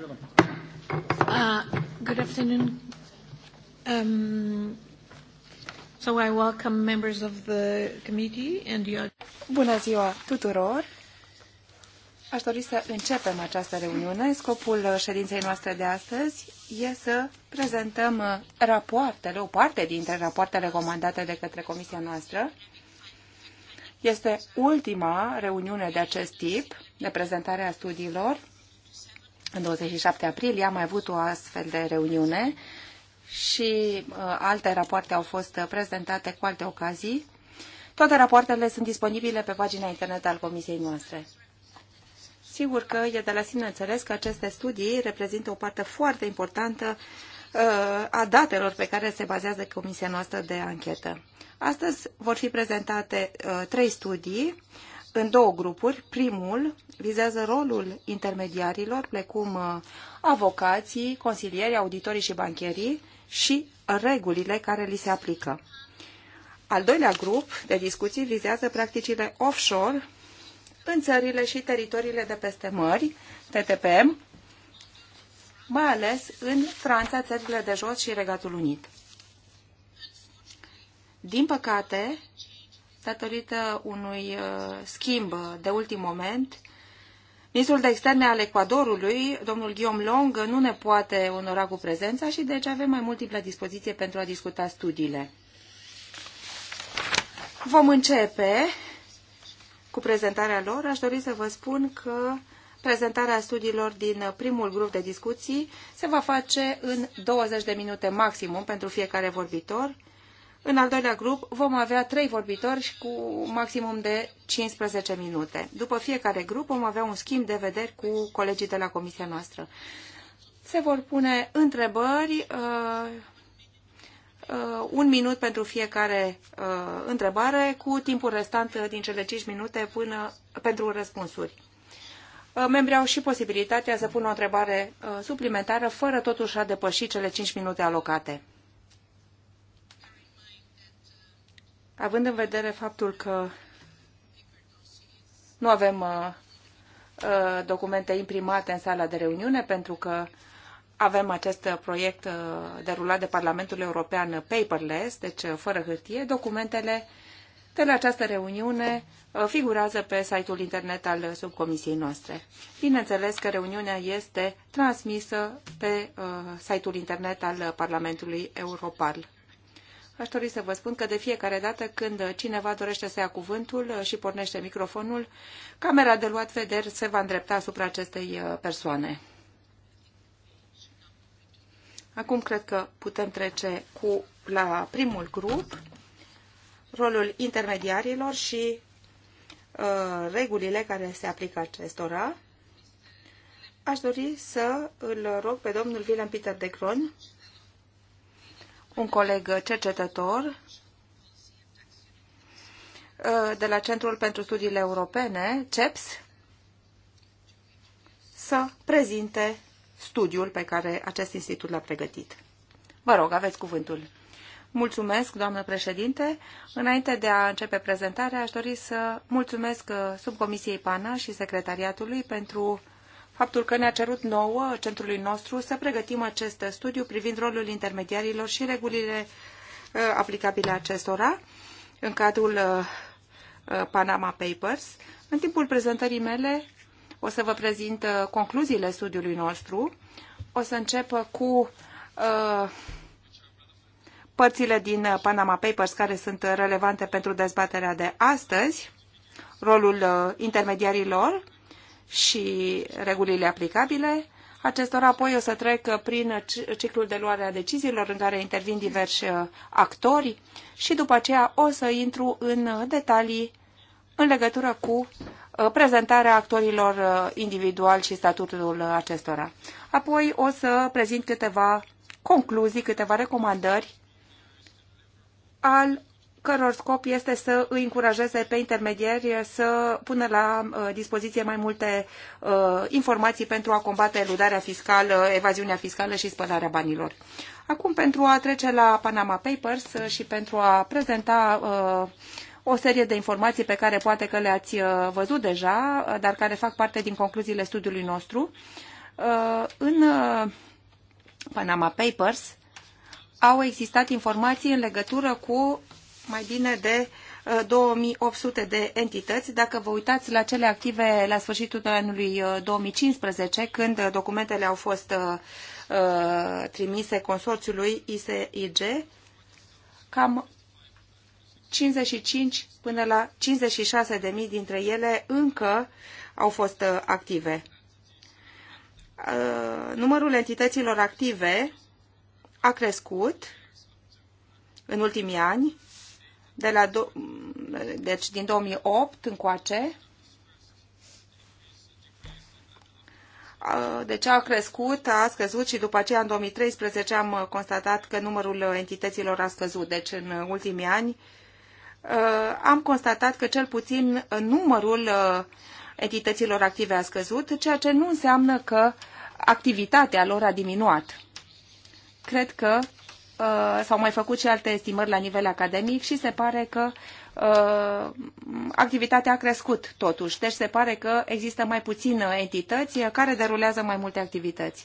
Uh, good afternoon. Um, so I welcome members of the committee and your... Bună ziua tuturor! Aș dori să începem această reuniune. Scopul ședinței noastre de astăzi e să prezentăm rapoartele, o parte dintre rapoartele comandate de către comisia noastră. Este ultima reuniune de acest tip de prezentare a studiilor în 27 aprilie am mai avut o astfel de reuniune și uh, alte rapoarte au fost prezentate cu alte ocazii. Toate rapoartele sunt disponibile pe pagina internet al comisiei noastre. Sigur că e de la sine înțeles că aceste studii reprezintă o parte foarte importantă uh, a datelor pe care se bazează comisia noastră de anchetă. Astăzi vor fi prezentate uh, trei studii în două grupuri. Primul vizează rolul intermediarilor, precum uh, avocații, consilieri, auditorii și bancherii și regulile care li se aplică. Al doilea grup de discuții vizează practicile offshore în țările și teritoriile de peste mări, TTPM, mai ales în Franța, țările de jos și Regatul Unit. Din păcate, datorită unui uh, schimb de ultim moment. Ministrul de externe al Ecuadorului, domnul Guillaume Long, nu ne poate onora cu prezența și deci avem mai mult timp la dispoziție pentru a discuta studiile. Vom începe cu prezentarea lor. Aș dori să vă spun că prezentarea studiilor din primul grup de discuții se va face în 20 de minute maximum pentru fiecare vorbitor în al doilea grup vom avea trei vorbitori cu maximum de 15 minute. După fiecare grup vom avea un schimb de vederi cu colegii de la comisia noastră. Se vor pune întrebări, uh, uh, un minut pentru fiecare uh, întrebare, cu timpul restant uh, din cele 5 minute până pentru răspunsuri. Uh, membrii au și posibilitatea să pună o întrebare uh, suplimentară, fără totuși a depăși cele 5 minute alocate. având în vedere faptul că nu avem uh, uh, documente imprimate în sala de reuniune, pentru că avem acest proiect uh, derulat de Parlamentul European paperless, deci uh, fără hârtie, documentele de la această reuniune uh, figurează pe site-ul internet al subcomisiei noastre. Bineînțeles că reuniunea este transmisă pe uh, site-ul internet al Parlamentului Europarl. Aș dori să vă spun că de fiecare dată când cineva dorește să ia cuvântul și pornește microfonul, camera de luat vederi se va îndrepta asupra acestei uh, persoane. Acum cred că putem trece cu, la primul grup, rolul intermediarilor și uh, regulile care se aplică acestora. Aș dori să îl rog pe domnul Willem Peter de Cron un coleg cercetător uh, de la Centrul pentru Studiile Europene, CEPS, să prezinte studiul pe care acest institut l-a pregătit. Vă rog, aveți cuvântul. Mulțumesc, doamnă președinte. Înainte de a începe prezentarea, aș dori să mulțumesc uh, subcomisiei PANA și secretariatului pentru faptul că ne-a cerut nouă centrului nostru să pregătim acest studiu privind rolul intermediarilor și regulile uh, aplicabile acestora în cadrul uh, uh, Panama Papers. În timpul prezentării mele o să vă prezint concluziile studiului nostru. O să încep cu părțile din Panama Papers care sunt relevante pentru dezbaterea de astăzi, rolul intermediarilor și regulile aplicabile acestor. Apoi o să trec prin ciclul de luare a deciziilor în care intervin diversi uh, actori și după aceea o să intru în detalii în legătură cu uh, prezentarea actorilor uh, individual și statutul acestora. Apoi o să prezint câteva concluzii, câteva recomandări al căror scop este să îi încurajeze pe intermediari să pună la uh, dispoziție mai multe uh, informații pentru a combate eludarea fiscală, evaziunea fiscală și spălarea banilor. Acum, pentru a trece la Panama Papers și pentru a prezenta uh, o serie de informații pe care poate că le-ați văzut deja, dar care fac parte din concluziile studiului nostru, în Panama Papers au existat informații în legătură cu mai bine de 2800 uh, de entități. Dacă vă uitați la cele active la sfârșitul anului 2015, uh, când uh, documentele au fost uh, trimise consorțiului ISIG, cam 55 până la 56.000 dintre ele încă au fost active. numărul entităților active a crescut în ultimii ani de la do, deci din 2008 încoace, deci a crescut, a scăzut și după aceea în 2013 am constatat că numărul entităților a scăzut. Deci în ultimii ani am constatat că cel puțin numărul entităților active a scăzut, ceea ce nu înseamnă că activitatea lor a diminuat. Cred că Uh, s-au mai făcut și alte estimări la nivel academic și se pare că uh, activitatea a crescut totuși. Deci se pare că există mai puține entități care derulează mai multe activități.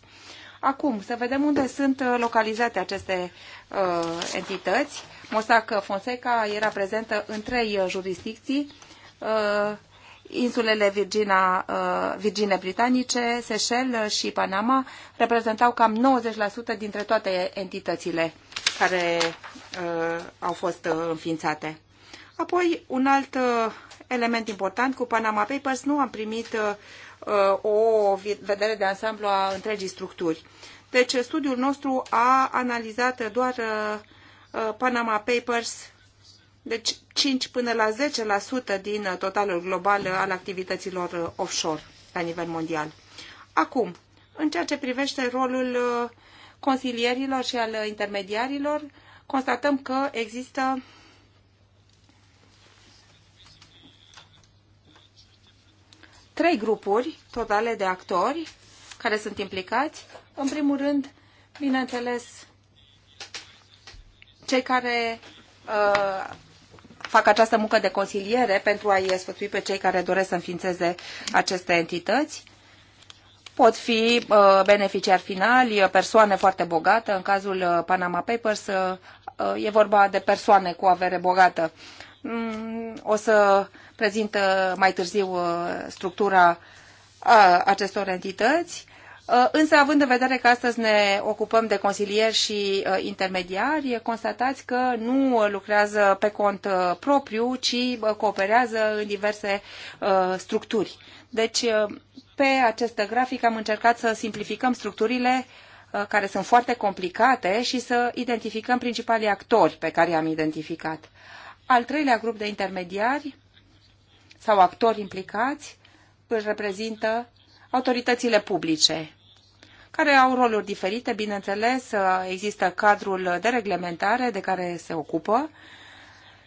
Acum, să vedem unde sunt localizate aceste uh, entități. Mossack Fonseca era prezentă în trei jurisdicții. Uh, Insulele Virgina, uh, Virgine Britanice, Seychelles și Panama reprezentau cam 90% dintre toate entitățile care uh, au fost uh, înființate. Apoi, un alt element important, cu Panama Papers nu am primit o vedere de ansamblu a întregii structuri. Deci, studiul nostru a analizat doar Panama Papers deci 5 până la 10% din uh, totalul global uh, al activităților uh, offshore la nivel mondial. Acum, în ceea ce privește rolul consilierilor și al intermediarilor, constatăm că există trei grupuri totale de actori care sunt implicați. În primul rând, bineînțeles, cei care uh, fac această muncă de consiliere pentru a-i sfătui pe cei care doresc să înființeze aceste entități. Pot fi uh, beneficiari finali, persoane foarte bogate. În cazul uh, Panama Papers uh, e vorba de persoane cu avere bogată. Mm, o să prezint mai târziu structura acestor entități. Uh, însă, având în vedere că astăzi ne ocupăm de consilieri și uh, intermediari, constatați că nu lucrează pe cont uh, propriu, ci cooperează în diverse structuri. Deci, pe acest grafic am încercat să simplificăm structurile care sunt foarte complicate și să identificăm principalii actori pe care i-am identificat. Al treilea grup de intermediari sau actori implicați îl reprezintă autoritățile publice, care au roluri diferite, bineînțeles, uh, există cadrul de reglementare de care se ocupă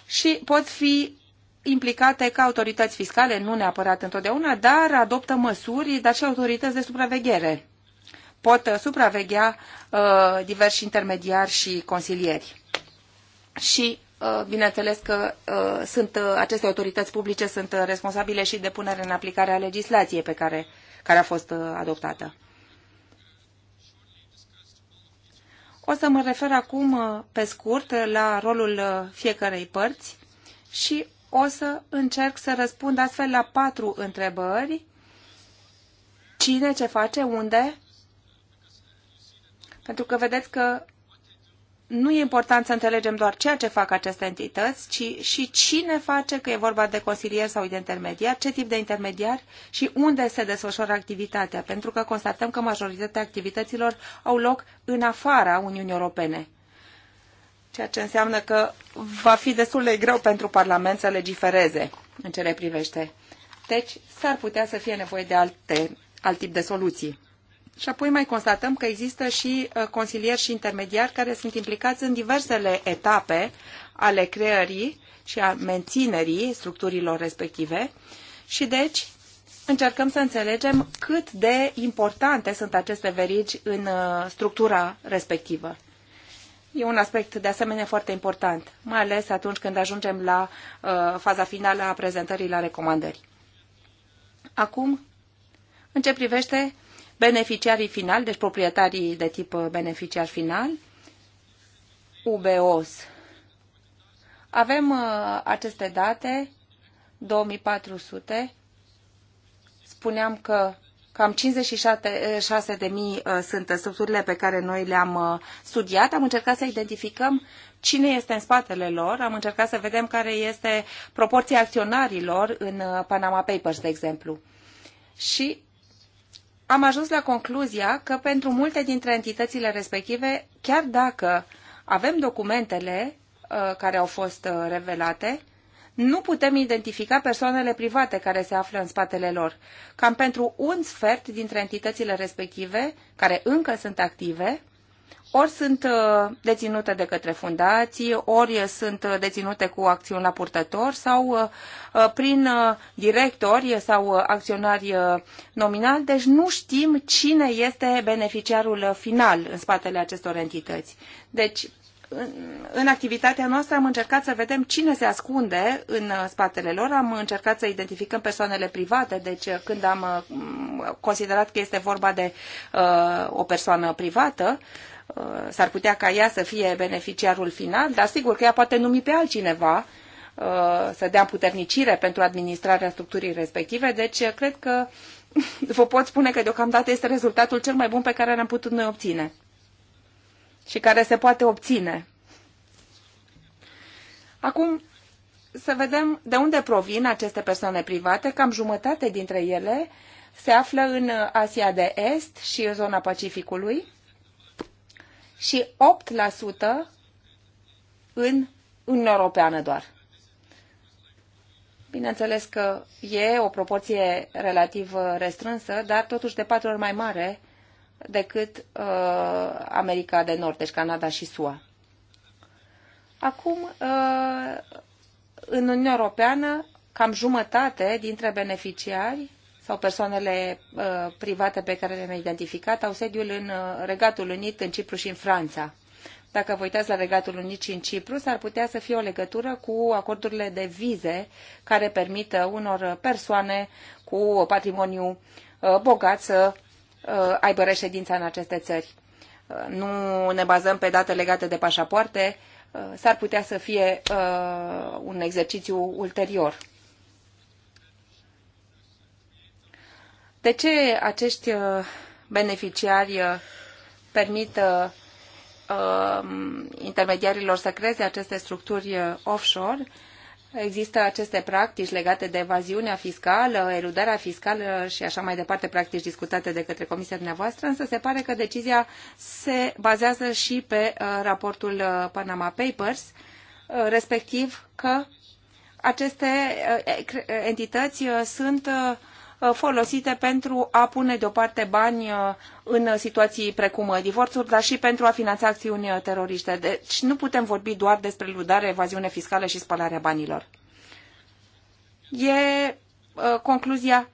și pot fi implicate ca autorități fiscale, nu neapărat întotdeauna, dar adoptă măsuri, dar și autorități de supraveghere. Pot uh, supraveghea uh, diversi intermediari și consilieri. Și uh, bineînțeles că sunt, aceste autorități publice sunt responsabile și de punere în aplicare a legislației pe care care a fost uh, adoptată. O să mă refer acum uh, pe scurt la rolul uh, fiecărei părți și o să încerc să răspund astfel la patru întrebări. Cine, ce face, unde? Pentru că vedeți că nu e important să înțelegem doar ceea ce fac aceste entități, ci și cine face, că e vorba de consilier sau de intermediar, ce tip de intermediar și unde se desfășoară activitatea, pentru că constatăm că majoritatea activităților au loc în afara Uniunii Europene. Ceea ce înseamnă că va fi destul de greu pentru Parlament să legifereze în ce le privește. Deci, s-ar putea să fie nevoie de alte, alt tip de soluții. Și apoi mai constatăm că există și uh, consilieri și intermediari care sunt implicați în diversele etape ale creării și a menținerii structurilor respective și deci încercăm să înțelegem cât de importante sunt aceste verigi în uh, structura respectivă. E un aspect de asemenea foarte important, mai ales atunci când ajungem la uh, faza finală a prezentării la recomandări. Acum, în ce privește beneficiarii finali, deci proprietarii de tip uh, beneficiar final, UBOS. Avem uh, aceste date, 2400. Spuneam că cam 56.000 uh, de mii uh, sunt structurile pe care noi le-am studiat. Am încercat să identificăm cine este în spatele lor. Am încercat să vedem care este proporția acționarilor în Panama Papers, de exemplu. Și am ajuns la concluzia că pentru multe dintre entitățile respective, chiar dacă avem documentele uh, care au fost uh, revelate, nu putem identifica persoanele private care se află în spatele lor. Cam pentru un sfert dintre entitățile respective, care încă sunt active, ori sunt uh, deținute de către fundații, ori sunt uh, deținute cu acțiuni la purtător sau uh, prin directori sau acționari nominali, deci nu știm cine este beneficiarul final în spatele acestor entități. Deci, în activitatea noastră am încercat să vedem cine se ascunde în spatele lor, am încercat să identificăm persoanele private, deci când am considerat că este vorba de uh, o persoană privată, uh, Uh, s-ar putea ca ea să fie beneficiarul final, dar sigur că ea poate numi pe altcineva uh, să dea puternicire pentru administrarea structurii respective, deci uh, cred că vă pot spune că deocamdată este rezultatul cel mai bun pe care l-am putut noi obține și care se poate obține. Acum, să vedem de unde provin aceste persoane private. Cam jumătate dintre ele se află în Asia de Est și în zona Pacificului și 8% în Uniunea Europeană doar. Bineînțeles că e o proporție relativ uh, restrânsă, dar totuși de patru ori mai mare decât uh, America de Nord, deci Canada și SUA. Acum, uh, în Uniunea Europeană, cam jumătate dintre beneficiari sau persoanele uh, private pe care le-am identificat au sediul în uh, Regatul Unit, în Cipru și în Franța. Dacă vă uitați la Regatul Unit și în Cipru, s-ar putea să fie o legătură cu acordurile de vize care permită uh, unor uh, persoane cu patrimoniu uh, bogat să uh, aibă reședința în aceste țări. Uh, nu ne bazăm pe date legate de pașapoarte, uh, s-ar putea să fie uh, un exercițiu ulterior. De ce acești uh, beneficiari uh, permit uh, um, intermediarilor să creeze aceste structuri offshore? Există aceste practici legate de evaziunea fiscală, eludarea fiscală și așa mai departe, practici discutate de către Comisia dumneavoastră, însă se pare că decizia se bazează și pe raportul Panama Papers, respectiv că aceste entități sunt uh, Uh, folosite pentru a pune deoparte bani uh, în situații precum uh, divorțuri, dar și pentru a finanța acțiuni teroriste. Deci nu putem vorbi doar despre ludare, evaziune fiscală și spălarea banilor. E concluzia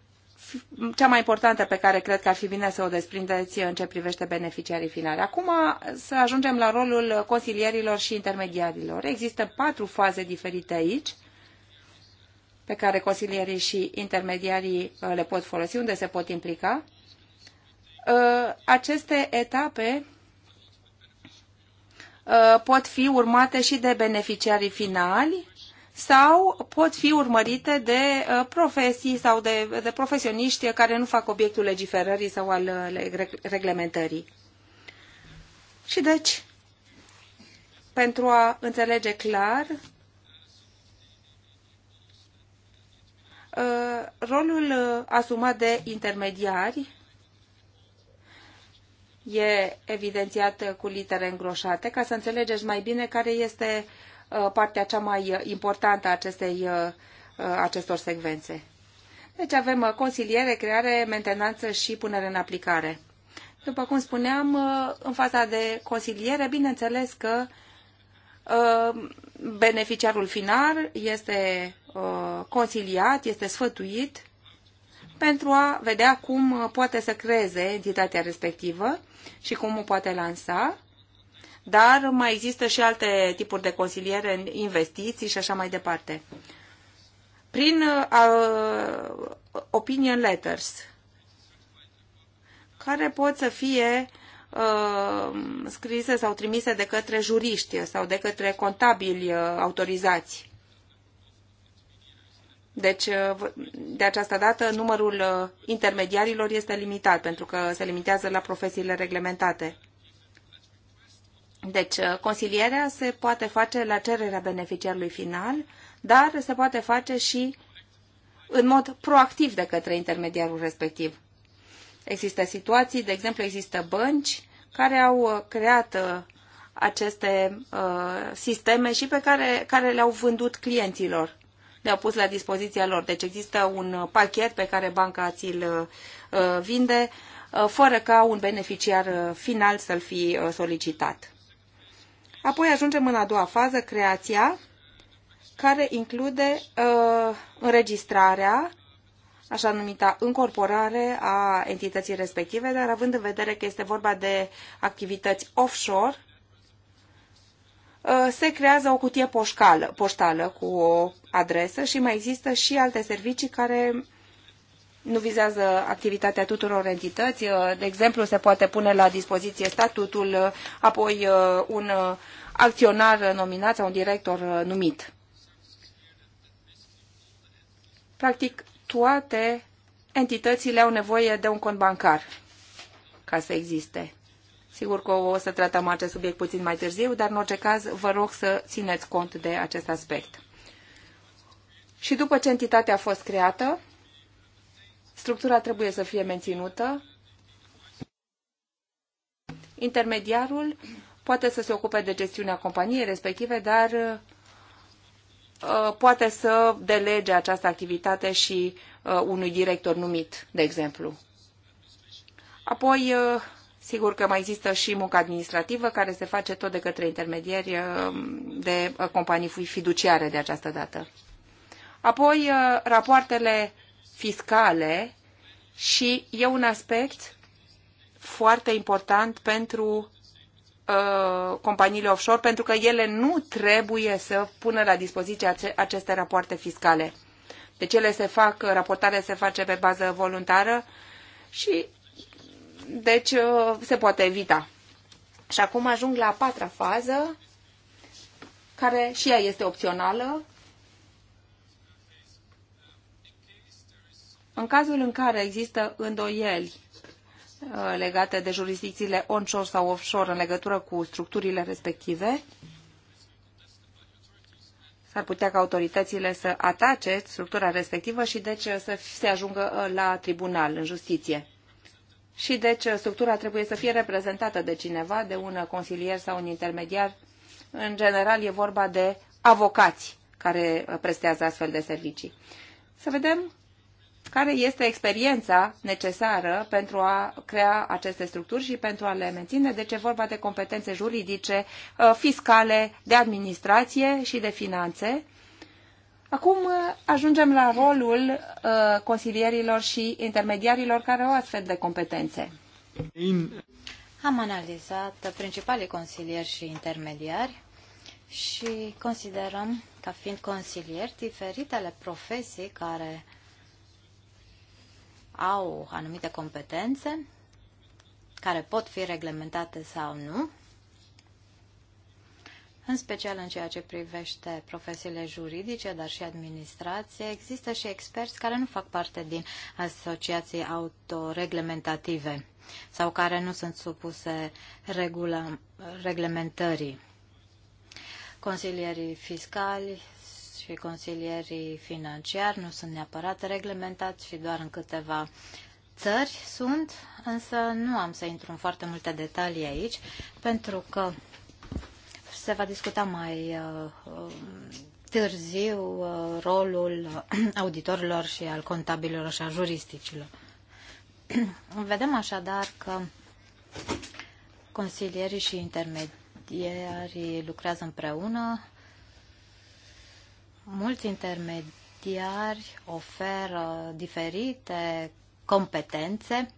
cea mai importantă pe care cred că ar fi bine să o desprindeți în ce privește beneficiarii finali. Acum să ajungem la rolul consilierilor și intermediarilor. Există patru faze diferite aici pe care consilierii și intermediarii uh, le pot folosi, unde se pot implica. Uh, aceste etape uh, pot fi urmate și de beneficiarii finali sau pot fi urmărite de profesii sau de, de profesioniști care nu fac obiectul legiferării sau al reglementării. Și deci, pentru a înțelege clar Uh, rolul uh, asumat de intermediari e evidențiat uh, cu litere îngroșate, ca să înțelegeți mai bine care este partea cea mai importantă a acestei, acestor secvențe. Deci avem consiliere, creare, mentenanță și punere în aplicare. După cum spuneam, în faza de consiliere, bineînțeles că beneficiarul final este Uh, consiliat, este sfătuit pentru a vedea cum uh, poate să creeze entitatea respectivă și cum o poate lansa, dar mai există și alte tipuri de consiliere în investiții și așa mai departe. Prin uh, opinion letters, care pot să fie uh, scrise sau trimise de către juriști sau de către contabili uh, autorizați deci, uh, de această dată, numărul uh, intermediarilor este limitat, pentru că se limitează la profesiile reglementate. Deci, uh, consilierea se poate face la cererea beneficiarului final, dar se poate face și în mod proactiv de către intermediarul respectiv. Există situații, de exemplu, există bănci care au creat aceste uh, sisteme și pe care, care le-au vândut clienților le-au pus la dispoziția lor. Deci există un uh, pachet pe care banca ți-l uh, uh, vinde fără ca un beneficiar final să-l fi solicitat. Apoi ajungem în a doua fază, creația, care include înregistrarea, așa numita încorporare a entității respective, dar având în vedere că este vorba de activități offshore, Uh, se creează o cutie poșcală, poștală cu o adresă și mai există și alte servicii care nu vizează activitatea tuturor entități. Uh, de exemplu, se poate pune la dispoziție statutul, uh, apoi un acționar nominat sau un director numit. Practic, toate entitățile au nevoie de un cont bancar ca să existe. Sigur că o să tratăm acest subiect puțin mai târziu, dar în orice caz vă rog să țineți cont de acest aspect. Și după ce entitatea a fost creată, structura trebuie să fie menținută. Intermediarul poate să se ocupe de gestiunea companiei respective, dar uh, poate să delege această activitate și uh, unui director numit, de exemplu. Apoi, uh, Sigur că mai există și munca administrativă care se face tot de către intermediari uh, de uh, companii fiduciare de această dată. Apoi, uh, rapoartele fiscale și e un aspect foarte important pentru companiile offshore, pentru că ele nu trebuie să pună la dispoziție aceste rapoarte fiscale. Deci ele se fac, raportarea se face pe bază voluntară și deci uh, se poate evita. Și acum ajung la a patra fază, care și ea este opțională. În cazul în care există îndoieli uh, legate de jurisdicțiile onshore sau offshore în legătură cu structurile respective, s-ar putea ca autoritățile să atace structura respectivă și deci să se ajungă uh, la tribunal, în justiție și deci structura trebuie să fie reprezentată de cineva, de un consilier sau un intermediar. În general e vorba de avocați care prestează astfel de servicii. Să vedem care este experiența necesară pentru a crea aceste structuri și pentru a le menține. Deci e vorba de competențe juridice, uh, fiscale, de administrație și de finanțe Acum uh, ajungem la rolul uh, consilierilor și intermediarilor care au astfel de competențe. In... Am analizat principalii consilieri și intermediari și considerăm ca fiind consilieri diferitele profesii care au anumite competențe, care pot fi reglementate sau nu, în special în ceea ce privește profesiile juridice, dar și administrație. Există și experți care nu fac parte din asociații autoreglementative sau care nu sunt supuse regula, reglementării. Consilierii fiscali și consilierii financiari nu sunt neapărat reglementați și doar în câteva țări sunt, însă nu am să intru în foarte multe detalii aici, pentru că se va discuta mai uh, uh, târziu uh, rolul auditorilor și al contabililor și a juristicilor. Vedem așadar că consilierii și intermediarii lucrează împreună. Mulți intermediari oferă diferite competențe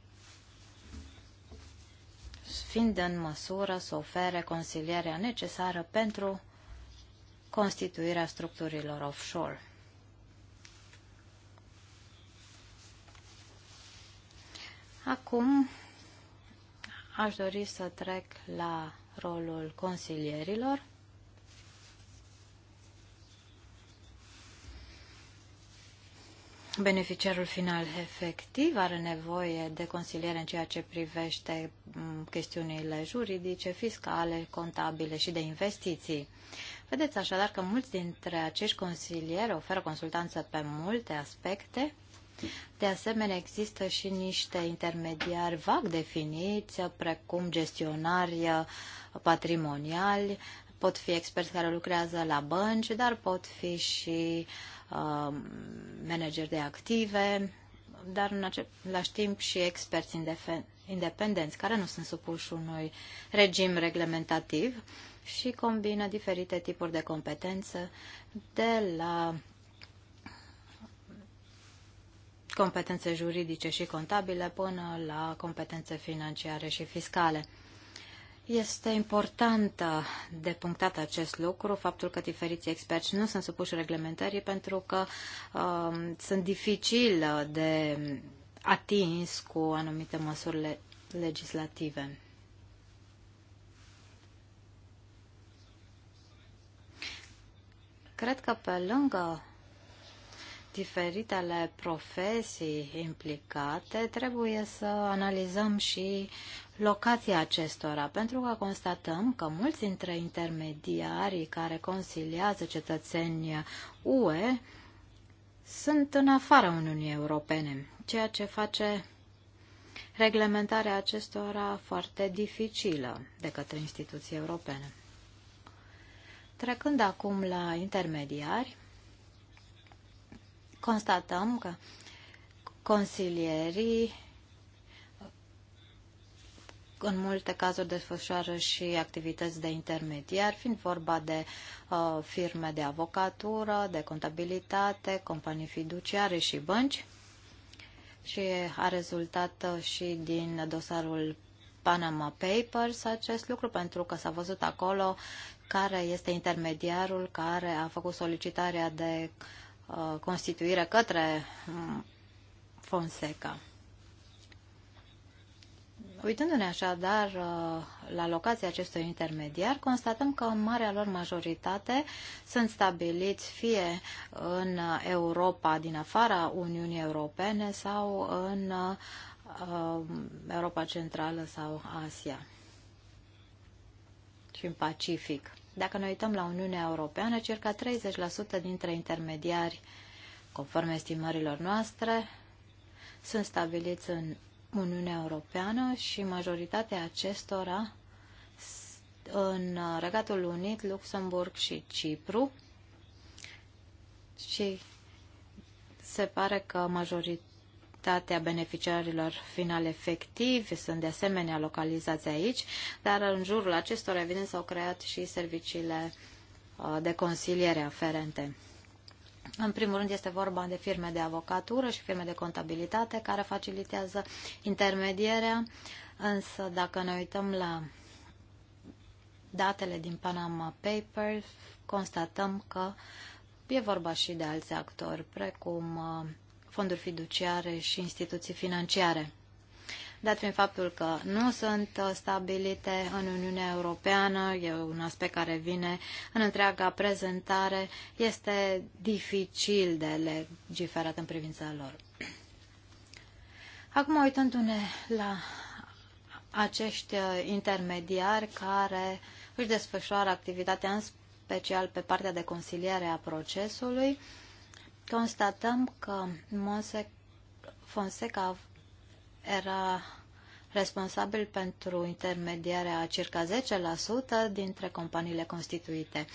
fiind în măsură să ofere consilierea necesară pentru constituirea structurilor offshore. Acum aș dori să trec la rolul consilierilor. beneficiarul final efectiv are nevoie de consiliere în ceea ce privește chestiunile juridice, fiscale, contabile și de investiții. Vedeți așadar că mulți dintre acești consilieri oferă consultanță pe multe aspecte. De asemenea, există și niște intermediari vag definiți, precum gestionari patrimoniali, pot fi experți care lucrează la bănci, dar pot fi și uh, manageri de active, dar în același timp și experți independenți care nu sunt supuși unui regim reglementativ și combină diferite tipuri de competență de la competențe juridice și contabile până la competențe financiare și fiscale. Este important de punctat acest lucru, faptul că diferiți experți nu sunt supuși reglementării pentru că um, sunt dificil de atins cu anumite măsuri le legislative. Cred că pe lângă diferitele profesii implicate, trebuie să analizăm și locația acestora, pentru că constatăm că mulți dintre intermediarii care consiliază cetățenii UE sunt în afara Uniunii Europene, ceea ce face reglementarea acestora foarte dificilă de către instituții europene. Trecând acum la intermediari, constatăm că consilierii în multe cazuri desfășoară și activități de intermediar, fiind vorba de uh, firme de avocatură, de contabilitate, companii fiduciare și bănci. Și a rezultat uh, și din dosarul Panama Papers acest lucru, pentru că s-a văzut acolo care este intermediarul care a făcut solicitarea de uh, constituire către um, Fonseca. Uitându-ne așadar uh, la locația acestui intermediar, constatăm că în marea lor majoritate sunt stabiliți fie în Europa din afara Uniunii Europene sau în uh, Europa Centrală sau Asia și în Pacific. Dacă ne uităm la Uniunea Europeană, circa 30% dintre intermediari, conform estimărilor noastre, sunt stabiliți în Uniunea Europeană și majoritatea acestora în Regatul Unit, Luxemburg și Cipru. Și se pare că majoritatea beneficiarilor final efectivi sunt de asemenea localizați aici, dar în jurul acestora, evident, s-au creat și serviciile uh, de consiliere aferente. În primul rând este vorba de firme de avocatură și firme de contabilitate care facilitează intermedierea, însă dacă ne uităm la datele din Panama Papers, constatăm că e vorba și de alți actori, precum uh, fonduri fiduciare și instituții financiare dat fiind faptul că nu sunt uh, stabilite în Uniunea Europeană, e un aspect care vine în întreaga prezentare, este dificil de legiferat în privința lor. Acum, uitându-ne la acești uh, intermediari care își desfășoară activitatea în special pe partea de consiliere a procesului, constatăm că Monse Fonseca era responsabil pentru intermediarea a circa 10% dintre companiile constituite,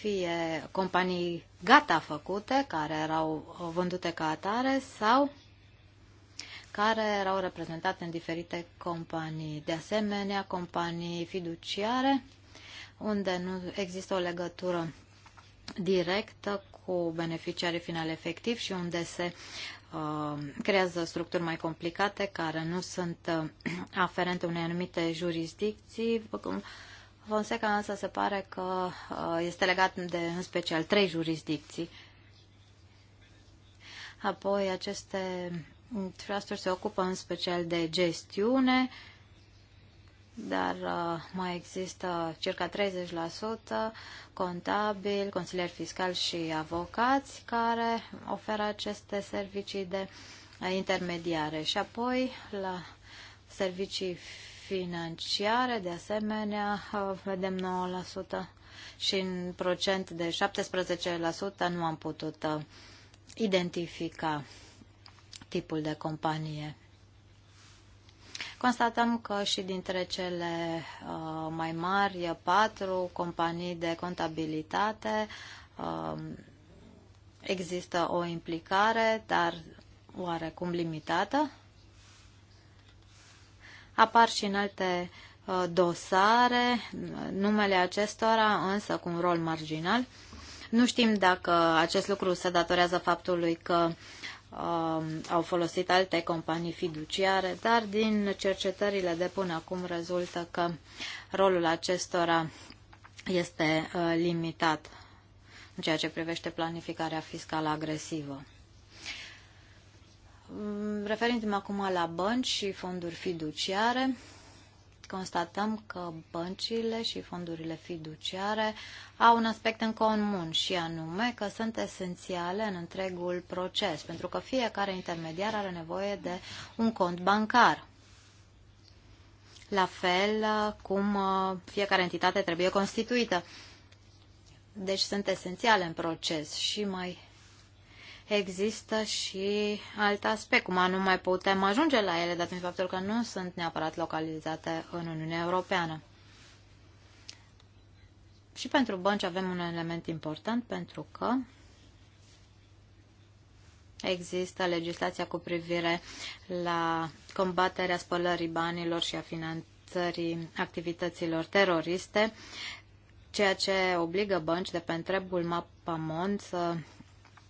fie companii gata făcute, care erau vândute ca atare, sau care erau reprezentate în diferite companii. De asemenea, companii fiduciare, unde nu există o legătură directă cu beneficiarii final efectiv și unde se Uh, creează structuri mai complicate care nu sunt uh, aferente unei anumite jurisdicții. Fonseca însă se pare că uh, este legat de în special trei jurisdicții. Apoi aceste trusturi se ocupă în special de gestiune, uh, dar uh, mai există circa 30% contabili, consilieri fiscali și avocați care oferă aceste servicii de uh, intermediare. Și apoi la servicii financiare, de asemenea, uh, vedem 9% și în procent de 17% nu am putut identifica tipul de companie. Constatăm că și dintre cele uh, mai mari patru companii de contabilitate um, există o implicare, dar oarecum limitată. Apar și în alte uh, dosare, numele acestora însă cu un rol marginal. Nu știm dacă acest lucru se datorează faptului că Um, au folosit alte companii fiduciare, dar din cercetările de până acum rezultă că rolul acestora este uh, limitat în ceea ce privește planificarea fiscală agresivă. Um, referindu-mă acum la bănci și fonduri fiduciare, constatăm că băncile și fondurile fiduciare au un aspect în comun și anume că sunt esențiale în întregul proces, pentru că fiecare intermediar are nevoie de un cont bancar. La fel uh, cum uh, fiecare entitate trebuie constituită. Deci sunt esențiale în proces și mai există și alt aspect, cum nu mai putem ajunge la ele, dat fiind faptul că nu sunt neapărat localizate în Uniunea Europeană. Și pentru bănci avem un element important pentru că există legislația cu privire la combaterea spălării banilor și a finanțării activităților teroriste, ceea ce obligă bănci de pe întregul mapamont să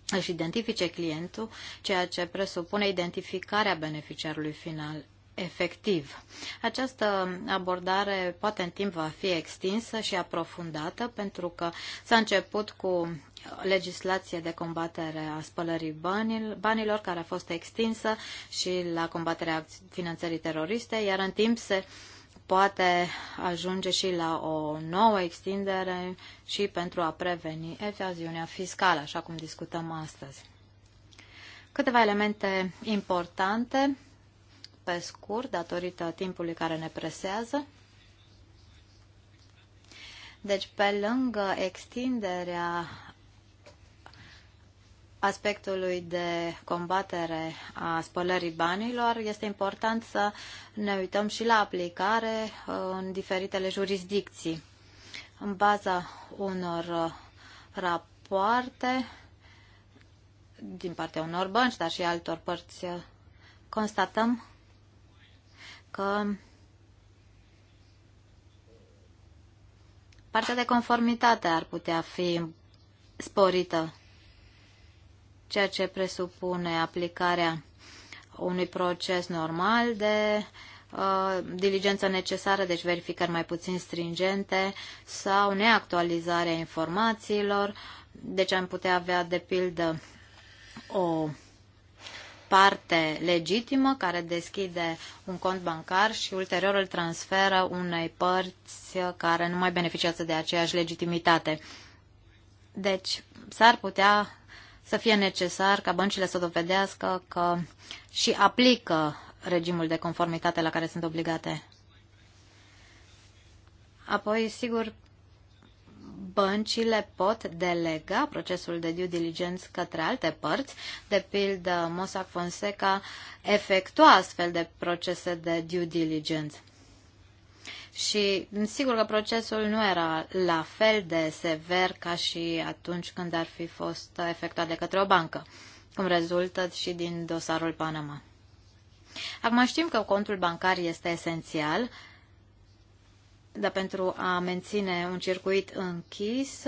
își identifice clientul, ceea ce presupune identificarea beneficiarului final efectiv. Această abordare poate în timp va fi extinsă și aprofundată pentru că s-a început cu legislație de combatere a spălării banilor care a fost extinsă și la combaterea finanțării teroriste, iar în timp se uh, poate ajunge și la o nouă extindere și pentru a preveni evaziunea fiscală, așa cum discutăm astăzi. Câteva elemente importante, pe scurt, datorită timpului care ne presează. Deci, pe lângă extinderea aspectului de combatere a spălării banilor, este important să ne uităm și la aplicare uh, în diferitele jurisdicții. În baza unor uh, rapoarte din partea unor bănci, dar și altor părți, uh, constatăm că partea de conformitate ar putea fi sporită ceea ce presupune aplicarea unui proces normal de uh, diligență necesară, deci verificări mai puțin stringente sau neactualizarea informațiilor. Deci am putea avea, de pildă, o parte legitimă care deschide un cont bancar și ulterior îl transferă unei părți care nu mai beneficiază de aceeași legitimitate. Deci s-ar putea să fie necesar ca băncile să dovedească că și aplică regimul de conformitate la care sunt obligate. Apoi, sigur, băncile pot delega procesul de due diligence către alte părți, de pildă Mossack Fonseca efectua astfel de procese de due diligence. Și sigur că procesul nu era la fel de sever ca și atunci când ar fi fost efectuat de către o bancă, cum rezultă și din dosarul Panama. Acum știm că contul bancar este esențial, dar pentru a menține un circuit închis,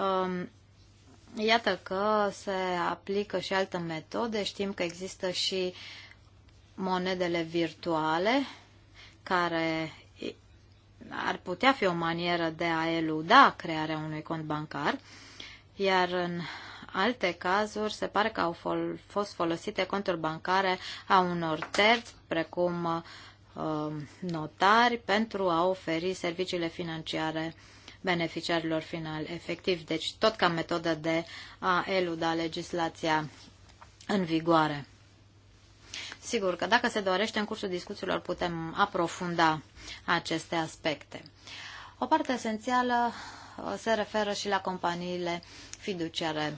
um, Iată că se aplică și alte metode. Știm că există și monedele virtuale, care ar putea fi o manieră de a eluda crearea unui cont bancar, iar în alte cazuri se pare că au fol- fost folosite conturi bancare a unor terți, precum uh, notari, pentru a oferi serviciile financiare beneficiarilor final efectiv. Deci tot ca metodă de a eluda legislația în vigoare. Sigur că dacă se dorește, în cursul discuțiilor putem aprofunda aceste aspecte. O parte esențială uh, se referă și la companiile fiduciare.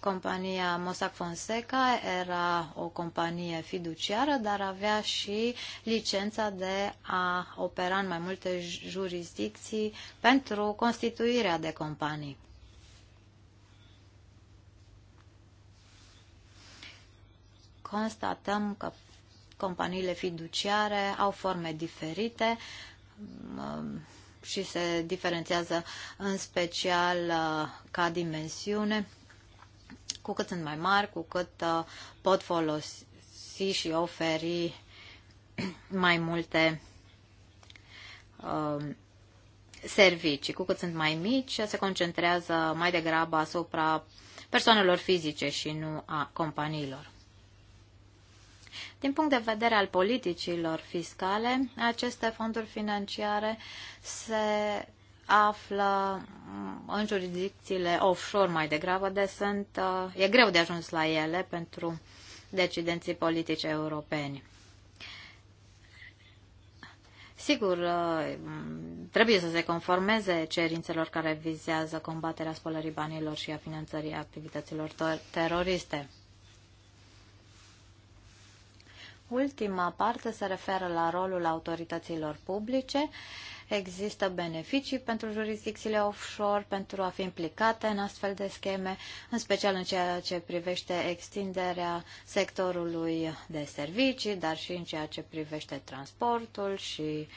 Compania Mossack Fonseca era o companie fiduciară, dar avea și licența de a opera în mai multe jurisdicții pentru constituirea de companii. constatăm că companiile fiduciare au forme diferite um, și se diferențiază în special uh, ca dimensiune. Cu cât sunt mai mari, cu cât uh, pot folosi și oferi mai multe um, servicii. Cu cât sunt mai mici, se concentrează mai degrabă asupra persoanelor fizice și nu a companiilor. Din punct de vedere al politicilor fiscale, aceste fonduri financiare se află mm, în jurisdicțiile offshore mai degrabă, de sunt, uh, e greu de ajuns la ele pentru decidenții politice europeni. Sigur, uh, mm, trebuie să se conformeze cerințelor care vizează combaterea spălării banilor și a finanțării activităților teroriste. Ultima parte se referă la rolul autorităților publice. Există beneficii pentru jurisdicțiile offshore pentru a fi implicate în astfel de scheme, în special în ceea ce privește extinderea sectorului de servicii, dar și în ceea ce privește transportul și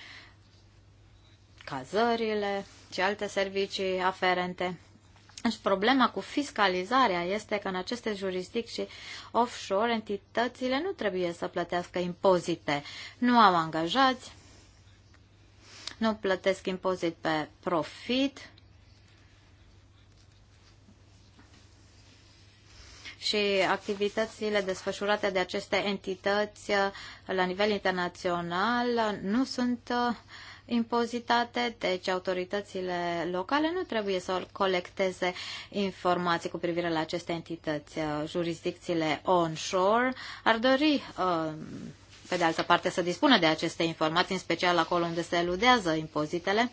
cazările și alte servicii aferente. Și problema cu fiscalizarea este că în aceste jurisdicții offshore entitățile nu trebuie să plătească impozite. Nu au angajați, nu plătesc impozit pe profit și activitățile desfășurate de aceste entități uh, la nivel internațional uh, nu sunt uh, impozitate, deci autoritățile locale nu trebuie să colecteze informații cu privire la aceste entități. Uh, jurisdicțiile onshore ar dori, uh, pe de altă parte, să dispună de aceste informații, în special acolo unde se eludează impozitele,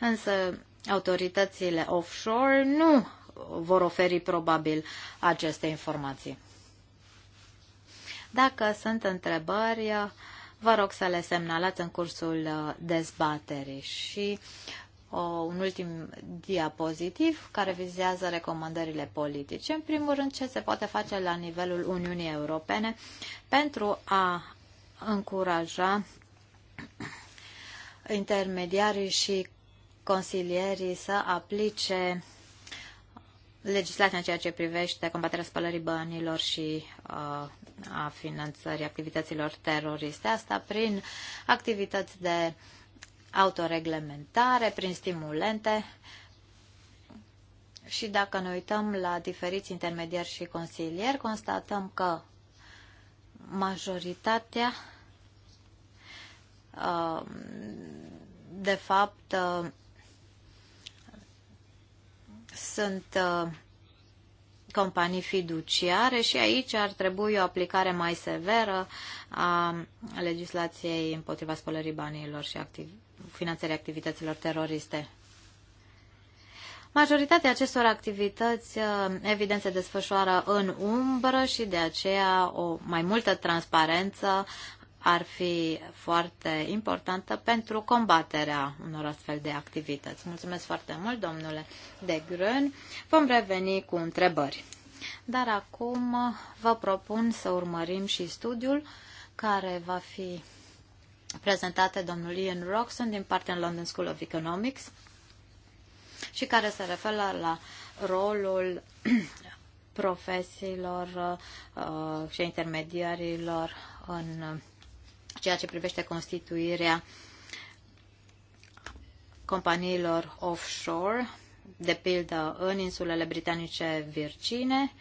însă autoritățile offshore nu vor oferi probabil aceste informații. Dacă sunt întrebări, uh, vă rog să le semnalați în cursul uh, dezbaterii. Și o, un ultim diapozitiv care vizează recomandările politice. În primul rând, ce se poate face la nivelul Uniunii Europene pentru a încuraja intermediarii și consilierii să aplice legislația în ceea ce privește combaterea spălării banilor și uh, a finanțării activităților teroriste. Asta prin activități de autoreglementare, prin stimulente și dacă ne uităm la diferiți intermediari și consilieri, constatăm că majoritatea uh, de fapt uh, sunt uh, companii fiduciare și aici ar trebui o aplicare mai severă a legislației împotriva spălării banilor și activ- finanțării activităților teroriste. Majoritatea acestor activități, uh, evident, se desfășoară în umbră și de aceea o mai multă transparență ar fi foarte importantă pentru combaterea unor astfel de activități. Mulțumesc foarte mult, domnule de Grân. Vom reveni cu întrebări. Dar acum vă propun să urmărim și studiul care va fi prezentat de domnul Ian Roxon din partea London School of Economics și care se referă la rolul profesiilor uh, și intermediarilor în ceea ce privește constituirea companiilor offshore, de pildă în insulele britanice Virgine.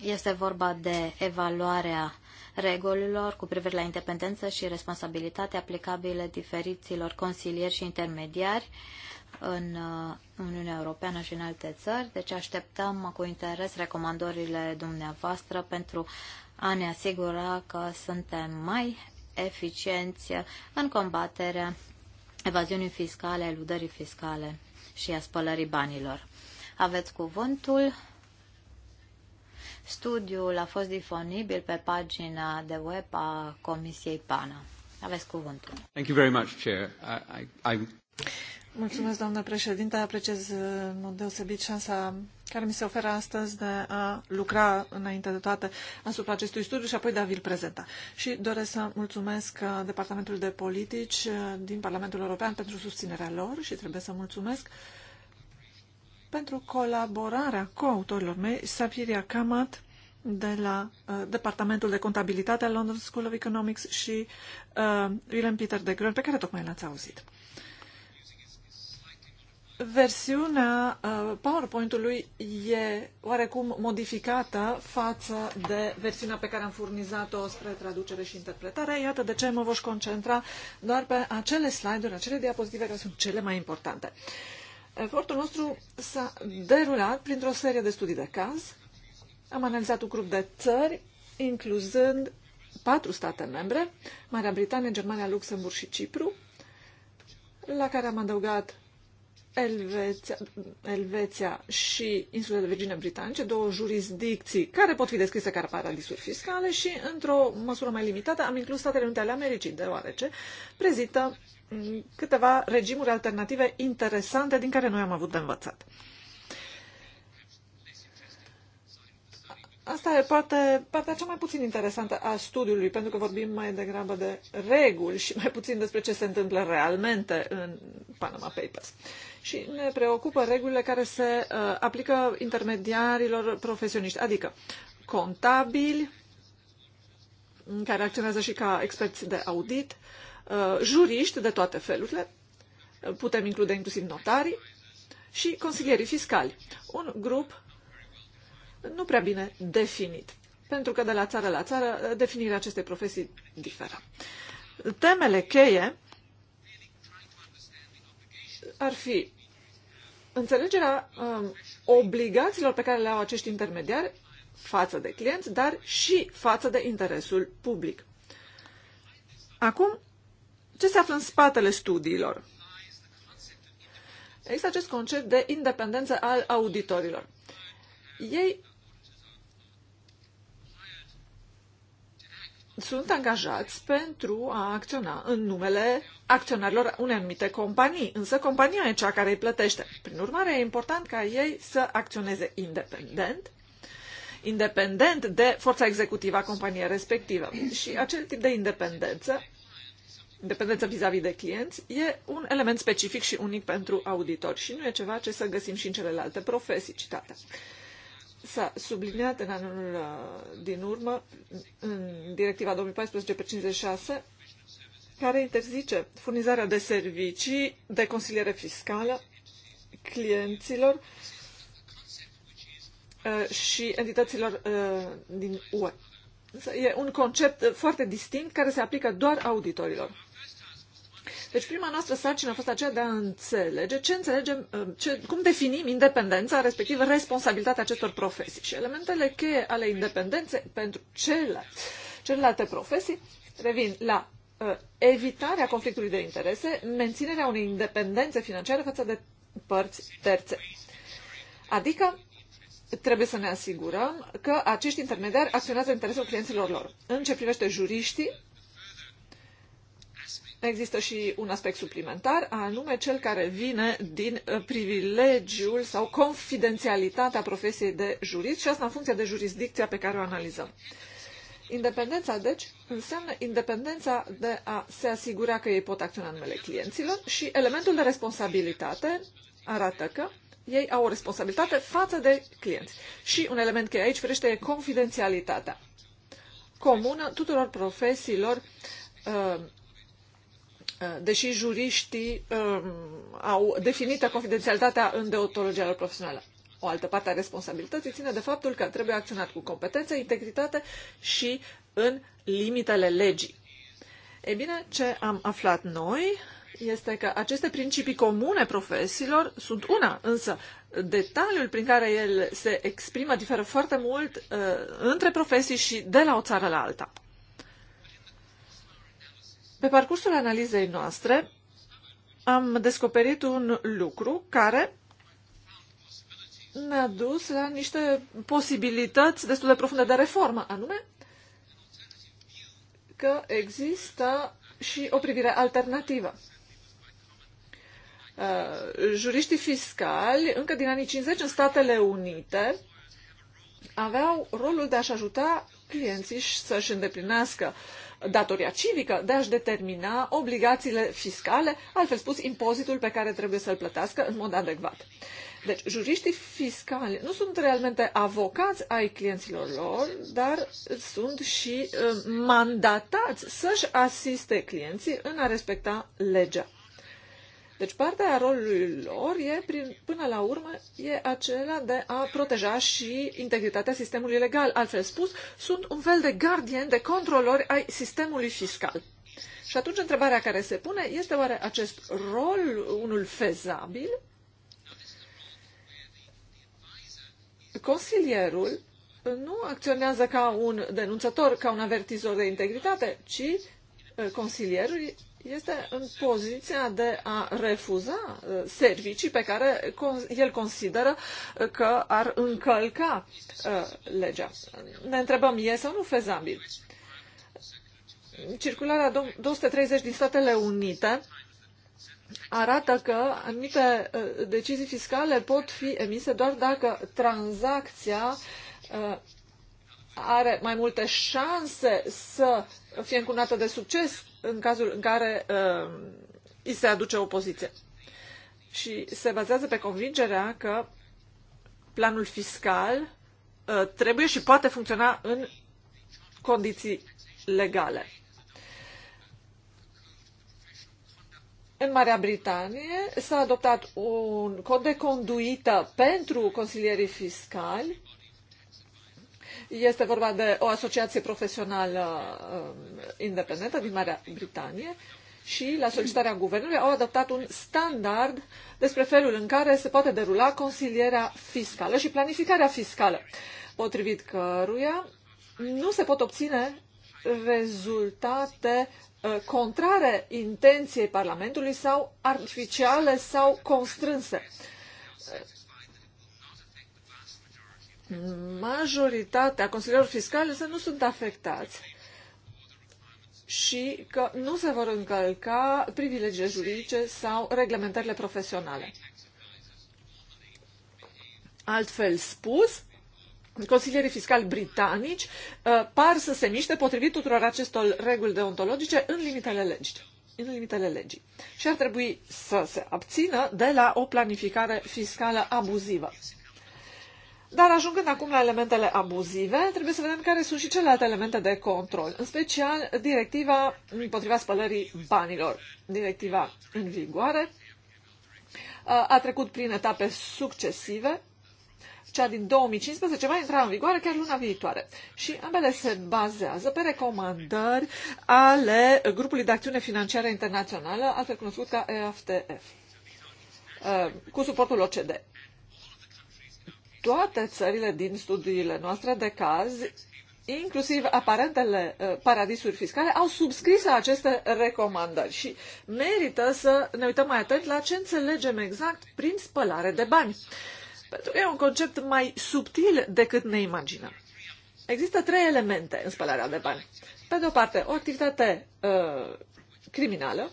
Este vorba de evaluarea regulilor cu privire la independență și responsabilitate aplicabile diferiților consilieri și intermediari în uh, Uniunea Europeană și în alte țări. Deci așteptăm cu interes recomandările dumneavoastră pentru a ne asigura că suntem mai eficienți în combaterea evaziunii fiscale, eludării fiscale și a spălării banilor. Aveți cuvântul. Studiul a fost disponibil pe pagina de web a Comisiei PANA. Aveți cuvântul. Thank you very much, Chair. I, I, I... Mulțumesc, doamnă președinte. Apreciez în mod deosebit șansa care mi se oferă astăzi de a lucra înainte de toate asupra acestui studiu și apoi de a vi-l prezenta. Și doresc să mulțumesc uh, Departamentul de Politici uh, din Parlamentul European pentru susținerea lor și trebuie să mulțumesc uh, pentru colaborarea coautorilor mei, Safiria Kamat, de la uh, Departamentul de Contabilitate al London School of Economics și uh, William Peter de Grön, pe care tocmai l-ați auzit. Versiunea uh, PowerPoint-ului e oarecum modificată față de versiunea pe care am furnizat-o spre traducere și interpretare. Iată de ce mă voi concentra doar pe acele slide-uri, acele diapozitive care sunt cele mai importante. Uh, Efortul nostru s-a derulat printr-o serie de studii de caz. Am analizat un grup de țări, incluzând patru state membre, Marea Britanie, Germania, Luxemburg și Cipru, la care am adăugat Elveția, Elveția și insulele Virgine Britanice, două jurisdicții care pot fi descrise ca paradisuri fiscale și, într-o măsură mai limitată, am inclus Statele Unite ale Americii, deoarece prezintă mm, câteva regimuri alternative interesante din care noi am avut de învățat. Asta e poate partea cea mai puțin interesantă a studiului, pentru că vorbim mai degrabă de reguli și mai puțin despre ce se întâmplă realmente în Panama Papers. Uh, și ne preocupă regulile care se uh, aplică intermediarilor profesioniști, adică contabili, care acționează și ca experți de audit, uh, juriști de toate felurile, uh, putem include inclusiv notarii, și consilierii fiscali, un grup nu prea bine definit, pentru că de la țară la țară uh, definirea acestei profesii diferă. Temele cheie ar fi înțelegerea um, obligațiilor pe care le au acești intermediari față de clienți, dar și față de interesul public. Acum, ce se află în spatele studiilor? Există acest concept de independență al auditorilor. Ei sunt angajați pentru a acționa în numele acționarilor unei anumite companii, însă compania e cea care îi plătește. Prin urmare, e important ca ei să acționeze independent, independent de forța executivă a companiei respectivă. Și acel tip de independență, independență vis-a-vis -vis de clienți, e un element specific și unic pentru auditori și nu e ceva ce să găsim și în celelalte profesii citate s-a subliniat în anul uh, din urmă, în directiva 2014-56, care interzice furnizarea de servicii de consiliere fiscală clienților uh, și entităților uh, din UE. E un concept foarte distinct care se aplică doar auditorilor. Deci prima noastră sarcină a fost aceea de a înțelege ce înțelegem, uh, ce, cum definim independența, respectiv responsabilitatea acestor profesii. Și elementele cheie ale independenței pentru celelalte, celelalte profesii revin la uh, evitarea conflictului de interese, menținerea unei independențe financiare față de părți terțe. Adică trebuie să ne asigurăm că acești intermediari acționează în interesul clienților lor. În ce privește juriștii, Există și un aspect suplimentar, anume cel care vine din uh, privilegiul sau confidențialitatea profesiei de jurist și asta în funcție de jurisdicția pe care o analizăm. Independența, deci, înseamnă independența de a se asigura că ei pot acționa în numele clienților și elementul de responsabilitate arată că ei au o responsabilitate față de clienți. Și un element care aici, firește, e confidențialitatea comună tuturor profesiilor uh, Uh, deși juriștii um, au definită confidențialitatea în deontologia lor profesională. O altă parte a responsabilității ține de faptul că trebuie acționat cu competență, integritate și în limitele legii. E bine, ce am aflat noi este că aceste principii comune profesiilor sunt una, însă detaliul prin care el se exprimă diferă foarte mult uh, între profesii și de la o țară la alta. Pe parcursul analizei noastre am descoperit un lucru care ne-a dus la niște posibilități destul de profunde de reformă, anume că există și o privire alternativă. Uh, juriștii fiscali, încă din anii 50 în Statele Unite, aveau rolul de a-și ajuta clienții să-și îndeplinească datoria civică de a-și determina obligațiile fiscale, altfel spus, impozitul pe care trebuie să-l plătească în mod adecvat. Deci, juriștii fiscali nu sunt realmente avocați ai clienților lor, dar sunt și uh, mandatați să-și asiste clienții în a respecta legea. Deci partea a rolului lor e, prin, până la urmă, e acela de a proteja și integritatea sistemului legal. Altfel spus, sunt un fel de gardien, de controlori ai sistemului fiscal. Și atunci întrebarea care se pune este oare acest rol unul fezabil? Consilierul nu acționează ca un denunțător, ca un avertizor de integritate, ci uh, consilierul este în poziția de a refuza uh, servicii pe care el consideră uh, că ar încălca uh, legea. Ne întrebăm, e sau nu fezabil? Circularea 230 din Statele Unite arată că anumite decizii fiscale pot fi emise doar dacă tranzacția are mai multe șanse să fie încunată de succes în cazul în care uh, îi se aduce opoziție. Și se bazează pe convingerea că planul fiscal uh, trebuie și poate funcționa în condiții legale. În Marea Britanie s-a adoptat un cod de conduită pentru consilierii fiscali este vorba de o asociație profesională um, independentă din Marea Britanie și, la solicitarea guvernului, au adoptat un standard despre felul în care se poate derula consilierea fiscală și planificarea fiscală, potrivit căruia nu se pot obține rezultate uh, contrare intenției Parlamentului sau artificiale sau constrânse majoritatea consilierilor fiscale să nu sunt afectați și că nu se vor încălca privilegiile juridice sau reglementările profesionale. Altfel spus, consilierii fiscali britanici uh, par să se miște potrivit tuturor acestor reguli deontologice în limitele legii. În limitele legii. Și ar trebui să se abțină de la o planificare fiscală abuzivă. Dar ajungând acum la elementele abuzive, trebuie să vedem care sunt și celelalte elemente de control, în special directiva împotriva spălării banilor. Directiva în vigoare a trecut prin etape succesive. Cea din 2015 va intra în vigoare chiar luna viitoare și ambele se bazează pe recomandări ale grupului de acțiune financiară internațională, altfel cunoscut ca EFTF, cu suportul OCDE toate țările din studiile noastre de caz, inclusiv aparentele uh, paradisuri fiscale, au subscris la aceste recomandări și merită să ne uităm mai atent la ce înțelegem exact prin spălare de bani. Pentru că e un concept mai subtil decât ne imaginăm. Există trei elemente în spălarea de bani. Pe de o parte, o activitate uh, criminală,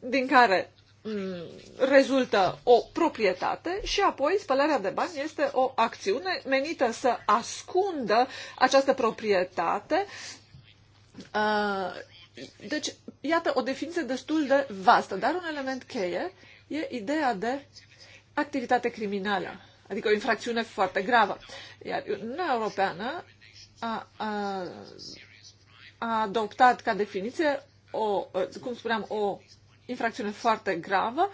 din care Mm, rezultă o proprietate și apoi spălarea de bani este o acțiune menită să ascundă această proprietate. Uh, deci, iată o definiție destul de vastă, dar un element cheie e ideea de activitate criminală, adică o infracțiune foarte gravă. Iar Uniunea Europeană a, a, a adoptat ca definiție o, cum spuneam, o infracțiune foarte gravă,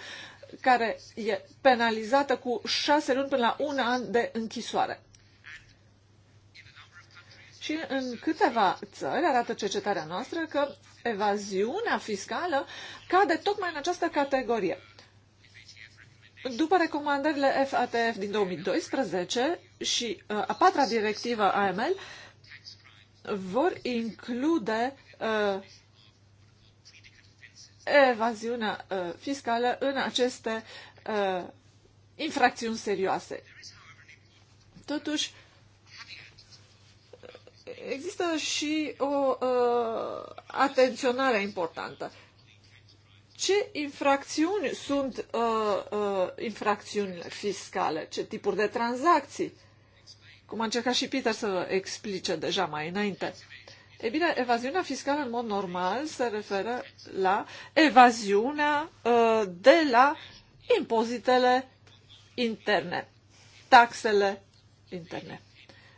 care e penalizată cu șase luni până la un an de închisoare. Și în câteva țări arată cercetarea noastră că evaziunea fiscală cade tocmai în această categorie. După recomandările FATF din 2012 și uh, a patra directivă AML, vor include uh, evaziunea uh, fiscală în aceste uh, infracțiuni serioase. Totuși, există și o uh, atenționare importantă. Ce infracțiuni sunt uh, uh, infracțiunile fiscale? Ce tipuri de tranzacții? Cum a încercat și Peter să explice deja mai înainte. E bine, evaziunea fiscală în mod normal se referă la evaziunea ă, de la impozitele interne, taxele interne,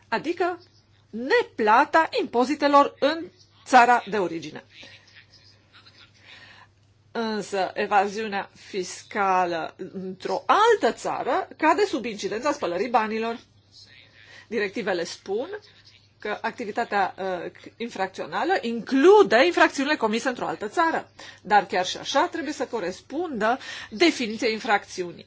adică neplata impozitelor în țara de origine. Însă evaziunea fiscală într-o altă țară cade sub incidența spălării banilor. Directivele spun că activitatea uh, infracțională include infracțiunile comise într-o altă țară. Dar chiar și așa trebuie să corespundă definiției infracțiunii.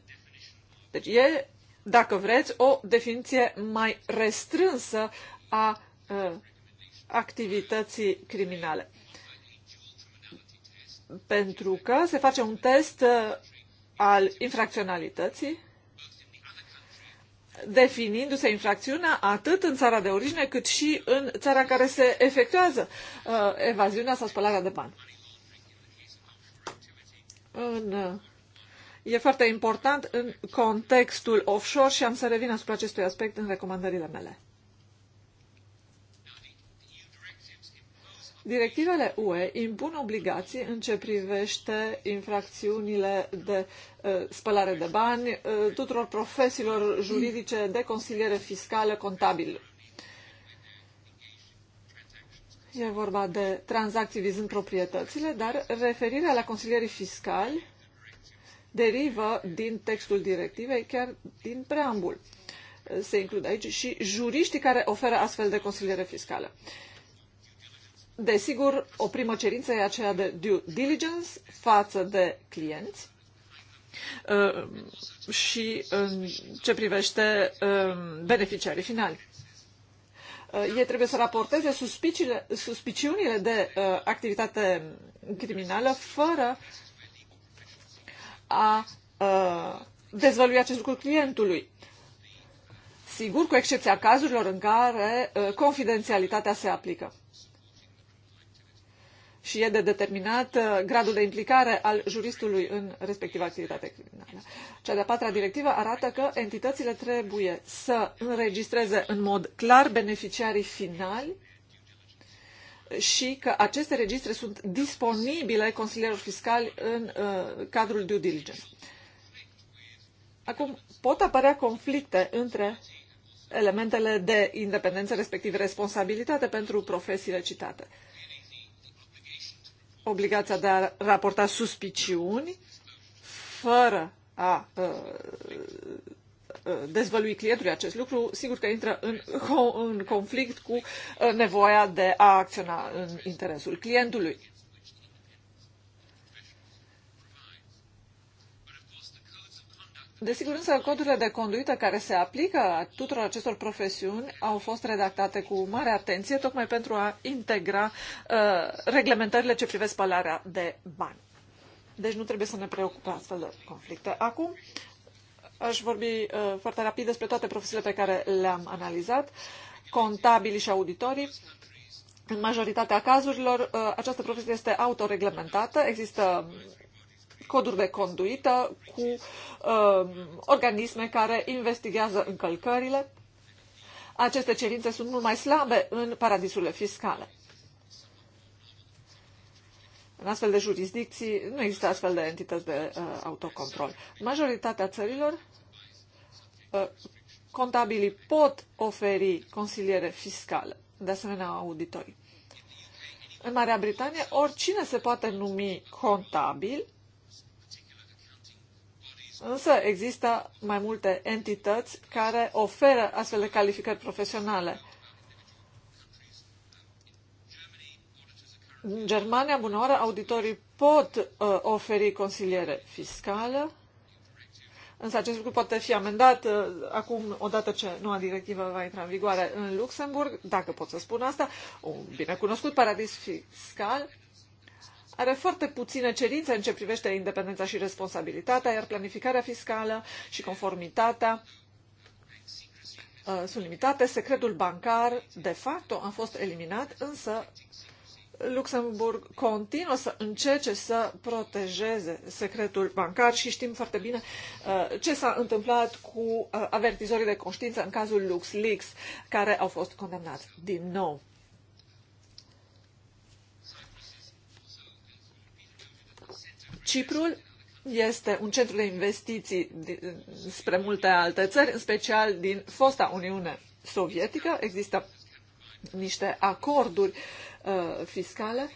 Deci e, dacă vreți, o definiție mai restrânsă a uh, activității criminale. Pentru că se face un test uh, al infracționalității definindu-se infracțiunea atât în țara de origine cât și în țara în care se efectuează uh, evaziunea sau spălarea de bani. În, uh, e foarte important în contextul offshore și am să revin asupra acestui aspect în recomandările mele. Directivele UE impun obligații în ce privește infracțiunile de uh, spălare de bani uh, tuturor profesiilor juridice de consiliere fiscală contabil. E vorba de tranzacții vizând proprietățile, dar referirea la consilierii fiscali derivă din textul directivei, chiar din preambul. Se includ aici și juriștii care oferă astfel de consiliere fiscală. Uh, Desigur, o primă cerință e aceea de due diligence față de clienți uh, și în ce privește uh, beneficiarii finali. Uh, Ei trebuie să raporteze suspiciunile de activitate criminală fără a dezvălui acest lucru clientului. Sigur, cu excepția cazurilor în care confidențialitatea se aplică și e de determinat uh, gradul de implicare al juristului în respectiva activitate criminală. Cea de-a patra directivă arată că entitățile trebuie să înregistreze în mod clar beneficiarii finali și că aceste registre sunt disponibile consilierilor fiscali în uh, cadrul due diligence. Acum, pot apărea conflicte între elementele de independență, respectiv responsabilitate pentru profesiile citate obligația de a raporta suspiciuni fără a uh, uh, dezvălui clientului acest lucru, sigur că intră în, în conflict cu uh, nevoia de a acționa în interesul clientului. Desigur însă, codurile de conduită care se aplică tuturor acestor profesiuni au fost redactate cu mare atenție, tocmai pentru a integra uh, reglementările ce privesc spălarea de bani. Deci nu trebuie să ne preocupăm astfel de conflicte. Acum aș vorbi uh, foarte rapid despre toate profesiile pe care le-am analizat, contabili și auditorii. În majoritatea cazurilor, uh, această profesie este autoreglementată, există coduri de conduită cu uh, organisme care investigează încălcările. Aceste cerințe sunt mult mai slabe în paradisurile fiscale. În astfel de jurisdicții nu există astfel de entități de uh, autocontrol. Majoritatea țărilor, uh, contabilii pot oferi consiliere fiscală, de asemenea auditorii. În Marea Britanie, oricine se poate numi contabil Însă există mai multe entități care oferă astfel de calificări profesionale. În Germania, bună oară, auditorii pot uh, oferi consiliere fiscală, însă acest lucru poate fi amendat uh, acum, odată ce noua directivă va intra în vigoare în Luxemburg, dacă pot să spun asta, un binecunoscut paradis fiscal are foarte puține cerințe în ce privește independența și responsabilitatea, iar planificarea fiscală și conformitatea uh, sunt limitate. Secretul bancar, de facto, a fost eliminat, însă Luxemburg continuă să încerce să protejeze secretul bancar și știm foarte bine uh, ce s-a întâmplat cu uh, avertizorii de conștiință în cazul LuxLeaks, care au fost condamnați din nou. Ciprul este un centru de investiții spre multe alte țări, în special din fosta Uniune Sovietică. Există niște acorduri uh, fiscale.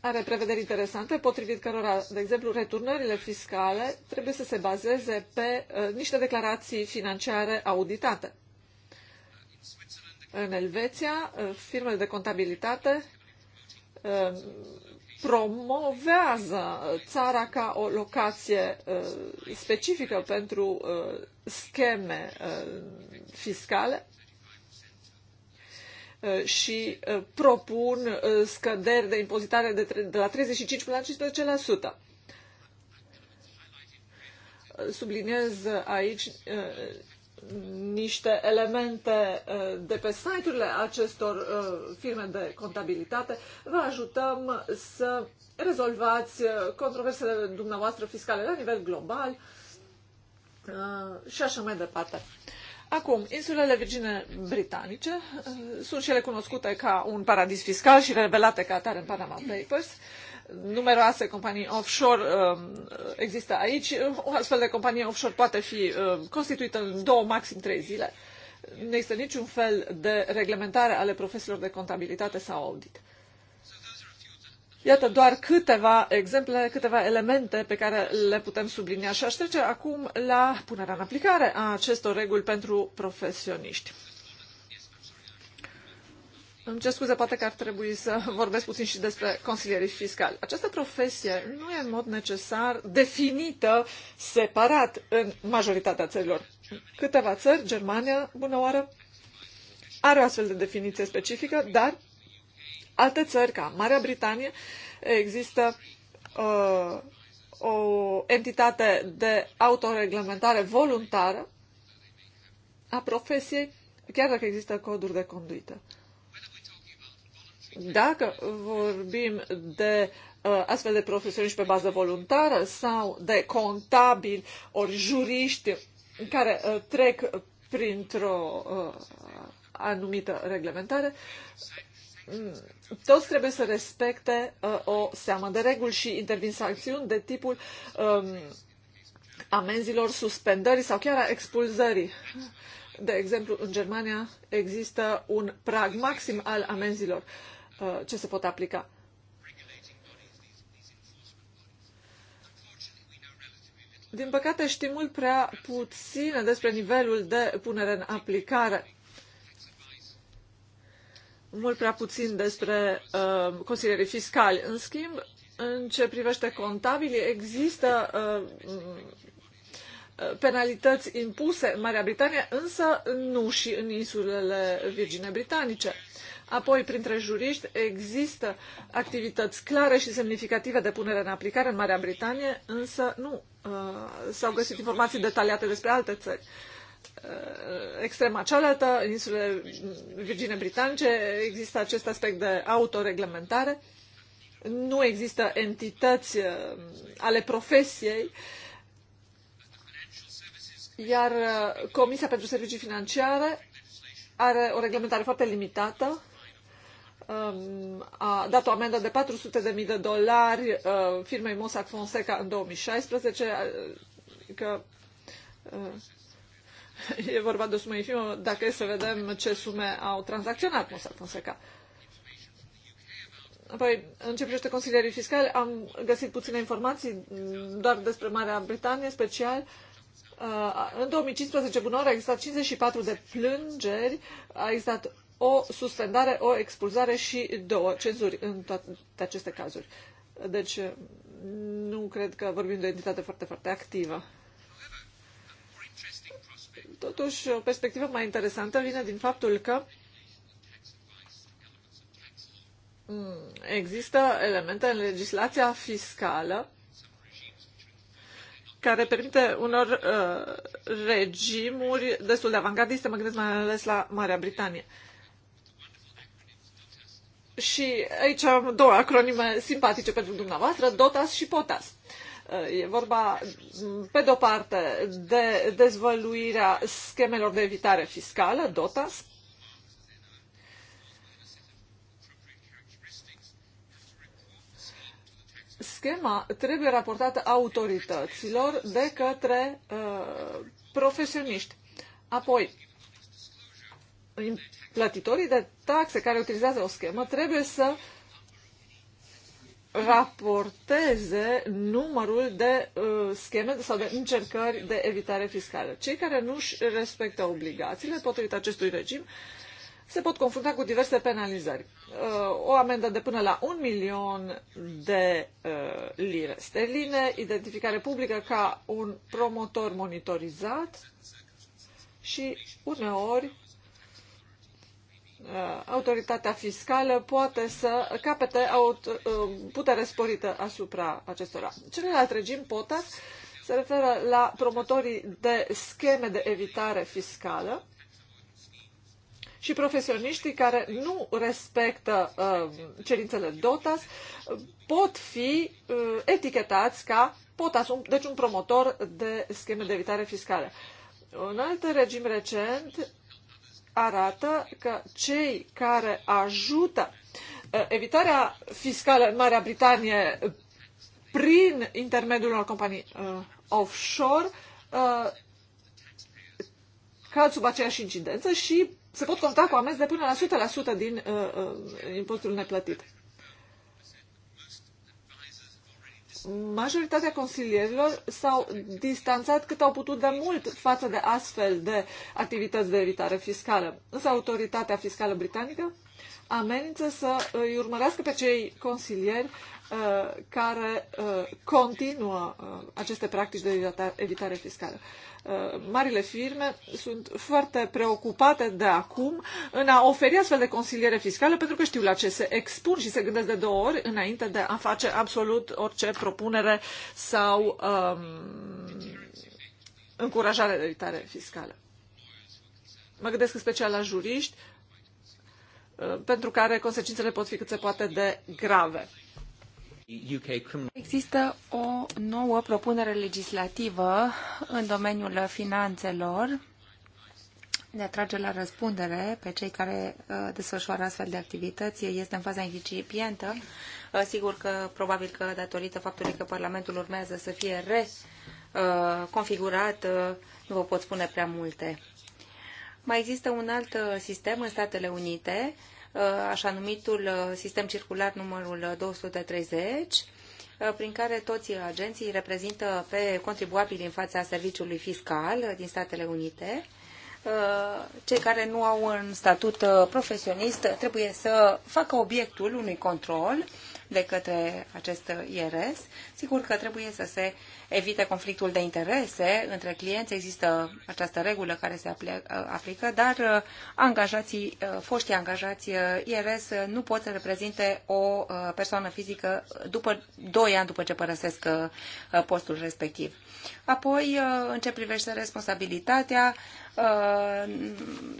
Are prevederi interesante, potrivit cărora, de exemplu, returnările fiscale trebuie să se bazeze pe uh, niște declarații financiare auditate. În Elveția, uh, firmele de contabilitate uh, promovează țara ca o locație uh, specifică pentru uh, scheme uh, fiscale și propun scăderi de impozitare de, la 35 până la 15%. Subliniez aici niște elemente uh, de pe site-urile acestor uh, firme de contabilitate. Vă ajutăm să rezolvați uh, controversele dumneavoastră fiscale la nivel global și așa mai departe. Acum, insulele Virgine Britanice sunt și ele cunoscute ca un paradis fiscal și revelate ca atare în Panama Papers. Uh, numeroase companii offshore um, există aici. O astfel de companie offshore poate fi um, constituită în două, maxim trei zile. Nu există niciun fel de reglementare ale profesiilor de contabilitate sau audit. Iată doar câteva exemple, câteva elemente pe care le putem sublinia și aș trece acum la punerea în aplicare a acestor reguli pentru profesioniști. Îmi cer scuze, poate că ar trebui să vorbesc puțin și despre consilierii fiscali. Această profesie nu e în mod necesar definită separat în majoritatea țărilor. Câteva țări, Germania, bună oară, are o astfel de definiție specifică, dar alte țări, ca Marea Britanie, există uh, o entitate de autoreglementare voluntară a profesiei, chiar dacă există coduri de conduită. Dacă vorbim de uh, astfel de profesioniști pe bază voluntară sau de contabili ori juriști care uh, trec printr-o uh, anumită reglementare, mm, toți trebuie să respecte uh, o seamă de reguli și intervin sancțiuni de tipul um, amenzilor, suspendării sau chiar a expulzării. De exemplu, în Germania există un prag maxim al amenzilor. Uh, Uh, ce se pot aplica. Din păcate știm mult prea puține despre nivelul de punere în aplicare, mult prea puțin despre uh, consilierii fiscali. În schimb, în ce privește contabilii, există uh, penalități impuse în Marea Britanie, însă nu și în insulele Virgine Britanice. Apoi, printre juriști, există activități clare și semnificative de punere în aplicare în Marea Britanie, însă nu uh, s-au găsit informații detaliate despre alte țări. Uh, extrema cealaltă, insulele Virgine Britanice, există acest aspect de autoreglementare. Nu există entități uh, ale profesiei iar uh, Comisia pentru Servicii Financiare are o reglementare foarte limitată Um, a dat o amendă de 400.000 de dolari uh, firmei Mossack Fonseca în 2016, uh, că uh, e vorba de o sumă infimă, dacă e să vedem ce sume au tranzacționat Mossack Fonseca. Apoi, în ce privește consilierii fiscali, am găsit puține informații doar despre Marea Britanie, special în 2015, oră, a existat 54 de plângeri, a existat o suspendare, o expulzare și două cenzuri în toate aceste cazuri. Deci nu cred că vorbim de o entitate foarte, foarte activă. Totuși, o perspectivă mai interesantă vine din faptul că există elemente în legislația fiscală care permite unor uh, regimuri destul de avangardiste, mă gândesc mai ales la Marea Britanie. Uh, și aici am două acronime simpatice pentru dumneavoastră, DOTAS și POTAS. Uh, e vorba, pe de-o parte, de dezvăluirea schemelor de evitare fiscală, DOTAS, schema trebuie raportată autorităților de către uh, profesioniști. Apoi, plătitorii de taxe care utilizează o schemă trebuie să raporteze numărul de uh, scheme sau de încercări de evitare fiscală. Cei care nu își respectă obligațiile potrivit acestui regim se pot confrunta cu diverse penalizări. Uh, o amendă de până la un milion de uh, lire sterline, identificare publică ca un promotor monitorizat și uneori Uh, autoritatea fiscală poate să capete uh, putere sporită asupra acestora. Celălalt regim POTAS se referă la promotorii de scheme de evitare fiscală și profesioniștii care nu respectă uh, cerințele DOTAS pot fi etichetați ca POTAS, deci un promotor de scheme de evitare fiscală. Un alt regim recent arată că cei care ajută uh, evitarea fiscală în Marea Britanie prin intermediul unor companii uh, offshore uh, cad sub aceeași incidență și se pot conta cu amenzi de până la 100% din uh, uh, impozitul neplătit. majoritatea consilierilor s-au distanțat cât au putut de mult față de astfel de activități de evitare fiscală. Însă autoritatea fiscală britanică amenință să îi urmărească pe cei consilieri Uh, care uh, continuă uh, aceste practici de evitare fiscală. Marile firme sunt foarte preocupate de acum în a oferi astfel de consiliere fiscală pentru că știu la ce se expun și se gândesc de două ori înainte de a face absolut orice propunere sau um, încurajare de evitare fiscală. Mă gândesc în special la juriști, pentru care consecințele pot fi cât se poate de grave. Există o nouă propunere legislativă în domeniul finanțelor de a trage la răspundere pe cei care uh, desfășoară astfel de activități este în faza incipientă. Uh, sigur că, probabil că, datorită faptului că Parlamentul urmează să fie reconfigurat, uh, nu vă pot spune prea multe. Mai există un alt sistem în Statele Unite Uh, așa numitul uh, sistem circular numărul 230, uh, prin care toți agenții reprezintă pe contribuabili în fața serviciului fiscal din Statele Unite. Cei care nu au un statut profesionist trebuie să facă obiectul unui control de către acest IRS. Sigur că trebuie să se evite conflictul de interese între clienți. Există această regulă care se aplică, dar uh, angajații, uh, foștii angajați uh, IRS nu pot să reprezinte o persoană fizică după 2 ani după ce părăsesc postul respectiv. Apoi, în ce privește responsabilitatea,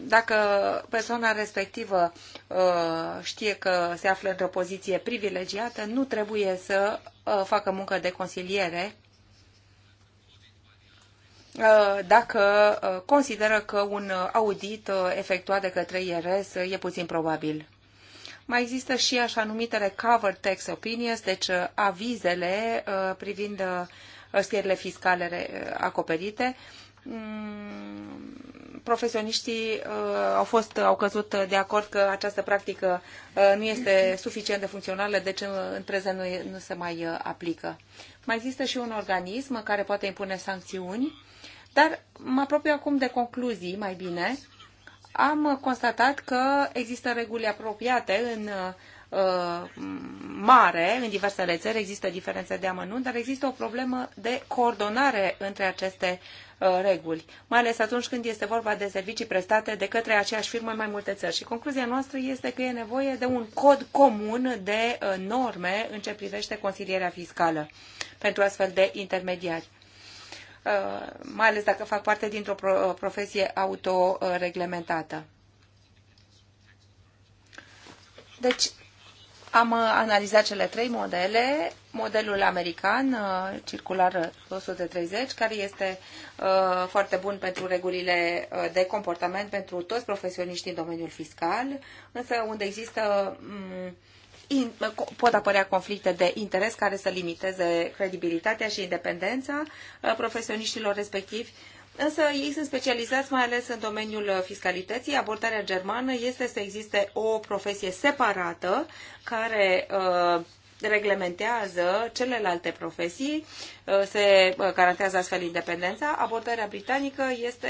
dacă persoana respectivă știe că se află într-o poziție privilegiată, refugiată nu trebuie să uh, facă muncă de consiliere uh, dacă uh, consideră că un audit efectuat de către IRS e puțin probabil. Mai există și așa numitele cover tax opinions, deci avizele privind stierile fiscale acoperite. Mm, profesioniștii uh, au fost au căzut de acord că această practică uh, nu este suficient de funcțională, deci uh, în prezent nu, nu se mai aplică. Mai există și un organism care poate impune sancțiuni, dar mă apropiu acum de concluzii mai bine. Am constatat că există reguli apropiate în mare în diversele țări, există diferențe de amănunt, dar există o problemă de coordonare între aceste Uh, reguli, mai ales atunci când este vorba de servicii prestate de către aceeași firmă în mai multe țări. Și concluzia noastră este că e nevoie de un cod comun de uh, norme în ce privește consilierea fiscală pentru astfel de intermediari uh, mai ales dacă fac parte dintr-o profesie autoreglementată. Deci, am uh, analizat cele trei modele, modelul american, uh, circular 230, care este uh, foarte bun pentru regulile de comportament pentru toți profesioniștii în domeniul fiscal, însă unde există mm, in, pot apărea conflicte de interes care să limiteze credibilitatea și independența profesioniștilor respectivi Însă ei sunt specializați mai ales în domeniul fiscalității. Abordarea germană este să existe o profesie separată care uh, reglementează celelalte profesii, uh, se uh, garantează astfel independența. Abordarea britanică este,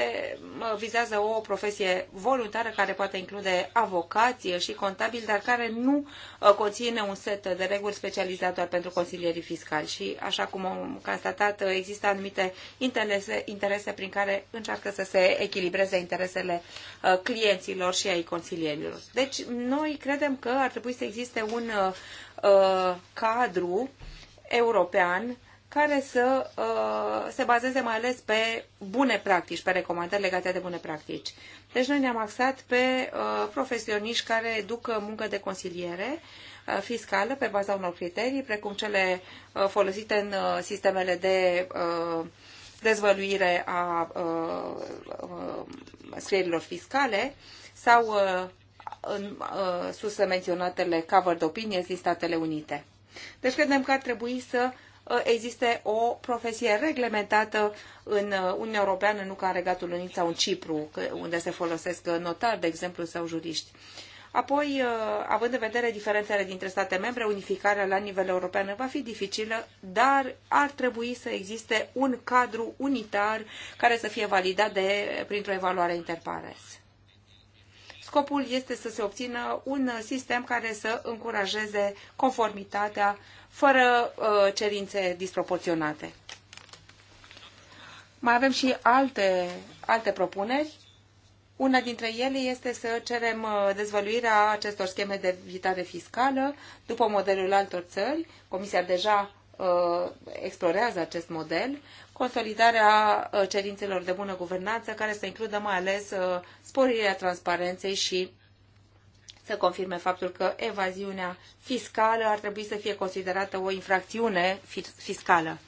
uh, vizează o profesie voluntară care poate include avocație și contabil, dar care nu conține un set de reguli specializate doar pentru consilierii fiscali. Și, așa cum am constatat, există anumite interese, interese prin care încearcă să se echilibreze interesele clienților și ai consilierilor. Deci, noi credem că ar trebui să existe un Uh, cadru european care să uh, se bazeze mai ales pe bune practici, pe recomandări legate de bune practici. Deci noi ne-am axat pe uh, profesioniști care duc muncă de consiliere uh, fiscală pe baza unor criterii, precum cele uh, folosite în uh, sistemele de uh, dezvăluire a uh, uh, scrierilor fiscale sau uh, în uh, sus menționatele cover de opinie din Statele Unite. Deci credem că ar trebui să uh, existe o profesie reglementată în uh, Uniunea Europeană, nu ca în Regatul Unit sau în Cipru, unde se folosesc uh, notari, de exemplu, sau juriști. Apoi, având în vedere diferențele dintre state membre, unificarea la nivel european va fi dificilă, dar ar trebui să existe un cadru unitar care să fie validat de, printr-o evaluare interpares. Scopul este să se obțină un sistem care să încurajeze conformitatea fără uh, cerințe disproporționate. Mai avem și alte, alte propuneri. Una dintre ele este să cerem uh, dezvăluirea acestor scheme de evitare fiscală după modelul altor țări. Comisia deja uh, explorează acest model consolidarea uh, cerințelor de bună guvernanță, care să includă mai ales uh, sporirea transparenței și să confirme faptul că evaziunea fiscală ar trebui să fie considerată o infracțiune fiscală.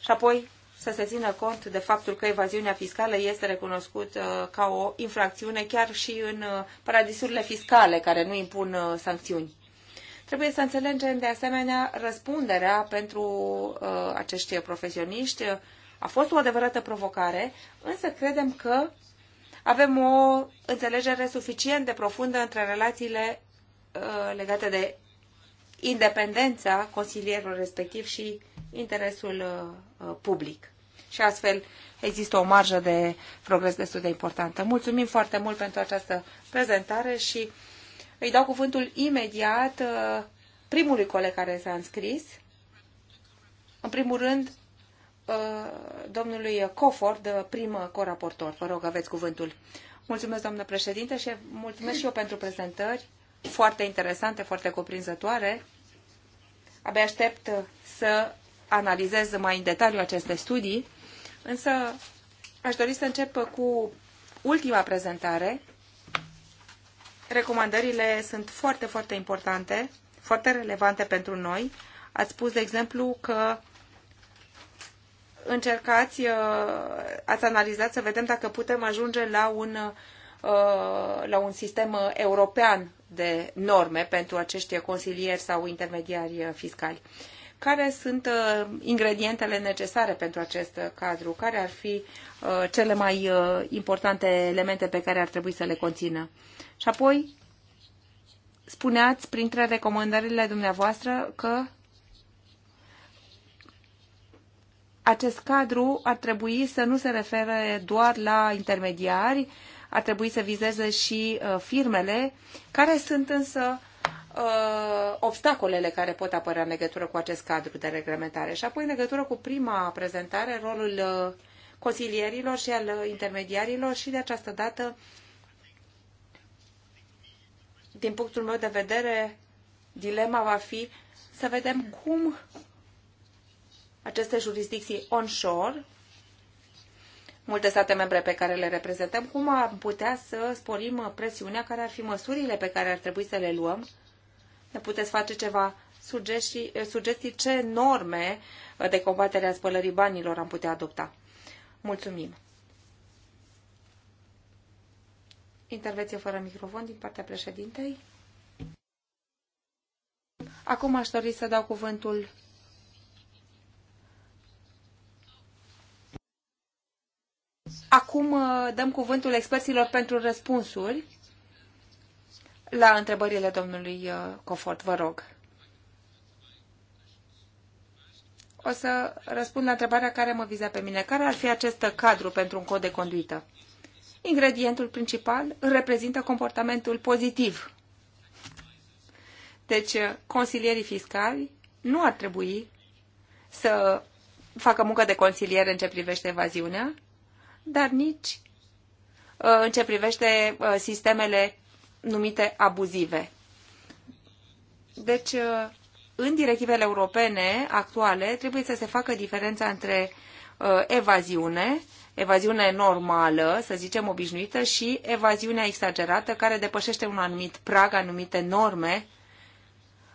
Și apoi să se țină cont de faptul că evaziunea fiscală este recunoscută uh, ca o infracțiune chiar și în paradisurile fiscale care nu impun sancțiuni. Trebuie să înțelegem de asemenea răspunderea pentru uh, acești profesioniști. A fost o adevărată provocare, însă credem că avem o înțelegere suficient de profundă între relațiile uh, legate de independența consilierilor respectiv și interesul uh, uh public. Și astfel există o marjă de progres destul de importantă. Mulțumim foarte mult pentru această prezentare și îi dau cuvântul imediat uh, primului coleg care s-a înscris. În primul rând, uh, domnului Coford, uh, prim coraportor. Vă rog, aveți cuvântul. Mulțumesc, doamnă președinte, și mulțumesc și eu pentru prezentări foarte interesante, foarte cuprinzătoare. Abia aștept să analizez mai în detaliu aceste studii, însă aș dori să încep cu ultima prezentare Recomandările sunt foarte, foarte importante, foarte relevante pentru noi. Ați spus, de exemplu, că încercați, uh, ați analizat să vedem dacă putem ajunge la un, uh, la un sistem uh, european de norme pentru acești consilieri sau intermediari fiscali. Care sunt ingredientele necesare pentru acest cadru? Care ar fi cele mai importante elemente pe care ar trebui să le conțină? Și apoi spuneați printre recomandările dumneavoastră că acest cadru ar trebui să nu se refere doar la intermediari, ar trebui să vizeze și uh, firmele, care sunt însă uh, obstacolele care pot apărea în legătură cu acest cadru de reglementare. Și apoi, în legătură cu prima prezentare, rolul uh, consilierilor și al intermediarilor și de această dată din punctul meu de vedere, dilema va fi să vedem cum aceste jurisdicții onshore, multe state membre pe care le reprezentăm, cum am putea să sporim presiunea, care ar fi măsurile pe care ar trebui să le luăm. Ne puteți face ceva sugestii, sugestii ce norme de combatere a spălării banilor am putea adopta. Mulțumim! Intervenție fără microfon din partea președintei. Acum aș dori să dau cuvântul Acum uh, dăm cuvântul experților pentru răspunsuri la întrebările domnului uh, Cofort, vă rog. O să răspund la întrebarea care mă viza pe mine. Care ar fi acest cadru pentru un cod de conduită? ingredientul principal reprezintă comportamentul pozitiv. Deci, consilierii fiscali nu ar trebui să facă muncă de consiliere în ce privește evaziunea, dar nici uh, în ce privește uh, sistemele numite abuzive. Deci, uh, în directivele europene actuale trebuie să se facă diferența între evaziune evaziunea normală, să zicem obișnuită, și evaziunea exagerată, care depășește un anumit prag, anumite norme,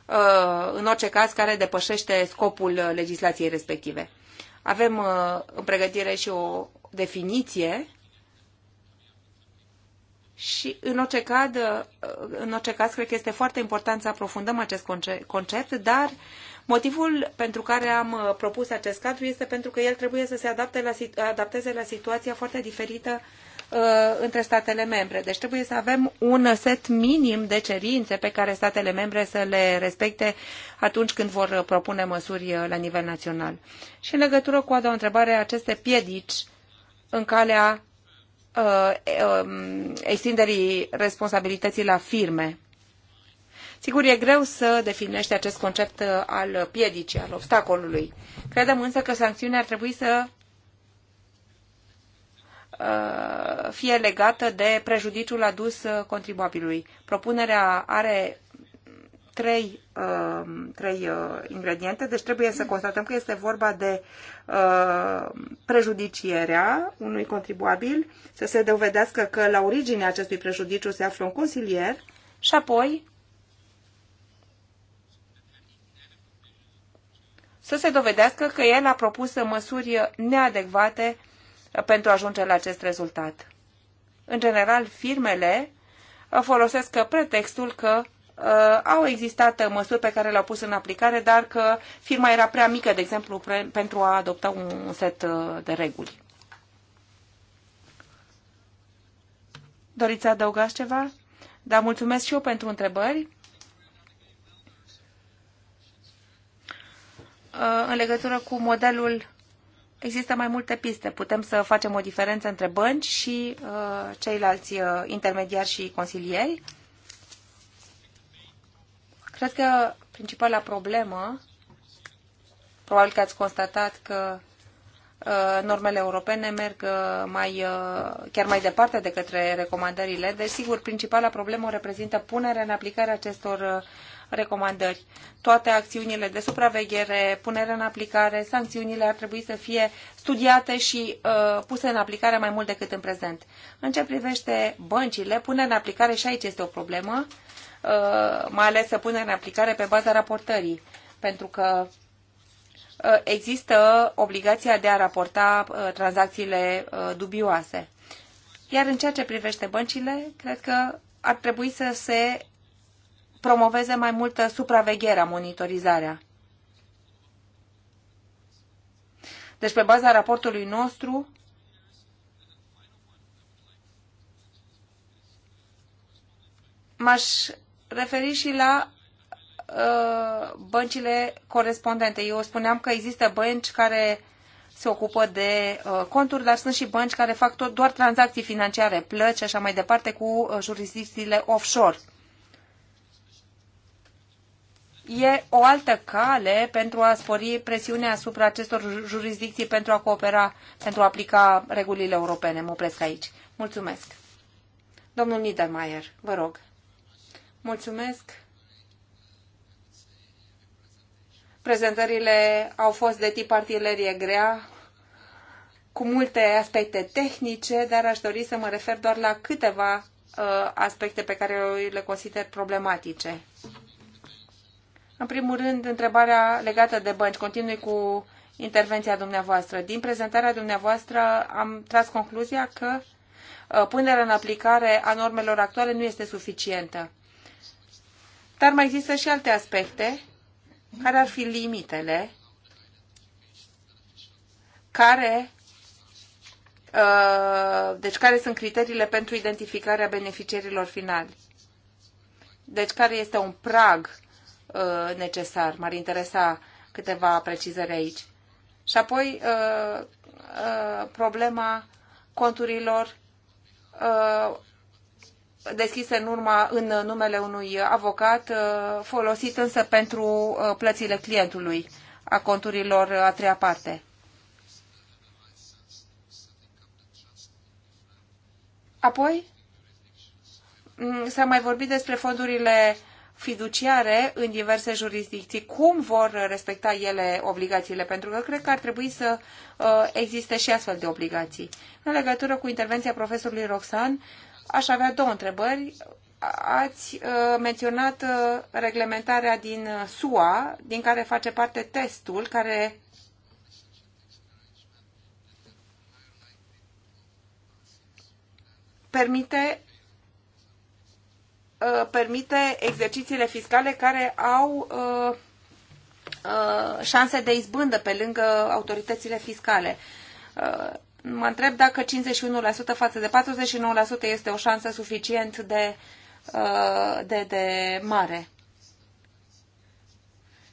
uh, în orice caz care depășește scopul legislației respective. Avem uh, în pregătire și o definiție și în orice, caz, uh, în orice caz, cred că este foarte important să aprofundăm acest concept, dar Motivul pentru care am uh, propus acest cadru este pentru că el trebuie să se adapte la, adapteze la situația foarte diferită uh, între statele membre. Deci trebuie să avem un set minim de cerințe pe care statele membre să le respecte atunci când vor propune măsuri uh, la nivel național. Și în legătură cu a doua întrebare, aceste piedici în calea uh, um, extinderii responsabilității la firme. Sigur, e greu să definești acest concept uh, al piedicii, al obstacolului. Credem însă că sancțiunea ar trebui să uh, fie legată de prejudiciul adus uh, contribuabilului. Propunerea are trei, trei ingrediente, deci trebuie să constatăm că este vorba de prejudicierea unui contribuabil, să se dovedească că la originea acestui prejudiciu se află un consilier și apoi să se dovedească că el a propus măsuri neadecvate pentru a ajunge la acest rezultat. În general, firmele uh, folosesc pretextul că uh, au existat măsuri pe care le-au pus în aplicare, dar că firma era prea mică, de exemplu, pre- pentru a adopta un set uh, de reguli. Doriți să adăugați ceva? Da, mulțumesc și eu pentru întrebări. Uh, în legătură cu modelul există mai multe piste. Putem să facem o diferență între bănci și uh, ceilalți uh, intermediari și consilieri. Cred că principala problemă, probabil că ați constatat că uh, normele europene merg uh, mai, uh, chiar mai departe de către recomandările. sigur principala problemă reprezintă punerea în aplicare acestor uh, recomandări. Toate acțiunile de supraveghere, punere în aplicare, sancțiunile ar trebui să fie studiate și uh, puse în aplicare mai mult decât în prezent. În ce privește băncile, punerea în aplicare și aici este o problemă, uh, mai ales să punerea în aplicare pe baza raportării, pentru că uh, există obligația de a raporta uh, tranzacțiile uh, dubioase. Iar în ceea ce privește băncile, cred că ar trebui să se promoveze mai multă supravegherea, monitorizarea. Deci, pe baza raportului nostru, m-aș referi și la uh, băncile corespondente. Eu spuneam că există bănci care se ocupă de uh, conturi, dar sunt și bănci care fac tot, doar tranzacții financiare, plăci și așa mai departe cu uh, jurisdicțiile offshore e o altă cale pentru a spori presiunea asupra acestor jurisdicții pentru a coopera, pentru a aplica regulile europene. Mă opresc aici. Mulțumesc. Domnul Niedermayer, vă rog. Mulțumesc. Prezentările au fost de tip artilerie grea, cu multe aspecte tehnice, dar aș dori să mă refer doar la câteva uh, aspecte pe care le consider problematice. În primul rând, întrebarea legată de bănci. Continui cu intervenția dumneavoastră. Din prezentarea dumneavoastră am tras concluzia că uh, punerea în aplicare a normelor actuale nu este suficientă. Dar mai există și alte aspecte, care ar fi limitele care uh, deci care sunt criteriile pentru identificarea beneficiarilor finali. Deci care este un prag Uh, necesar. M-ar interesa câteva precizări aici. Și apoi uh, uh, problema conturilor deschise în, urma, în numele unui avocat, folosit însă pentru plățile clientului a conturilor a treia parte. Apoi, s-a mai vorbit despre fondurile fiduciare în diverse jurisdicții, cum vor respecta ele obligațiile, pentru că cred că ar trebui să uh, existe și astfel de obligații. În legătură cu intervenția profesorului Roxan, aș avea două întrebări. Ați uh, menționat uh, reglementarea din SUA, din care face parte testul, care permite Uh, permite exercițiile fiscale care au uh, uh, șanse de izbândă pe lângă autoritățile fiscale. Mă întreb dacă 51% față de 49% este o șansă suficient de, de, de mare.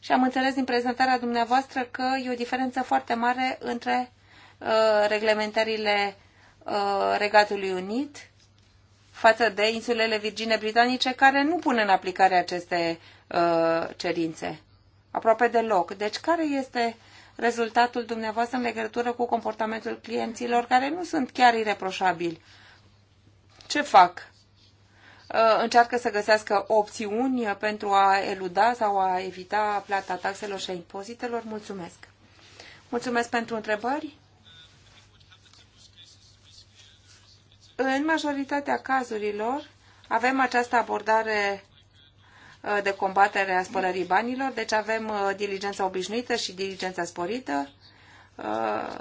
Și am înțeles din prezentarea dumneavoastră că e o diferență foarte mare între reglementările Regatului Unit față de insulele Virgine Britanice care nu pun în aplicare aceste uh, cerințe. Aproape deloc. Deci care este rezultatul dumneavoastră în legătură cu comportamentul clienților care nu sunt chiar ireproșabili? Ce fac? Uh, încearcă să găsească opțiuni pentru a eluda sau a evita plata taxelor și a impozitelor? Mulțumesc! Mulțumesc pentru întrebări! În majoritatea cazurilor avem această abordare uh, de combatere a spălării banilor, deci avem uh, diligența obișnuită și diligența sporită uh,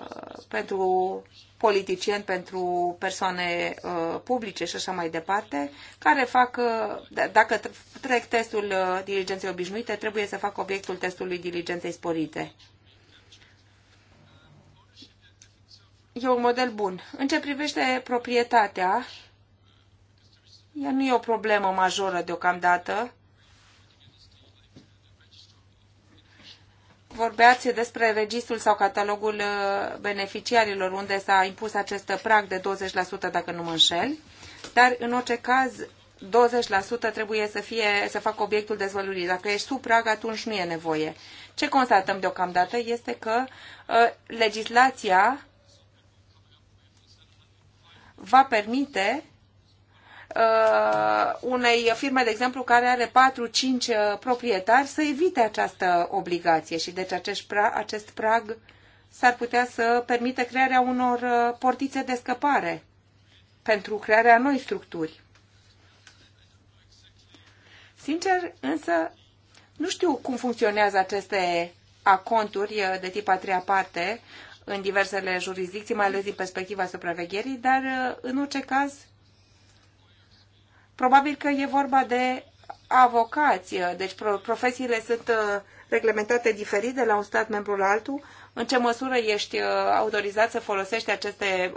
pentru politicieni, pentru persoane publice și așa mai departe, care fac, dacă trec testul diligenței obișnuite, trebuie să fac obiectul testului diligenței sporite. e un model bun. În ce privește proprietatea, ea nu e o problemă majoră deocamdată. Vorbeați despre registrul sau catalogul uh, beneficiarilor, unde s-a impus acest prag de 20%, dacă nu mă înșel. Dar, în orice caz, 20% trebuie să, fie, să facă obiectul dezvăluirii. Dacă ești sub prag, atunci nu e nevoie. Ce constatăm deocamdată este că uh, legislația va permite uh, unei firme, de exemplu, care are 4-5 uh, proprietari să evite această obligație și deci acest, pra, acest prag s-ar putea să permite crearea unor uh, portițe de scăpare pentru crearea noi structuri. Sincer, însă, nu știu cum funcționează aceste aconturi uh, de tip a treia parte în diversele jurisdicții, mai ales din perspectiva supravegherii, dar uh, în orice caz, probabil că e vorba de avocați, uh, deci profesiile sunt uh, reglementate diferit de la un stat membru la altul. În ce măsură ești autorizat să folosești aceste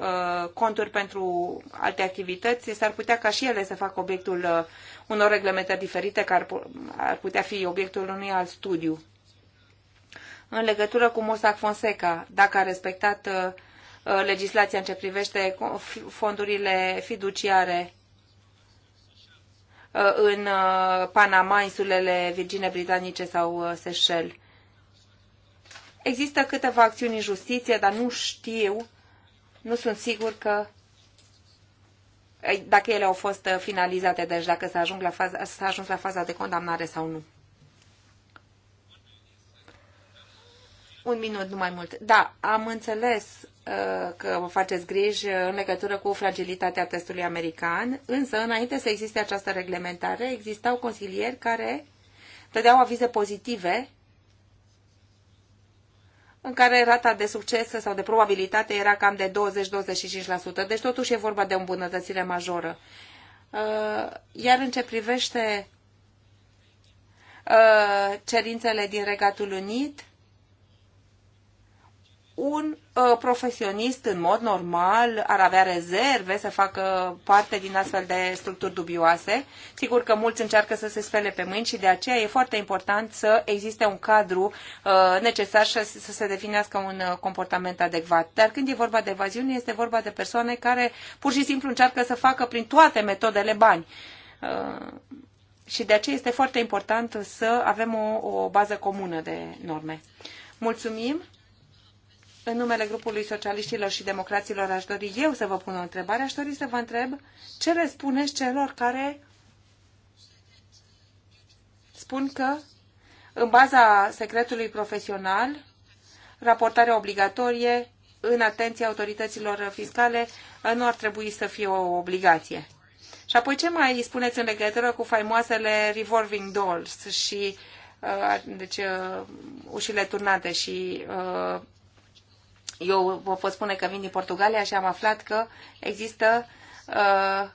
conturi pentru alte activități? S-ar putea ca și ele să facă obiectul unor reglementări diferite care ar putea fi obiectul unui alt studiu în legătură cu Mossack Fonseca, dacă a respectat uh, uh, legislația în ce privește fondurile fiduciare uh, în Panama, insulele Virgine Britanice sau Seychelles. Există câteva acțiuni în justiție, dar nu știu, nu sunt sigur că dacă ele au fost finalizate, deci dacă s-a ajuns la faza, de condamnare sau nu. Un minut, nu mai mult. Da, am înțeles uh, că vă faceți griji în legătură cu fragilitatea testului american, însă înainte să existe această reglementare, existau consilieri care dădeau avize pozitive în care rata de succes sau de probabilitate era cam de 20-25%, deci totuși e vorba de o îmbunătățire majoră. Uh, iar în ce privește uh, cerințele din Regatul Unit, un uh, profesionist în mod normal ar avea rezerve să facă parte din astfel de structuri dubioase. Sigur că mulți încearcă să se spele pe mâini și de aceea e foarte important să existe un cadru uh, necesar și să se definească un uh, comportament adecvat. Dar când e vorba de evaziune, este vorba de persoane care pur și simplu încearcă să facă prin toate metodele bani. Uh, și de aceea este foarte important să avem o, o bază comună de norme. Mulțumim! În numele grupului socialiștilor și democraților aș dori eu să vă pun o întrebare. Aș dori să vă întreb ce le spuneți celor care spun că în baza secretului profesional, raportarea obligatorie în atenția autorităților fiscale uh, nu ar trebui să fie o obligație. Și apoi ce mai spuneți în legătură cu faimoasele revolving doors și uh, deci, uh, ușile turnate și eu vă pot spune că vin din Portugalia și am aflat că există uh,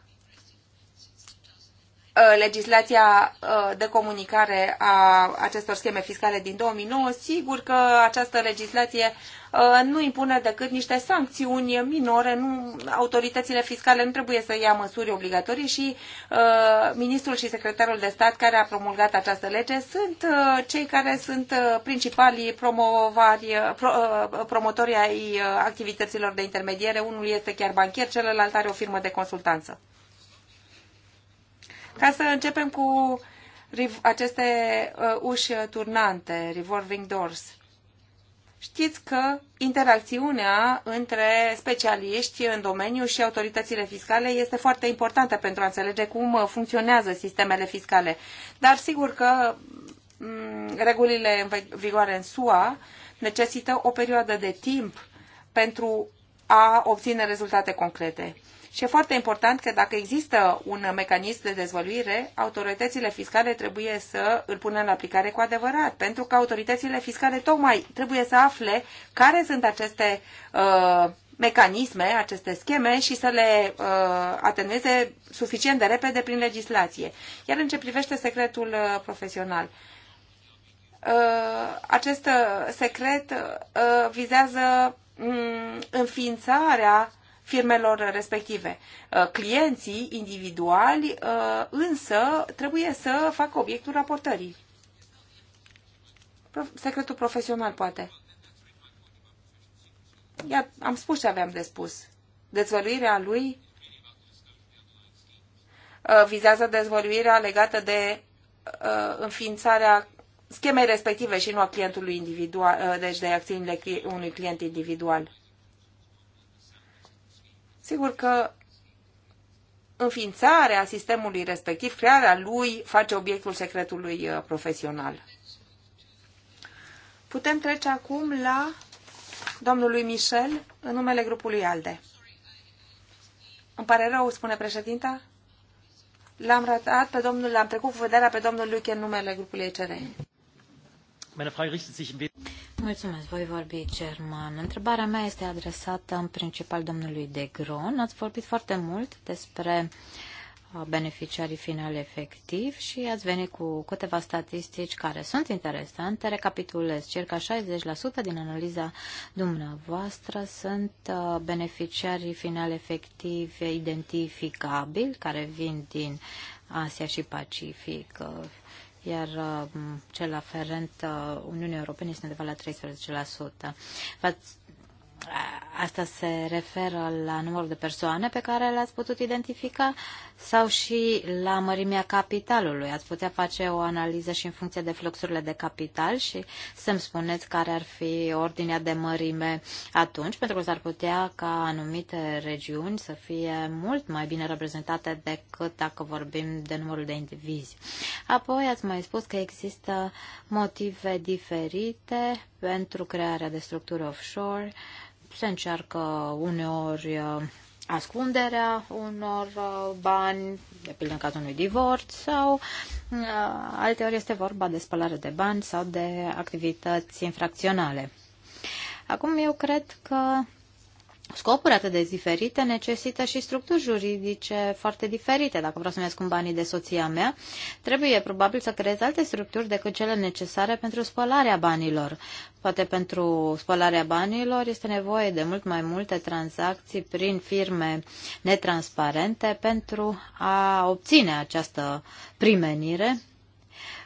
Uh, legislația uh, de comunicare a acestor scheme fiscale din 2009, sigur că această legislație uh, nu impune decât niște sancțiuni minore, nu, autoritățile fiscale nu trebuie să ia măsuri obligatorii și uh, ministrul și secretarul de stat care a promulgat această lege sunt uh, cei care sunt uh, principalii promovari, pro, uh, promotorii ai uh, activităților de intermediere. Unul este chiar banchier, celălalt are o firmă de consultanță. Ca să începem cu aceste uh, uși turnante, revolving doors. Știți că interacțiunea între specialiști în domeniu și autoritățile fiscale este foarte importantă pentru a înțelege cum uh, funcționează sistemele fiscale. Dar sigur că mm, regulile în vigoare în SUA necesită o perioadă de timp pentru a obține rezultate concrete. Și e foarte important că dacă există un mecanism de dezvăluire, autoritățile fiscale trebuie să îl pună în aplicare cu adevărat, pentru că autoritățile fiscale tocmai trebuie să afle care sunt aceste uh, mecanisme, aceste scheme și să le uh, atenueze suficient de repede prin legislație. Iar în ce privește secretul uh, profesional, uh, acest uh, secret uh, vizează um, înființarea firmelor respective. Uh, clienții individuali uh, însă trebuie să facă obiectul raportării. Secretul profesional, poate. Ia, am spus ce aveam de spus. Dezvăluirea lui uh, vizează dezvăluirea legată de înființarea schemei respective și nu a clientului individual, deci de acțiunile unui client individual. Sigur că înființarea sistemului respectiv, crearea lui, face obiectul secretului uh, profesional. Putem trece acum la domnului Michel în numele grupului ALDE. Îmi pare rău, spune președinta. L-am ratat pe domnul, l-am trecut cu vederea pe domnul Luche în numele grupului ECR. Mulțumesc, voi vorbi german. Întrebarea mea este adresată în principal domnului De Gron. Ați vorbit foarte mult despre uh, beneficiarii finali efectiv și ați venit cu câteva statistici care sunt interesante. Recapitulez, circa 60% din analiza dumneavoastră sunt uh, beneficiarii finali efectivi identificabili care vin din Asia și Pacific iar uh, cel aferent uh, Uniunii Europene este undeva la 13%. Asta se referă la numărul de persoane pe care le-ați putut identifica sau și la mărimea capitalului. Ați putea face o analiză și în funcție de fluxurile de capital și să-mi spuneți care ar fi ordinea de mărime atunci, pentru că s-ar putea ca anumite regiuni să fie mult mai bine reprezentate decât dacă vorbim de numărul de indivizi. Apoi ați mai spus că există motive diferite pentru crearea de structuri offshore. Se încearcă uneori uh, ascunderea unor uh, bani, de pildă în cazul unui divorț, sau uh, alte ori este vorba de spălare de bani sau de activități infracționale. Acum eu cred că scopuri atât de diferite necesită și structuri juridice foarte diferite. Dacă vreau să-mi ies cum banii de soția mea, trebuie probabil să creez alte structuri decât cele necesare pentru spălarea banilor. Poate pentru spălarea banilor este nevoie de mult mai multe tranzacții prin firme netransparente pentru a obține această primenire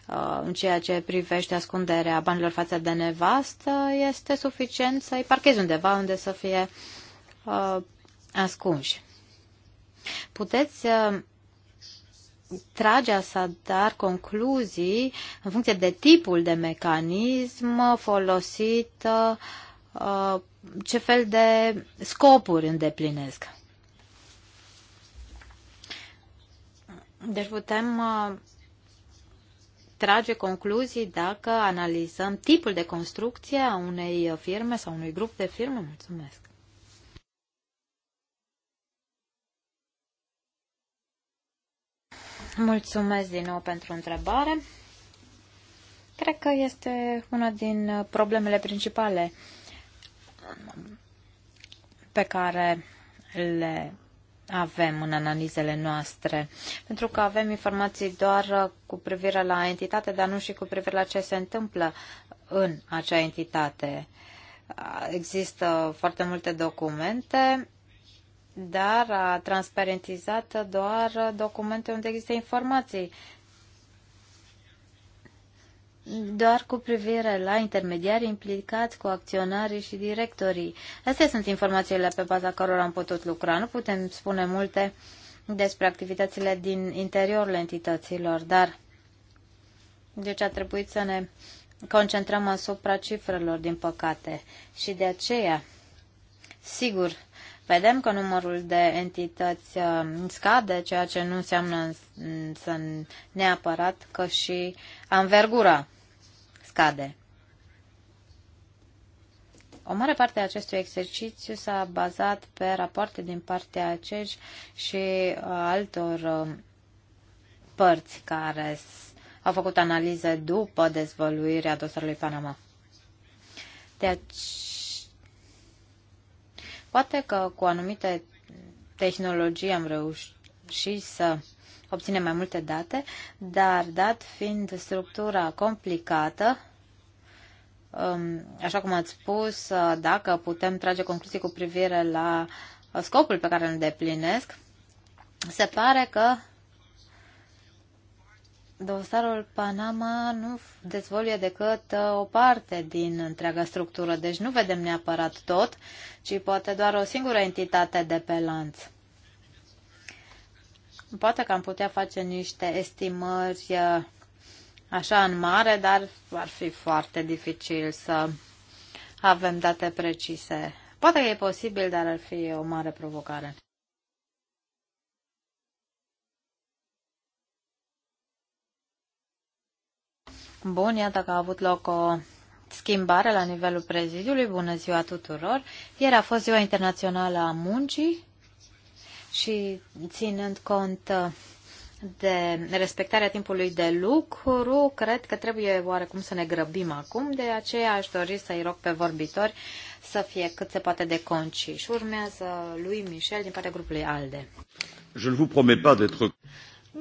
uh, în ceea ce privește ascunderea banilor față de nevastă, este suficient să-i parchezi undeva unde să fie uh, Uh, ascunși. Puteți uh, trage așadar concluzii în funcție de tipul de mecanism folosit, uh, ce fel de scopuri îndeplinesc. Deci putem uh, trage concluzii dacă analizăm tipul de construcție a unei firme sau unui grup de firme? Mulțumesc. Mulțumesc din nou pentru întrebare. Cred că este una din problemele principale pe care le avem în analizele noastre, pentru că avem informații doar cu privire la entitate, dar nu și cu privire la ce se întâmplă în acea entitate. Există foarte multe documente dar a transparentizat doar documente unde există informații. Doar cu privire la intermediari implicați cu acționarii și directorii. Astea sunt informațiile pe baza cărora am putut lucra. Nu putem spune multe despre activitățile din interiorul entităților, dar deci a trebuit să ne concentrăm asupra cifrelor, din păcate. Și de aceea, sigur, Vedem că numărul de entități uh, scade, ceea ce nu înseamnă să neapărat că și anvergura scade. O mare parte a acestui exercițiu s-a bazat pe rapoarte din partea acești și uh, altor uh, părți care au făcut analize după dezvăluirea dosarului Panama. De aceea, Poate că cu anumite tehnologii am reușit să obținem mai multe date, dar dat fiind structura complicată, um, așa cum ați spus, uh, dacă putem trage concluzii cu privire la scopul pe care îl deplinesc, se pare că dosarul Panama nu dezvoluie decât uh, o parte din întreaga structură, deci nu vedem neapărat tot, ci poate doar o singură entitate de pe lanț. Poate că am putea face niște estimări uh, așa în mare, dar ar fi foarte dificil să avem date precise. Poate că e posibil, dar ar fi o mare provocare. Bun, iată că a avut loc o schimbare la nivelul prezidiului. Bună ziua tuturor! Ieri a fost Ziua Internațională a Muncii și ținând cont de respectarea timpului de lucru, cred că trebuie oarecum să ne grăbim acum, de aceea aș dori să-i rog pe vorbitori să fie cât se poate de conciși. Urmează lui Michel din partea grupului ALDE. Je ne vous promets pas d'être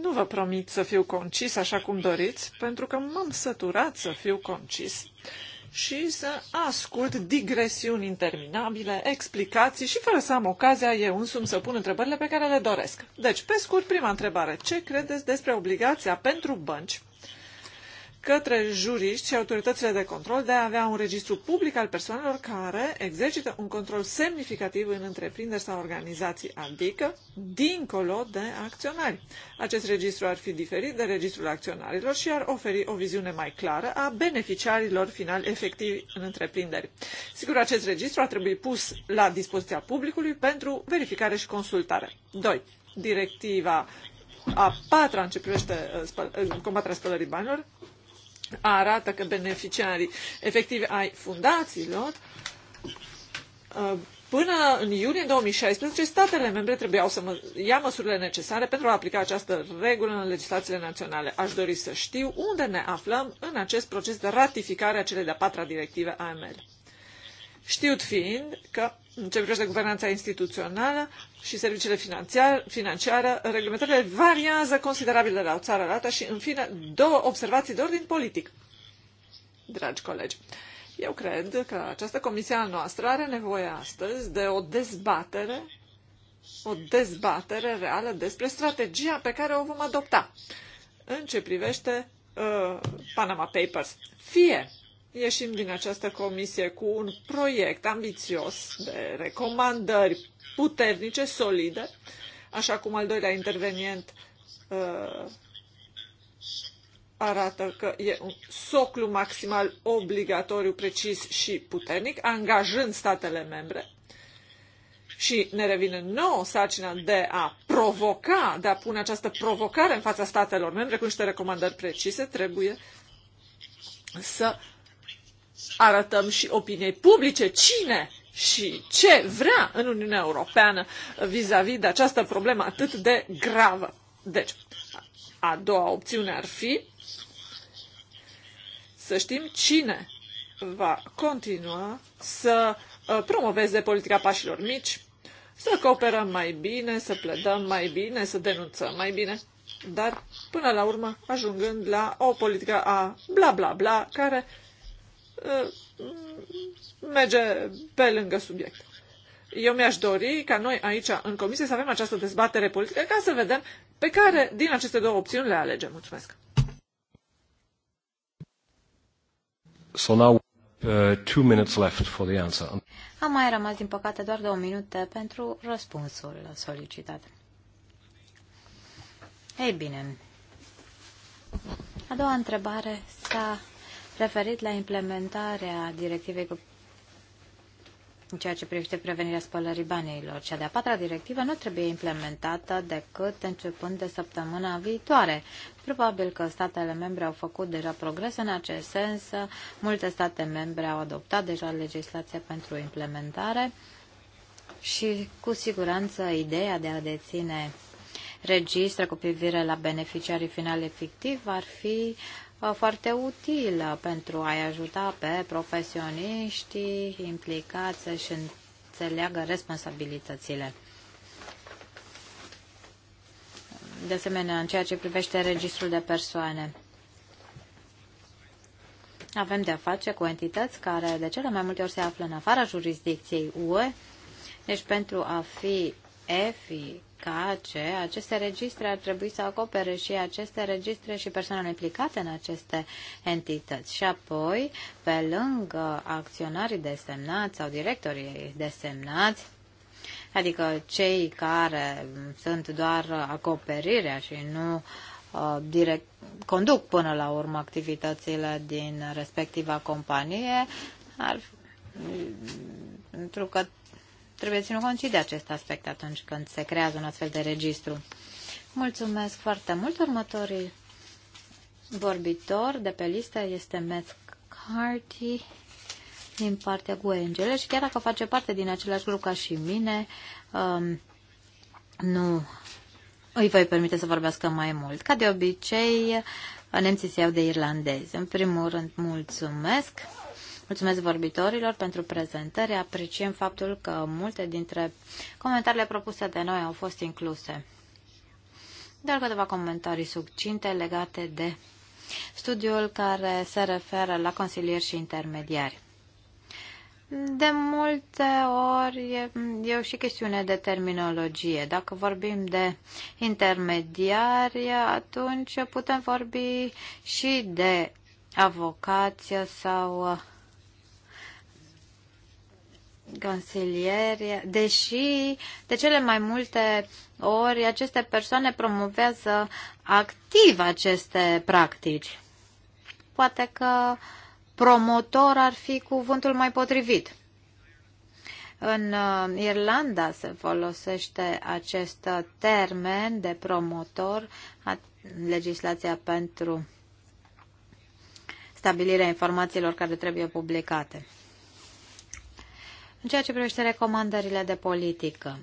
nu vă promit să fiu concis așa cum doriți, pentru că m-am săturat să fiu concis și să ascult digresiuni interminabile, explicații și fără să am ocazia eu însumi să pun întrebările pe care le doresc. Deci, pe scurt, prima întrebare. Ce credeți despre obligația pentru bănci către juriști și autoritățile de control de a avea un registru public al persoanelor care exercită un control semnificativ în întreprinderi sau organizații, adică dincolo de acționari. Acest registru ar fi diferit de registrul acționarilor și ar oferi o viziune mai clară a beneficiarilor finali efectivi în întreprinderi. Sigur, acest registru ar trebui pus la dispoziția publicului pentru verificare și consultare. 2. Directiva a patra începește ce uh, uh, combaterea spălării banilor arată că beneficiarii efectivi ai fundațiilor uh, Până în iunie 2016, statele membre trebuiau să mă, ia măsurile necesare pentru a aplica această regulă în legislațiile naționale. Aș dori să știu unde ne aflăm în acest proces de ratificare a celei de-a patra directive AML. Știut fiind că în ce privește guvernanța instituțională și serviciile financiare, reglementările variază considerabil de la o țară la alta și, în fine, două observații de ordin politic. Dragi colegi, eu cred că această comisie a noastră are nevoie astăzi de o dezbatere, o dezbatere reală despre strategia pe care o vom adopta în ce privește uh, Panama Papers. Fie ieșim din această comisie cu un proiect ambițios de recomandări puternice, solide, așa cum al doilea intervenient uh, arată că e un soclu maximal obligatoriu, precis și puternic, angajând statele membre și ne revine nouă sarcina de a provoca, de a pune această provocare în fața statelor membre cu niște recomandări precise, trebuie să arătăm și opiniei publice cine și ce vrea în Uniunea Europeană vis-a-vis -vis de această problemă atât de gravă. Deci, a doua opțiune ar fi să știm cine va continua să uh, promoveze politica pașilor mici, să cooperăm mai bine, să plădăm mai bine, să denunțăm mai bine, dar până la urmă ajungând la o politică a bla bla bla care Uh, merge pe lângă subiect. Eu mi-aș dori ca noi aici, în comisie, să avem această dezbatere politică ca să vedem pe care din aceste două opțiuni le alegem. Mulțumesc! So now, uh, two minutes left for the answer. Am mai rămas, din păcate, doar două minute pentru răspunsul solicitat. Ei bine, a doua întrebare s-a referit la implementarea directivei cu în ceea ce privește prevenirea spălării banilor. Cea de-a patra directivă nu trebuie implementată decât începând de săptămâna viitoare. Probabil că statele membre au făcut deja progrese în acest sens. Multe state membre au adoptat deja legislația pentru implementare și cu siguranță ideea de a deține registre cu privire la beneficiarii finale fictivi ar fi Uh, foarte utilă uh, pentru a-i ajuta pe profesioniștii implicați să-și înțeleagă responsabilitățile. De asemenea, în ceea ce privește registrul de persoane, avem de-a face cu entități care de cele mai multe ori se află în afara jurisdicției UE, deci pentru a fi eficace, ce aceste registre ar trebui să acopere și aceste registre și persoanele implicate în aceste entități. Și apoi, pe lângă acționarii desemnați sau directorii desemnați, adică cei care sunt doar acoperirea și nu uh, direct, conduc până la urmă activitățile din respectiva companie, ar, pentru mm, că trebuie ținut cont și de acest aspect atunci când se creează un astfel de registru. Mulțumesc foarte mult. Următorii vorbitor de pe listă este Matt Carty din partea Guengele și chiar dacă face parte din același grup ca și mine, um, nu îi voi permite să vorbească mai mult. Ca de obicei, nemții se iau de irlandezi. În primul rând, mulțumesc. Mulțumesc vorbitorilor pentru prezentări. Apreciem faptul că multe dintre comentariile propuse de noi au fost incluse. Doar câteva comentarii succinte legate de studiul care se referă la consilieri și intermediari. De multe ori e, e o și chestiune de terminologie. Dacă vorbim de intermediari, atunci putem vorbi și de avocație sau consilieri, deși de cele mai multe ori aceste persoane promovează activ aceste practici. Poate că promotor ar fi cuvântul mai potrivit. În uh, Irlanda se folosește acest termen de promotor în legislația pentru stabilirea informațiilor care trebuie publicate. În ceea ce privește recomandările de politică,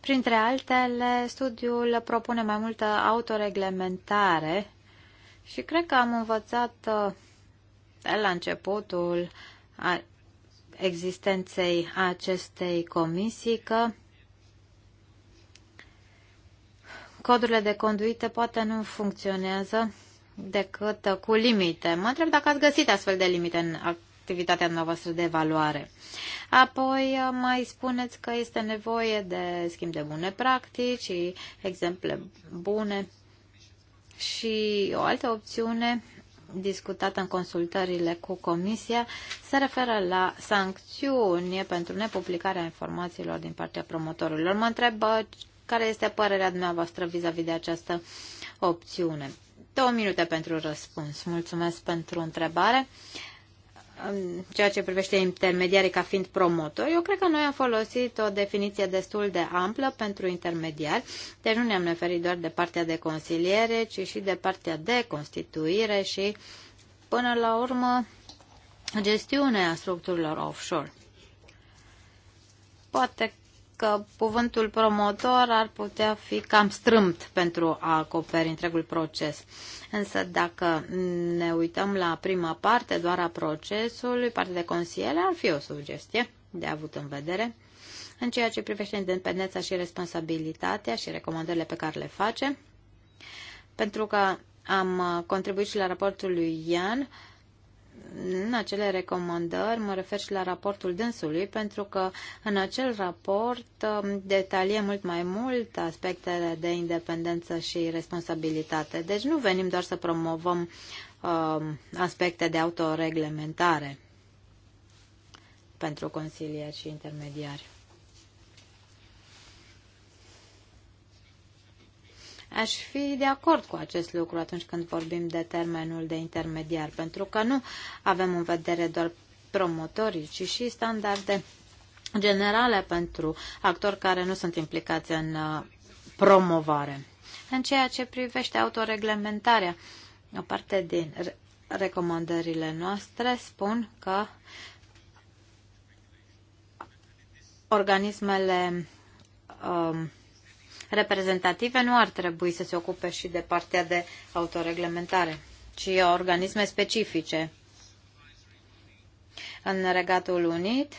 printre altele, studiul propune mai multă autoreglementare și cred că am învățat uh, de la începutul a existenței acestei comisii că codurile de conduită poate nu funcționează decât cu limite. Mă întreb dacă ați găsit astfel de limite în activitatea noastră de evaluare. Apoi uh, mai spuneți că este nevoie de schimb de bune practici și exemple bune. Și o altă opțiune discutată în consultările cu Comisia se referă la sancțiuni pentru nepublicarea informațiilor din partea promotorilor. Mă întreb uh, care este părerea dumneavoastră vis-a-vis -vis de această opțiune. Două minute pentru răspuns. Mulțumesc pentru întrebare în ceea ce privește intermediarii ca fiind promotori, eu cred că noi am folosit o definiție destul de amplă pentru intermediari, deci nu ne-am referit doar de partea de consiliere, ci și de partea de constituire și, până la urmă, gestiunea structurilor offshore. Poate că cuvântul promotor ar putea fi cam strâmt pentru a acoperi întregul proces. Însă dacă ne uităm la prima parte doar a procesului, partea de consiliere ar fi o sugestie de avut în vedere în ceea ce privește independența și responsabilitatea și recomandările pe care le face. Pentru că am contribuit și la raportul lui Ian, în acele recomandări mă refer și la raportul dânsului, pentru că în acel raport um, detalie mult mai mult aspectele de independență și responsabilitate. Deci nu venim doar să promovăm uh, aspecte de autoreglementare pentru consilieri și intermediari. Aș fi de acord cu acest lucru atunci când vorbim de termenul de intermediar, pentru că nu avem în vedere doar promotorii, ci și standarde generale pentru actori care nu sunt implicați în uh, promovare. În ceea ce privește autoreglementarea, o parte din recomandările noastre spun că organismele um, reprezentative nu ar trebui să se ocupe și de partea de autoreglementare, ci organisme specifice. În Regatul Unit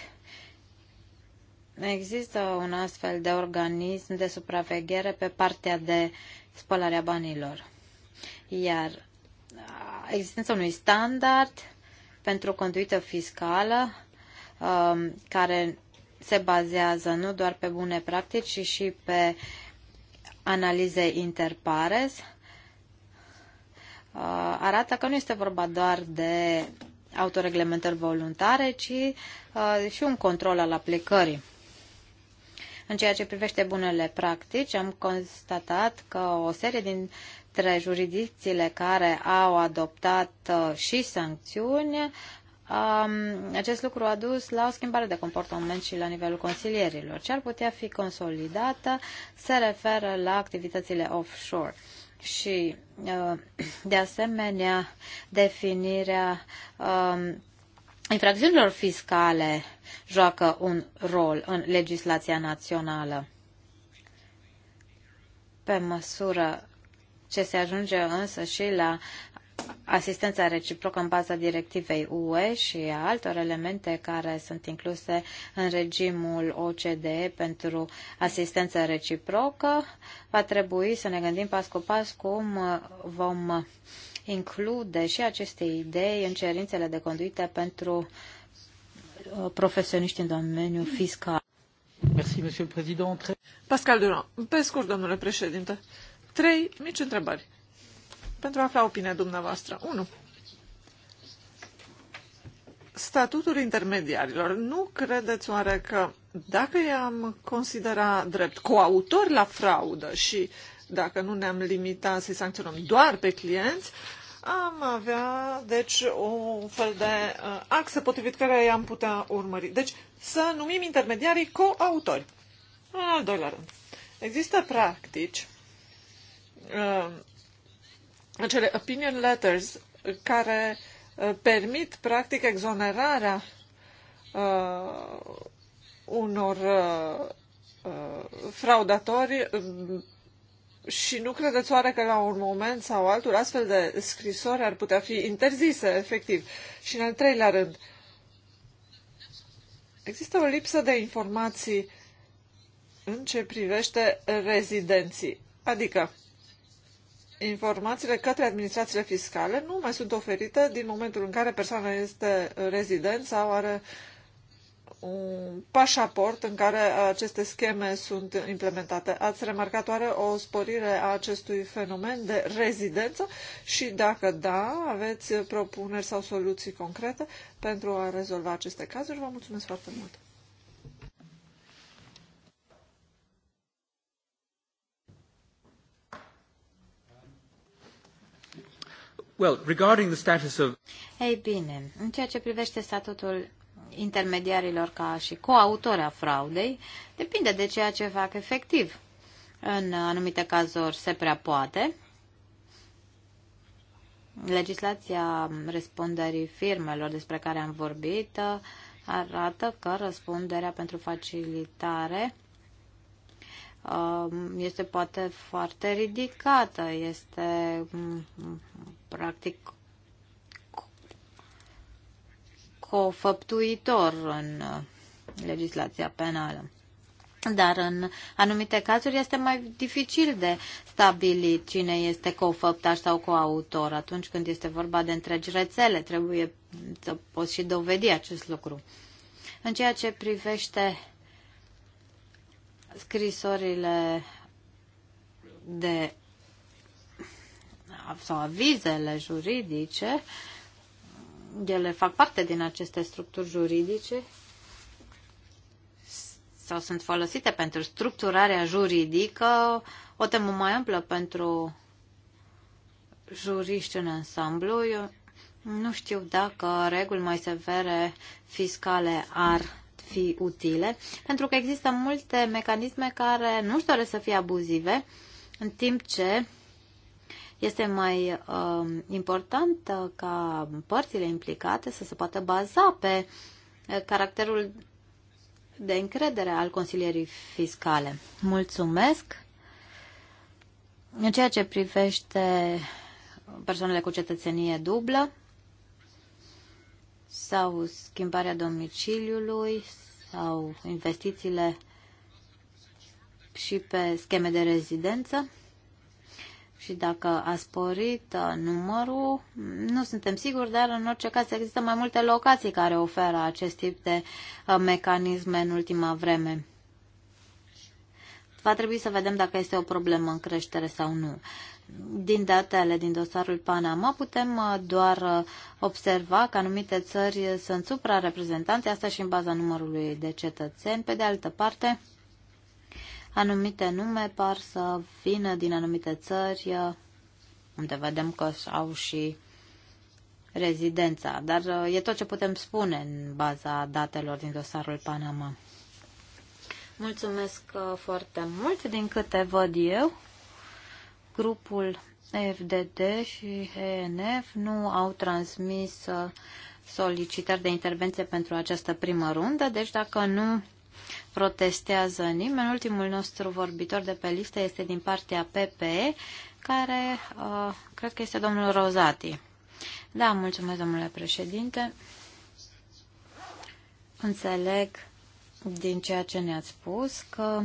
există un astfel de organism de supraveghere pe partea de spălarea banilor. Iar existența unui standard pentru conduită fiscală um, care se bazează nu doar pe bune practici, ci și pe uh, analize interpares uh, arată că nu este vorba doar de autoreglementări voluntare, ci uh, și un control al aplicării. În ceea ce privește bunele practici, am constatat că o serie dintre jurisdicțiile care au adoptat uh, și sancțiuni um, acest lucru a dus la o schimbare de comportament și la nivelul consilierilor. Ce ar putea fi consolidată se referă la activitățile offshore și, uh, de asemenea, definirea um, infracțiunilor fiscale joacă un rol în legislația națională. Pe măsură ce se ajunge însă și la asistența reciprocă în baza directivei UE și a altor elemente care sunt incluse în regimul OCDE pentru asistență reciprocă, va trebui să ne gândim pas cu pas cum vom include și aceste idei în cerințele de conduite pentru uh, profesioniști în domeniul fiscal. Merci, Monsieur le Président. Pascal Durand, pe scurt, domnule președinte, trei mici întrebări pentru a afla opinia dumneavoastră. 1. Statutul intermediarilor. Nu credeți oare că dacă i-am considera drept coautori la fraudă și dacă nu ne-am limitat să-i sancționăm doar pe clienți, am avea, deci, un fel de uh, axă potrivit care i-am putea urmări. Deci, să numim intermediarii coautori. În al doilea rând, există practici uh, acele opinion letters care uh, permit, practic, exonerarea uh, unor uh, uh fraudatori um, și nu credeți oare că la un moment sau altul astfel de scrisori ar putea fi interzise, efectiv? Și în al treilea rând, există o lipsă de informații în ce privește rezidenții. Adică, informațiile către administrațiile fiscale nu mai sunt oferite din momentul în care persoana este rezident sau are un pașaport în care aceste scheme sunt implementate. Ați remarcat oare o sporire a acestui fenomen de rezidență și dacă da, aveți propuneri sau soluții concrete pentru a rezolva aceste cazuri? Vă mulțumesc foarte mult! Well, regarding the status of... Ei bine, în ceea ce privește statutul intermediarilor ca și coautori a fraudei, depinde de ceea ce fac efectiv. În anumite cazuri se prea poate. Legislația răspunderii firmelor despre care am vorbit uh, arată că răspunderea pentru facilitare uh, este poate foarte ridicată, este mm, practic cofăptuitor în uh, legislația penală. Dar în anumite cazuri este mai dificil de stabilit cine este cofăptaș sau coautor. Atunci când este vorba de întregi rețele, trebuie să poți și dovedi acest lucru. În ceea ce privește scrisorile de sau avizele juridice, ele fac parte din aceste structuri juridice sau sunt folosite pentru structurarea juridică, o temă mai amplă pentru juriști în ansamblu. Eu nu știu dacă reguli mai severe fiscale ar fi utile, pentru că există multe mecanisme care nu-și doresc să fie abuzive, în timp ce este mai uh, important uh, ca părțile implicate să se poată baza pe uh, caracterul de încredere al consilierii fiscale. Mulțumesc! În ceea ce privește persoanele cu cetățenie dublă sau schimbarea domiciliului sau investițiile și pe scheme de rezidență, și dacă a sporit uh, numărul, nu suntem siguri, dar în orice caz există mai multe locații care oferă acest tip de uh, mecanisme în ultima vreme. Va trebui să vedem dacă este o problemă în creștere sau nu. Din datele din dosarul Panama putem uh, doar observa că anumite țări sunt supra reprezentante asta și în baza numărului de cetățeni. Pe de altă parte, Anumite nume par să vină din anumite țări unde vedem că au și rezidența, dar e tot ce putem spune în baza datelor din dosarul Panama. Mulțumesc uh, foarte mult. Din câte văd eu, grupul FDD și ENF nu au transmis uh, solicitări de intervenție pentru această primă rundă, deci dacă nu protestează nimeni. Ultimul nostru vorbitor de pe listă este din partea PPE, care uh, cred că este domnul Rozati. Da, mulțumesc, domnule președinte. Înțeleg din ceea ce ne-ați spus că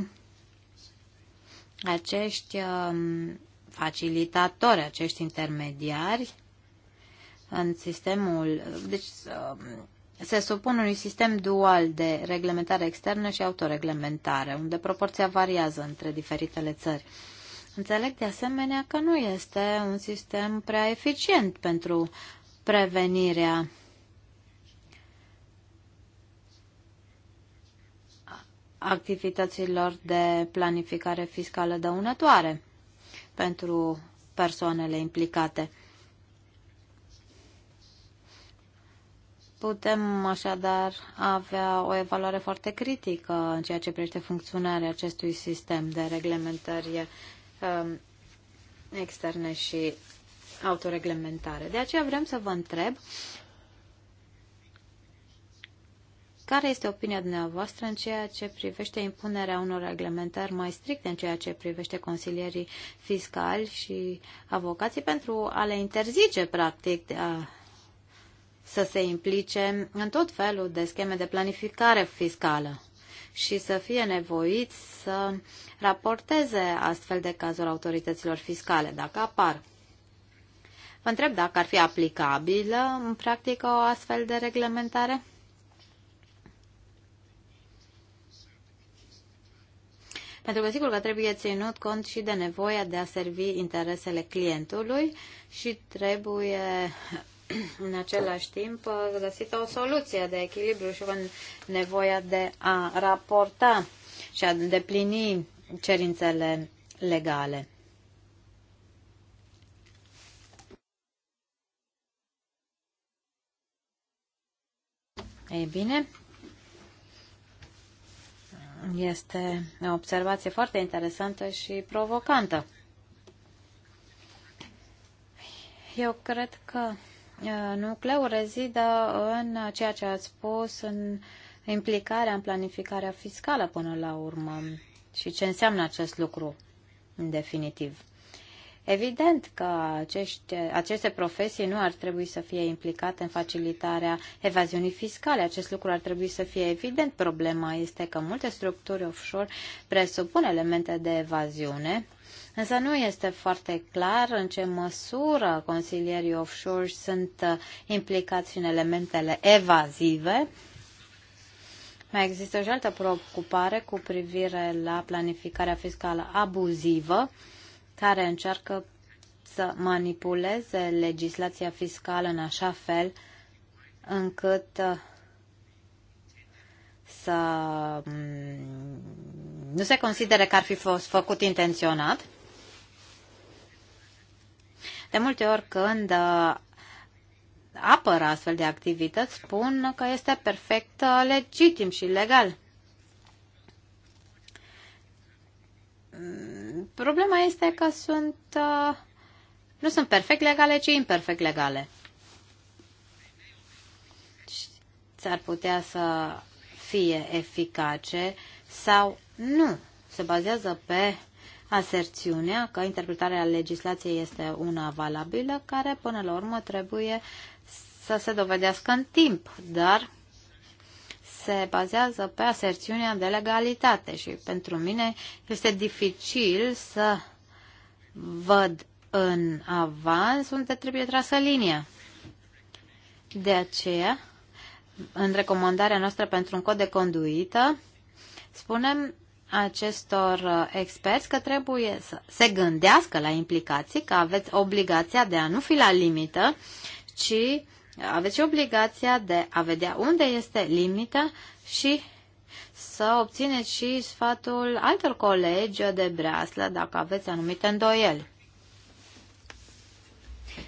acești uh, facilitatori, acești intermediari în sistemul, deci uh, se supun unui sistem dual de reglementare externă și autoreglementare, unde proporția variază între diferitele țări. Înțeleg de asemenea că nu este un sistem prea eficient pentru prevenirea activităților de planificare fiscală dăunătoare pentru persoanele implicate. Putem așadar avea o evaluare foarte critică în ceea ce privește funcționarea acestui sistem de reglementări um, externe și autoreglementare. De aceea vrem să vă întreb care este opinia dumneavoastră în ceea ce privește impunerea unor reglementări mai stricte în ceea ce privește consilierii fiscali și avocații pentru a le interzice, practic, de a să se implice în tot felul de scheme de planificare fiscală și să fie nevoiți să raporteze astfel de cazuri autorităților fiscale, dacă apar. Vă întreb dacă ar fi aplicabilă în practică o astfel de reglementare? Pentru că sigur că trebuie ținut cont și de nevoia de a servi interesele clientului și trebuie în același timp uh, găsit o soluție de echilibru și în nevoia de a raporta și a îndeplini cerințele legale. Ei bine, este o observație foarte interesantă și provocantă. Eu cred că Uh, nucleu rezidă în ceea ce ați spus, în implicarea în planificarea fiscală până la urmă și ce înseamnă acest lucru în definitiv. Evident că acești, aceste profesii nu ar trebui să fie implicate în facilitarea evaziunii fiscale. Acest lucru ar trebui să fie evident. Problema este că multe structuri offshore presupun elemente de evaziune Însă nu este foarte clar în ce măsură consilierii offshore sunt uh, implicați în elementele evazive. Mai există și altă preocupare cu privire la planificarea fiscală abuzivă, care încearcă să manipuleze legislația fiscală în așa fel încât uh, să mm, nu se considere că ar fi fost făcut intenționat de multe ori când uh, apără astfel de activități, spun că este perfect uh, legitim și legal. Mm, problema este că sunt, uh, nu sunt perfect legale, ci imperfect legale. S-ar putea să fie eficace sau nu. Se bazează pe aserțiunea că interpretarea legislației este una valabilă, care până la urmă trebuie să se dovedească în timp, dar se bazează pe aserțiunea de legalitate și pentru mine este dificil să văd în avans unde trebuie trasă linia. De aceea, în recomandarea noastră pentru un cod de conduită, spunem acestor uh, experți că trebuie să se gândească la implicații, că aveți obligația de a nu fi la limită, ci aveți și obligația de a vedea unde este limita și să obțineți și sfatul altor colegi de breaslă dacă aveți anumite îndoieli.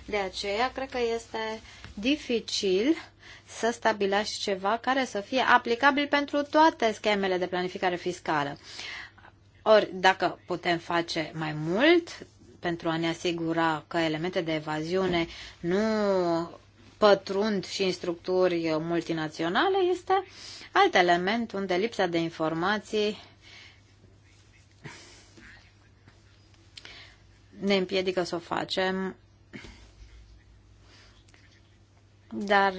De aceea, cred că este dificil să stabilești ceva care să fie aplicabil pentru toate schemele de planificare fiscală. Ori, dacă putem face mai mult pentru a ne asigura că elemente de evaziune nu pătrund și în structuri multinaționale, este alt element unde lipsa de informații ne împiedică să o facem, dar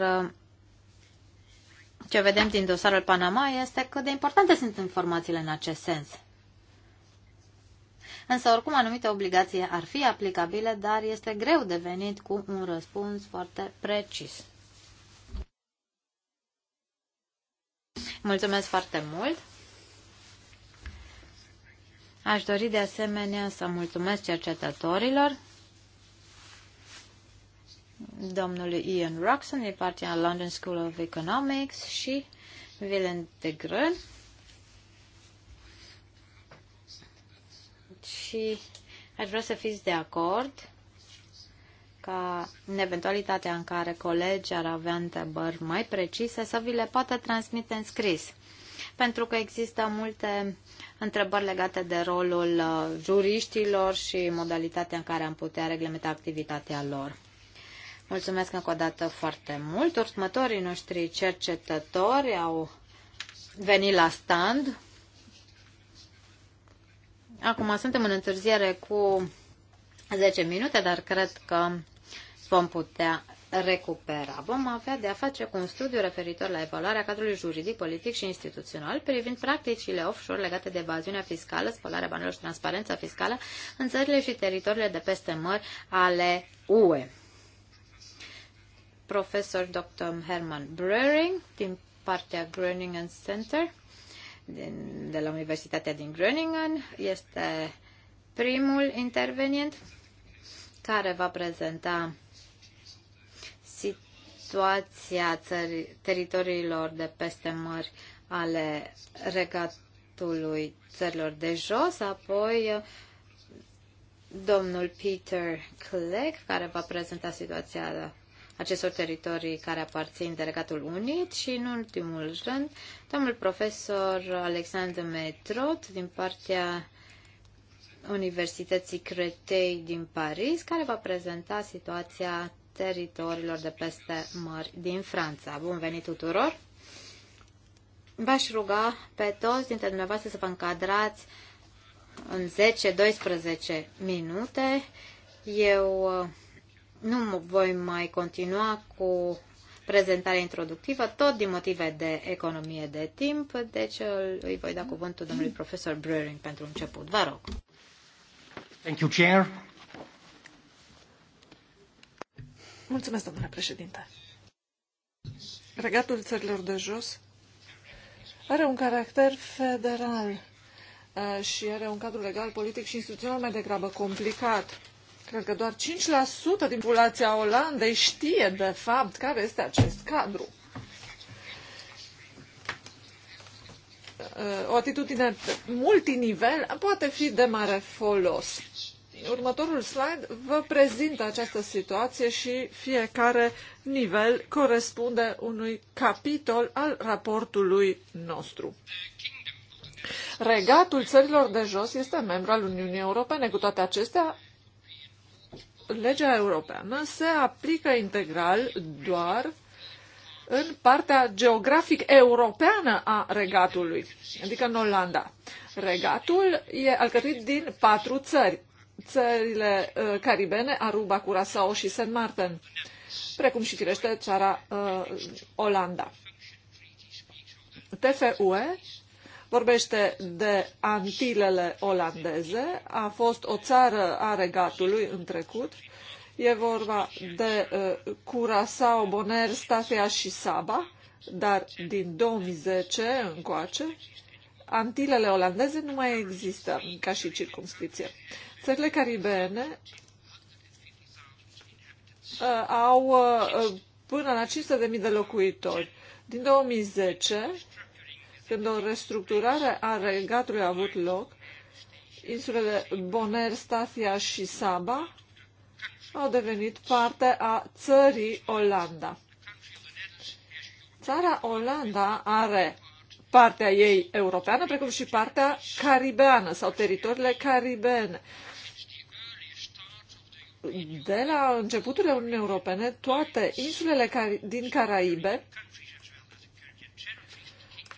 ce vedem din dosarul Panama este cât de importante sunt informațiile în acest sens. Însă, oricum, anumite obligații ar fi aplicabile, dar este greu de venit cu un răspuns foarte precis. Mulțumesc foarte mult! Aș dori de asemenea să mulțumesc cercetătorilor domnului Ian Roxon din partea London School of Economics și Willem de Grân. Și aș vrea să fiți de acord ca în eventualitatea în care colegii ar avea întrebări mai precise să vi le poată transmite în scris. Pentru că există multe întrebări legate de rolul uh, juriștilor și modalitatea în care am putea reglementa activitatea lor. Mulțumesc încă o dată foarte mult. Următorii noștri cercetători au venit la stand. Acum suntem în întârziere cu 10 minute, dar cred că vom putea recupera. Vom avea de a face cu un studiu referitor la evaluarea cadrului juridic, politic și instituțional privind practicile offshore legate de evaziunea fiscală, spălarea banilor și transparența fiscală în țările și teritoriile de peste mări ale UE profesor dr. Herman Brering din partea Groningen Center din, de la Universitatea din Groningen. Este primul intervenient care va prezenta situația țări, teritoriilor de peste mări ale regatului țărilor de jos, apoi uh, domnul Peter Clegg, care va prezenta situația acestor teritorii care aparțin Delegatul Unit și, în ultimul rând, domnul profesor Alexandru Metrot din partea Universității Cretei din Paris, care va prezenta situația teritoriilor de peste mări din Franța. Bun venit tuturor! V-aș ruga pe toți dintre dumneavoastră să vă încadrați în 10-12 minute. Eu nu voi mai continua cu prezentarea introductivă, tot din motive de economie de timp, deci uh, îi voi da cuvântul domnului profesor Breuring pentru început. Vă rog. Thank you, Chair. Mulțumesc, domnule președinte. Regatul țărilor de jos are un caracter federal uh, și are un cadru legal, politic și instituțional mai degrabă complicat. Cred că doar 5% din populația Olandei știe, de fapt, care este acest cadru. Uh, o atitudine multinivel poate fi de mare folos. Următorul slide vă prezintă această situație și fiecare nivel corespunde unui capitol al raportului nostru. Regatul țărilor de jos este membru al Uniunii Europene. Cu toate acestea, legea europeană se aplică integral doar în partea geografic europeană a regatului, adică în Olanda. Regatul e alcătuit din patru țări, țările uh, caribene, Aruba, Curaçao și St. Martin, precum și firește țara uh, Olanda. TFUE vorbește de Antilele olandeze, a fost o țară a regatului în trecut, e vorba de uh, Curaçao, Bonaire, Stafia și Saba, dar din 2010 încoace, Antilele olandeze nu mai există ca și circumscripție. Țările caribene uh, au uh, uh până la 500.000 de locuitori. Din 2010 când o restructurare a regatului a avut loc, insulele Bonaire, Stathia și Saba au devenit parte a țării Olanda. Țara Olanda are partea ei europeană, precum și partea caribeană sau teritoriile caribene. De la începuturile Uniunii Europene, toate insulele din Caraibe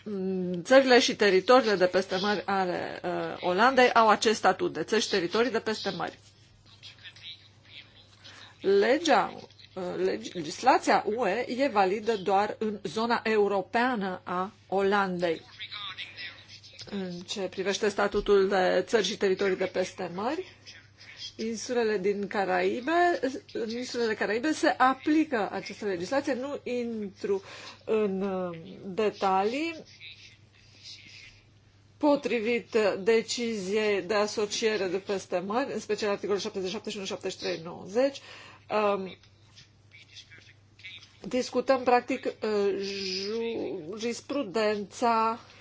Mm, țările și teritoriile de peste mări ale uh, Olandei au acest statut de țări și teritorii de peste mări. Legea, uh, legislația UE e validă doar în zona europeană a Olandei. În ce privește statutul de țări și teritorii de peste mări, insulele din Caraibe, în insulele Caraibe se aplică această legislație. Nu intru în um, detalii. Potrivit deciziei de asociere de peste mări, în special articolul 77 73 90, um, discutăm practic uh, jurisprudența uh,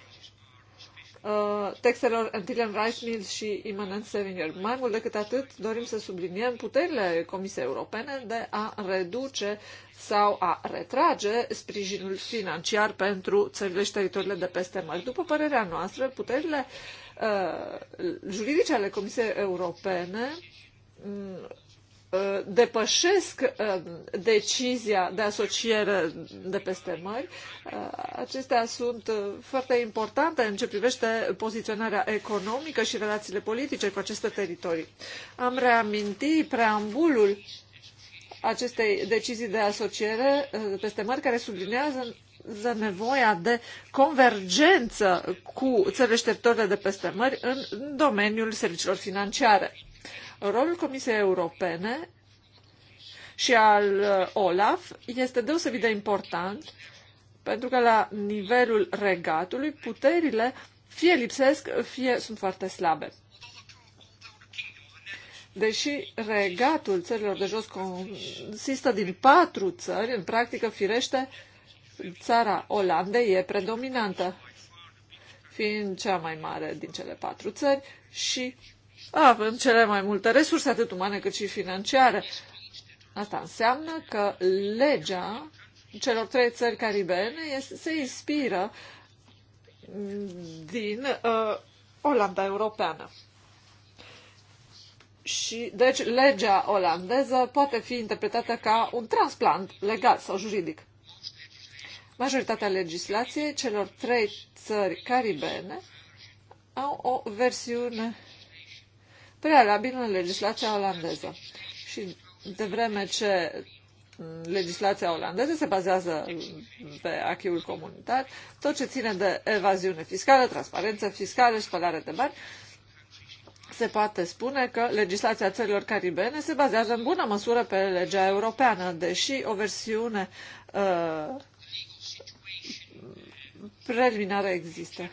Uh, textelor Antillian Rice Mills și Immanent Sevinger. Mai mult decât atât, dorim să subliniem puterile Comisiei Europene de a reduce sau a retrage sprijinul financiar pentru țările și teritoriile de peste mări. După părerea noastră, puterile uh, juridice ale Comisiei Europene mm, depășesc uh, decizia de asociere de peste mări. Uh, acestea sunt uh, foarte importante în ce privește poziționarea economică și relațiile politice cu aceste teritorii. Am reamintit preambulul acestei decizii de asociere peste mări care sublinează nevoia de convergență cu țările și teritoriile de peste mări în domeniul serviciilor financiare. Rolul Comisiei Europene și al uh, OLAF este deosebit de important pentru că la nivelul regatului puterile fie lipsesc, fie sunt foarte slabe. Deși regatul țărilor de jos consistă din patru țări, în practică, firește, țara Olandei e predominantă, fiind cea mai mare din cele patru țări și având cele mai multe resurse, atât umane cât și financiare. Asta înseamnă că legea celor trei țări caribene este, se inspiră din uh, Olanda europeană. Și, deci, legea olandeză poate fi interpretată ca un transplant legal sau juridic. Majoritatea legislației celor trei țări caribene au o versiune prealabil în legislația olandeză. Și de vreme ce legislația olandeză se bazează pe achiul comunitar, tot ce ține de evaziune fiscală, transparență fiscală, spălare de bani, se poate spune că legislația țărilor caribene se bazează în bună măsură pe legea europeană, deși o versiune uh, preliminară există.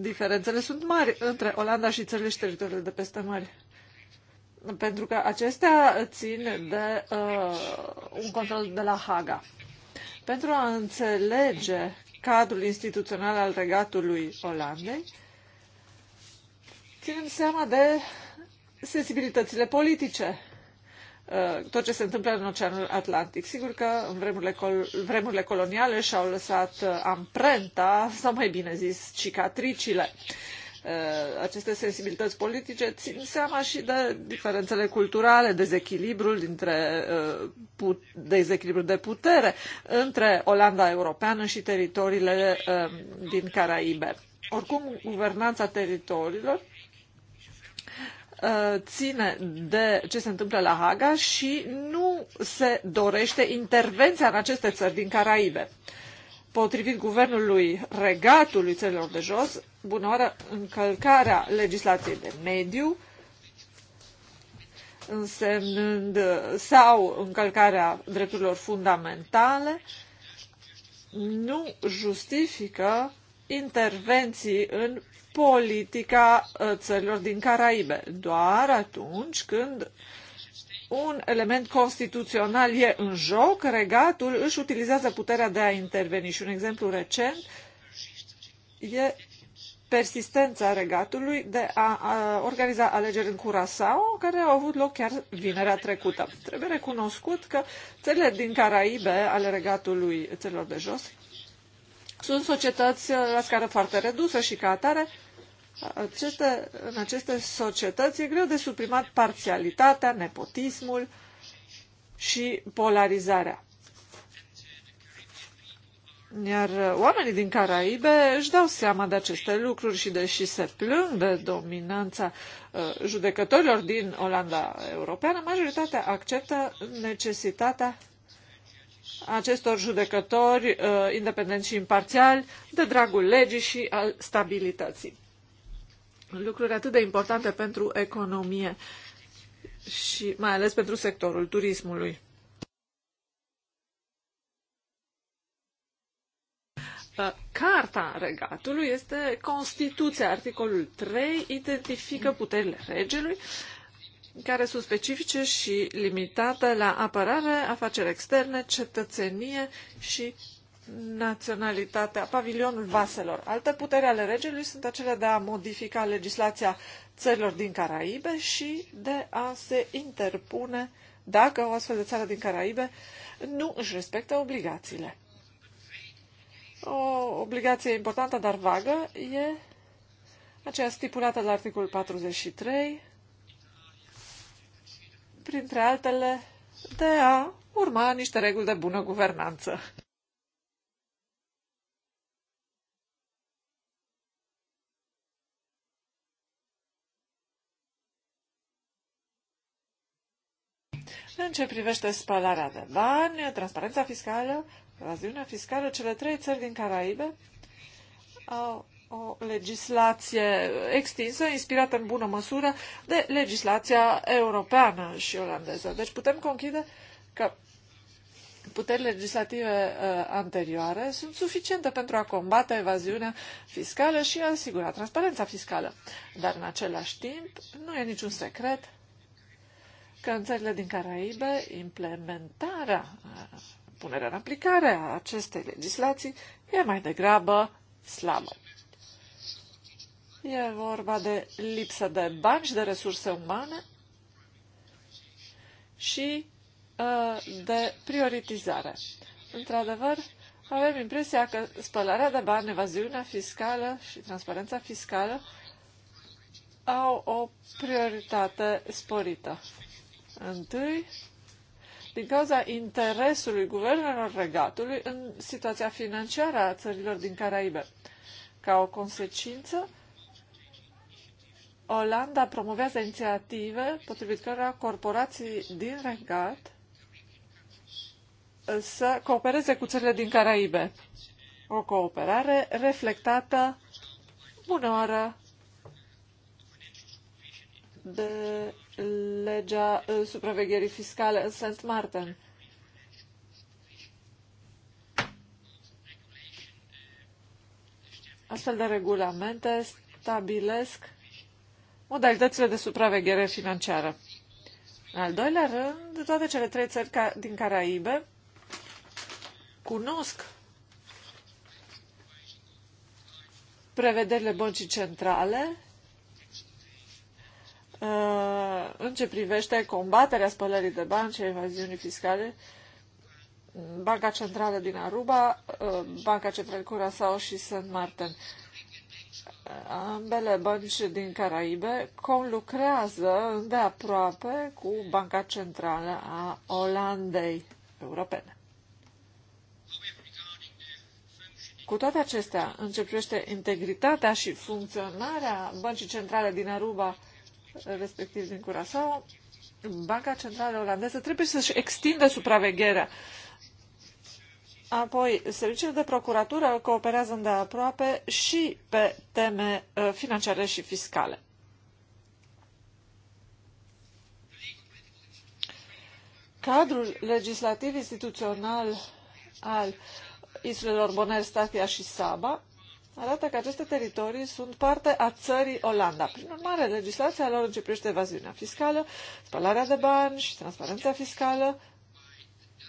diferențele sunt mari între Olanda și țările și teritoriile de peste mări. Pentru că acestea țin de uh, un control de la Haga. Pentru a înțelege cadrul instituțional al regatului Olandei, ținem seama de sensibilitățile politice Uh, tot ce se întâmplă în Oceanul Atlantic. Sigur că în vremurile, col- vremurile coloniale și-au lăsat uh, amprenta, sau mai bine zis, cicatricile. Uh, aceste sensibilități politice țin seama și de diferențele culturale, dezechilibrul, dintre, put- dezechilibrul de putere între Olanda europeană și teritoriile din Caraibe. Oricum, guvernanța teritoriilor Uh, ține de ce se întâmplă la Haga și nu se dorește intervenția în aceste țări din Caraibe. Potrivit guvernului regatului țărilor de jos, bună oară, încălcarea legislației de mediu însemnând sau încălcarea drepturilor fundamentale, nu justifică intervenții în politica uh, țărilor din Caraibe, doar atunci când un element constituțional e în joc, regatul își utilizează puterea de a interveni. Și un exemplu recent e persistența regatului de a, organiza alegeri în Curaçao, care au avut loc chiar vinerea trecută. Trebuie recunoscut că țările din Caraibe ale regatului țărilor de jos sunt societăți uh, la scară foarte redusă și ca atare, aceste, în aceste societăți e greu de suprimat parțialitatea, nepotismul și polarizarea. Iar uh, oamenii din Caraibe își dau seama de aceste lucruri și deși se plâng de dominanța uh, judecătorilor din Olanda Europeană, majoritatea acceptă necesitatea acestor judecători uh, independenți și imparțiali de dragul legii și al stabilității. Lucruri atât de importante pentru economie și mai ales pentru sectorul turismului. Uh, Carta regatului este Constituția. Articolul 3 identifică puterile regelui care sunt specifice și limitate la apărare, afaceri externe, cetățenie și naționalitatea, pavilionul vaselor. Alte puteri ale regelui sunt acele de a modifica legislația țărilor din Caraibe și de a se interpune dacă o astfel de țară din Caraibe nu își respectă obligațiile. O obligație importantă, dar vagă, e aceea stipulată la articolul 43 printre altele, de a urma niște reguli de bună guvernanță. În ce privește spălarea de bani, transparența fiscală, evaziunea fiscală, cele trei țări din Caraibe au o legislație extinsă, inspirată în bună măsură de legislația europeană și olandeză. Deci putem conchide că puteri legislative uh, anterioare sunt suficiente pentru a combate evaziunea fiscală și a asigura transparența fiscală. Dar în același timp, nu e niciun secret că în țările din Caraibe implementarea, uh, punerea în aplicare a acestei legislații e mai degrabă slabă. E vorba de lipsă de bani și de resurse umane și ă, de prioritizare. Într-adevăr, avem impresia că spălarea de bani, evaziunea fiscală și transparența fiscală au o prioritate sporită. Întâi, din cauza interesului guvernelor regatului în situația financiară a țărilor din Caraibe. Ca o consecință, Olanda promovează inițiative potrivit cărora corporații din regat să coopereze cu țările din Caraibe. O cooperare reflectată uneoară de legea uh, supravegherii fiscale în St. Martin. Astfel de regulamente stabilesc modalitățile de supraveghere financiară. În al doilea rând, toate cele trei țări ca, din Caraibe cunosc prevederile băncii centrale uh, în ce privește combaterea spălării de bani și evaziunii fiscale. Banca Centrală din Aruba, uh, Banca Centrală Curaçao și Saint Martin. Ambele bănci din Caraibe conlucrează de aproape cu Banca Centrală a Olandei Europene. Cu toate acestea, în ce privește integritatea și funcționarea băncii centrale din Aruba, respectiv din Curaçao, Banca Centrală Olandeză trebuie să-și extindă supravegherea Apoi, serviciile de procuratură cooperează îndeaproape și pe teme uh, financiare și fiscale. Cadrul legislativ instituțional al insulelor Bonaire, Statia și Saba arată că aceste teritorii sunt parte a țării Olanda. Prin urmare, legislația lor începește evaziunea fiscală, spălarea de bani și transparența fiscală,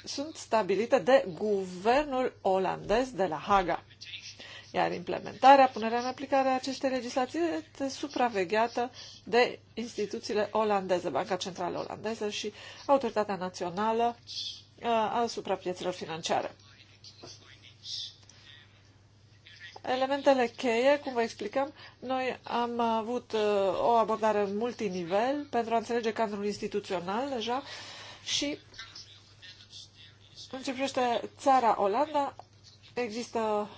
sunt stabilite de guvernul olandez de la Haga. Iar implementarea, punerea în aplicare a acestei legislații este supravegheată de instituțiile olandeze, Banca Centrală Olandeză și Autoritatea Națională uh, asupra piețelor financiare. Elementele cheie, cum vă explicăm, noi am avut uh, o abordare multinivel pentru a înțelege cadrul instituțional deja și în ce privește țara Olanda, există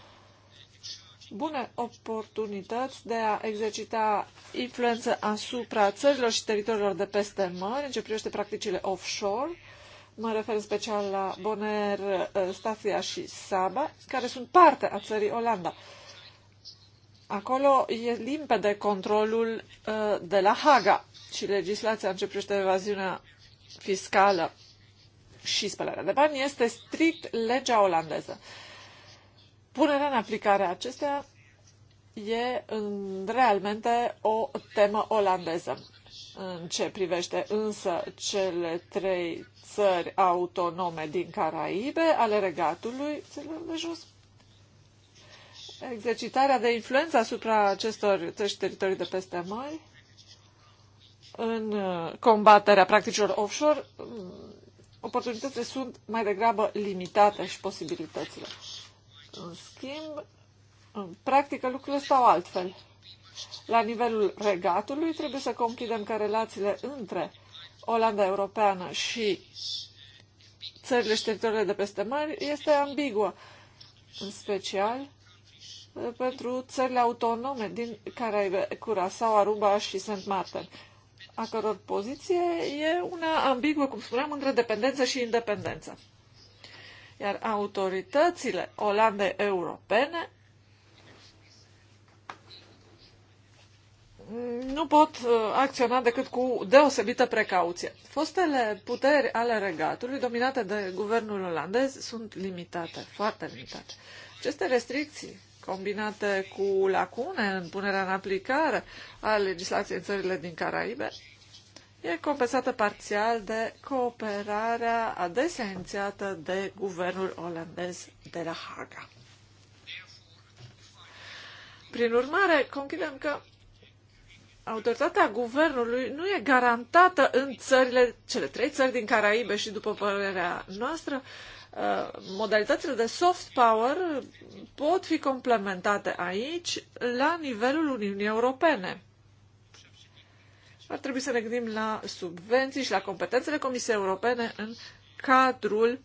bune oportunități de a exercita influență asupra țărilor și teritoriilor de peste mări, în ce privește practicile offshore. Mă refer în special la Boner, eh, Stasia și Saba, care sunt parte a țării Olanda. Acolo e limpede controlul eh, de la Haga și legislația în ce privește evaziunea fiscală și spălarea de bani este strict legea olandeză. Punerea în aplicare a acestea e în, realmente o temă olandeză. În ce privește însă cele trei țări autonome din Caraibe, ale regatului țărilor de jos. Exercitarea de influență asupra acestor trei teritorii de peste mări în combaterea practicilor offshore oportunitățile sunt mai degrabă limitate și posibilitățile. În schimb, în practică lucrurile stau altfel. La nivelul regatului trebuie să conchidem că relațiile între Olanda europeană și țările și teritoriile de peste mări este ambiguă, în special eh, pentru țările autonome din Caraibe, Curaçao, Aruba și St. Martin a căror poziție e una ambiguă, cum spuneam, între dependență și independență. Iar autoritățile olande europene nu pot uh, acționa decât cu deosebită precauție. Fostele puteri ale regatului, dominate de guvernul olandez, sunt limitate, foarte limitate. Aceste restricții combinate cu lacune în punerea în aplicare a legislației în țările din Caraibe, e compensată parțial de cooperarea adesea inițiată de guvernul olandez de la Haga. Prin urmare, conchidem că autoritatea guvernului nu e garantată în țările, cele trei țări din Caraibe și, după părerea noastră, Uh, modalitățile de soft power pot fi complementate aici la nivelul Uniunii Europene. Ar trebui să ne gândim la subvenții și la competențele Comisiei Europene în cadrul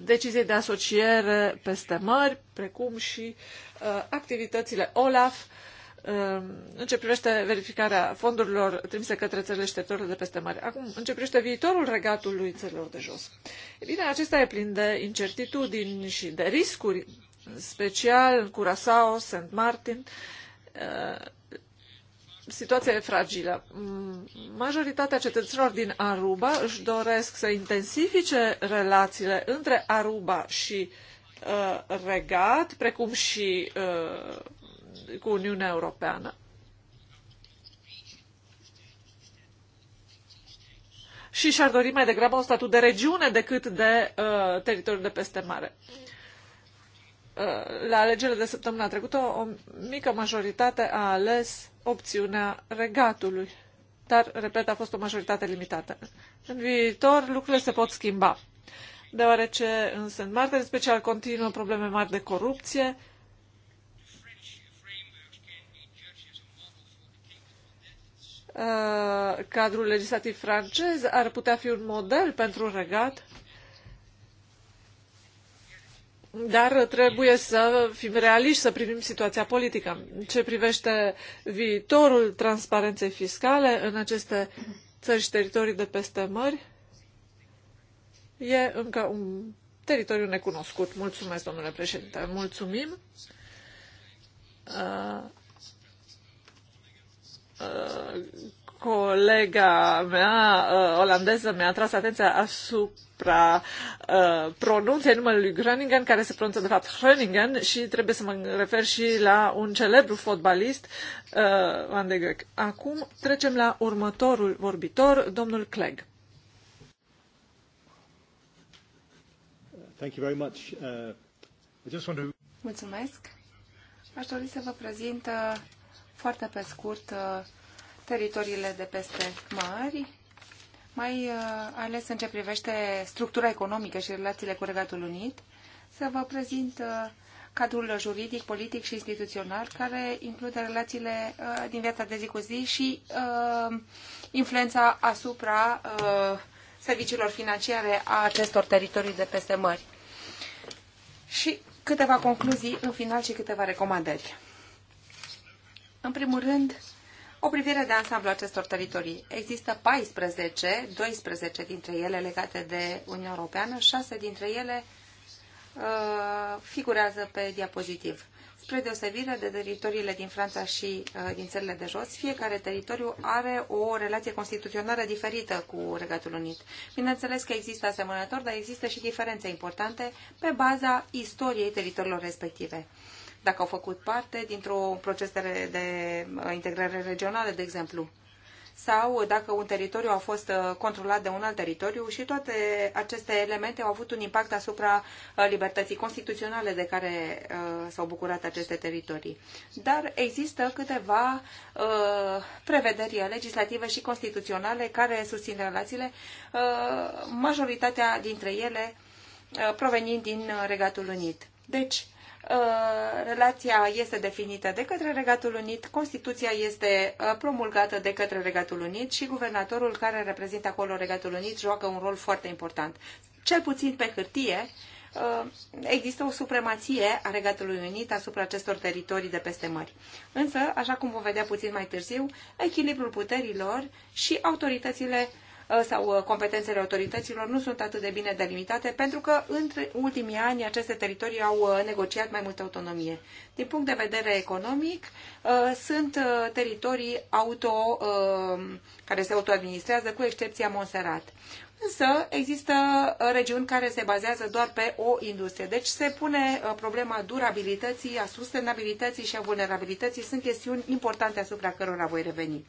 deciziei de asociere peste mări, precum și uh, activitățile OLAF uh, în ce privește verificarea fondurilor trimise către țările ștertorilor de peste mare. Acum, în ce privește viitorul regatului țărilor de jos. E bine, acesta e plin de incertitudini și de riscuri, în special în Curaçao, St. Martin. Uh, situația e fragilă. Mm, majoritatea cetățenilor din Aruba își doresc să intensifice relațiile între Aruba și uh, regat, precum și uh, cu Uniunea Europeană. Și și-ar dori mai degrabă un statut de regiune decât de uh, teritoriul de peste mare. Uh, la alegerile de săptămâna trecută, o mică majoritate a ales opțiunea regatului. Dar, repet, a fost o majoritate limitată. În viitor, lucrurile se pot schimba deoarece în St. Martin, în special, continuă probleme mari de corupție Uh, cadrul legislativ francez ar putea fi un model pentru regat, dar trebuie să fim realiști, să privim situația politică. Ce privește viitorul transparenței fiscale în aceste țări și teritorii de peste mări, e încă un teritoriu necunoscut. Mulțumesc, domnule președinte. Mulțumim. Uh, Uh, colega mea uh, olandeză mi-a tras atenția asupra uh, pronunției numelui Groningen, care se pronunță de fapt Groningen și trebuie să mă refer și la un celebru fotbalist, uh, Van de Gek. Acum trecem la următorul vorbitor, domnul Clegg. Thank you very much. Uh, I just want to... Mulțumesc. Aș dori să vă prezint uh foarte pe scurt uh, teritoriile de peste mari, mai uh, ales în ce privește structura economică și relațiile cu Regatul Unit, să vă prezint uh, cadrul juridic, politic și instituțional care include relațiile din viața de zi cu zi și influența asupra serviciilor financiare a acestor teritorii de peste mări. Și câteva concluzii în final și câteva recomandări. În primul rând, o privire de ansamblu acestor teritorii. Există 14, 12 dintre ele legate de Uniunea Europeană, 6 dintre ele uh, figurează pe diapozitiv. Spre deosebire de teritoriile din Franța și uh, din țările de jos, fiecare teritoriu are o relație constituțională diferită cu Regatul Unit. Bineînțeles că există asemănător, dar există și diferențe importante pe baza istoriei teritoriilor respective dacă au făcut parte dintr-un proces de uh, integrare regională, de exemplu, sau dacă un teritoriu a fost uh, controlat de un alt teritoriu și toate aceste elemente au avut un impact asupra uh, libertății constituționale de care s-au bucurat aceste teritorii. Dar există câteva prevederi legislative și constituționale care susțin relațiile, majoritatea dintre ele provenind din Regatul Unit. Deci, Uh, relația este definită de către Regatul Unit, Constituția este uh, promulgată de către Regatul Unit și guvernatorul care reprezintă acolo Regatul Unit joacă un rol foarte important. Cel puțin pe hârtie, uh, există o supremație a Regatului Unit asupra acestor teritorii de peste mări. Însă, așa cum vom vedea puțin mai târziu, echilibrul puterilor și autoritățile uh, Uh, sau uh, competențele autorităților nu sunt atât de bine delimitate, pentru că între ultimii ani aceste teritorii au uh, negociat mai multă autonomie. Din punct de vedere economic, sunt teritorii auto care se autoadministrează, cu excepția Monserrat. Însă există regiuni care se bazează doar pe o industrie. Deci se pune problema durabilității, a sustenabilității și a vulnerabilității. Sunt chestiuni importante asupra cărora voi reveni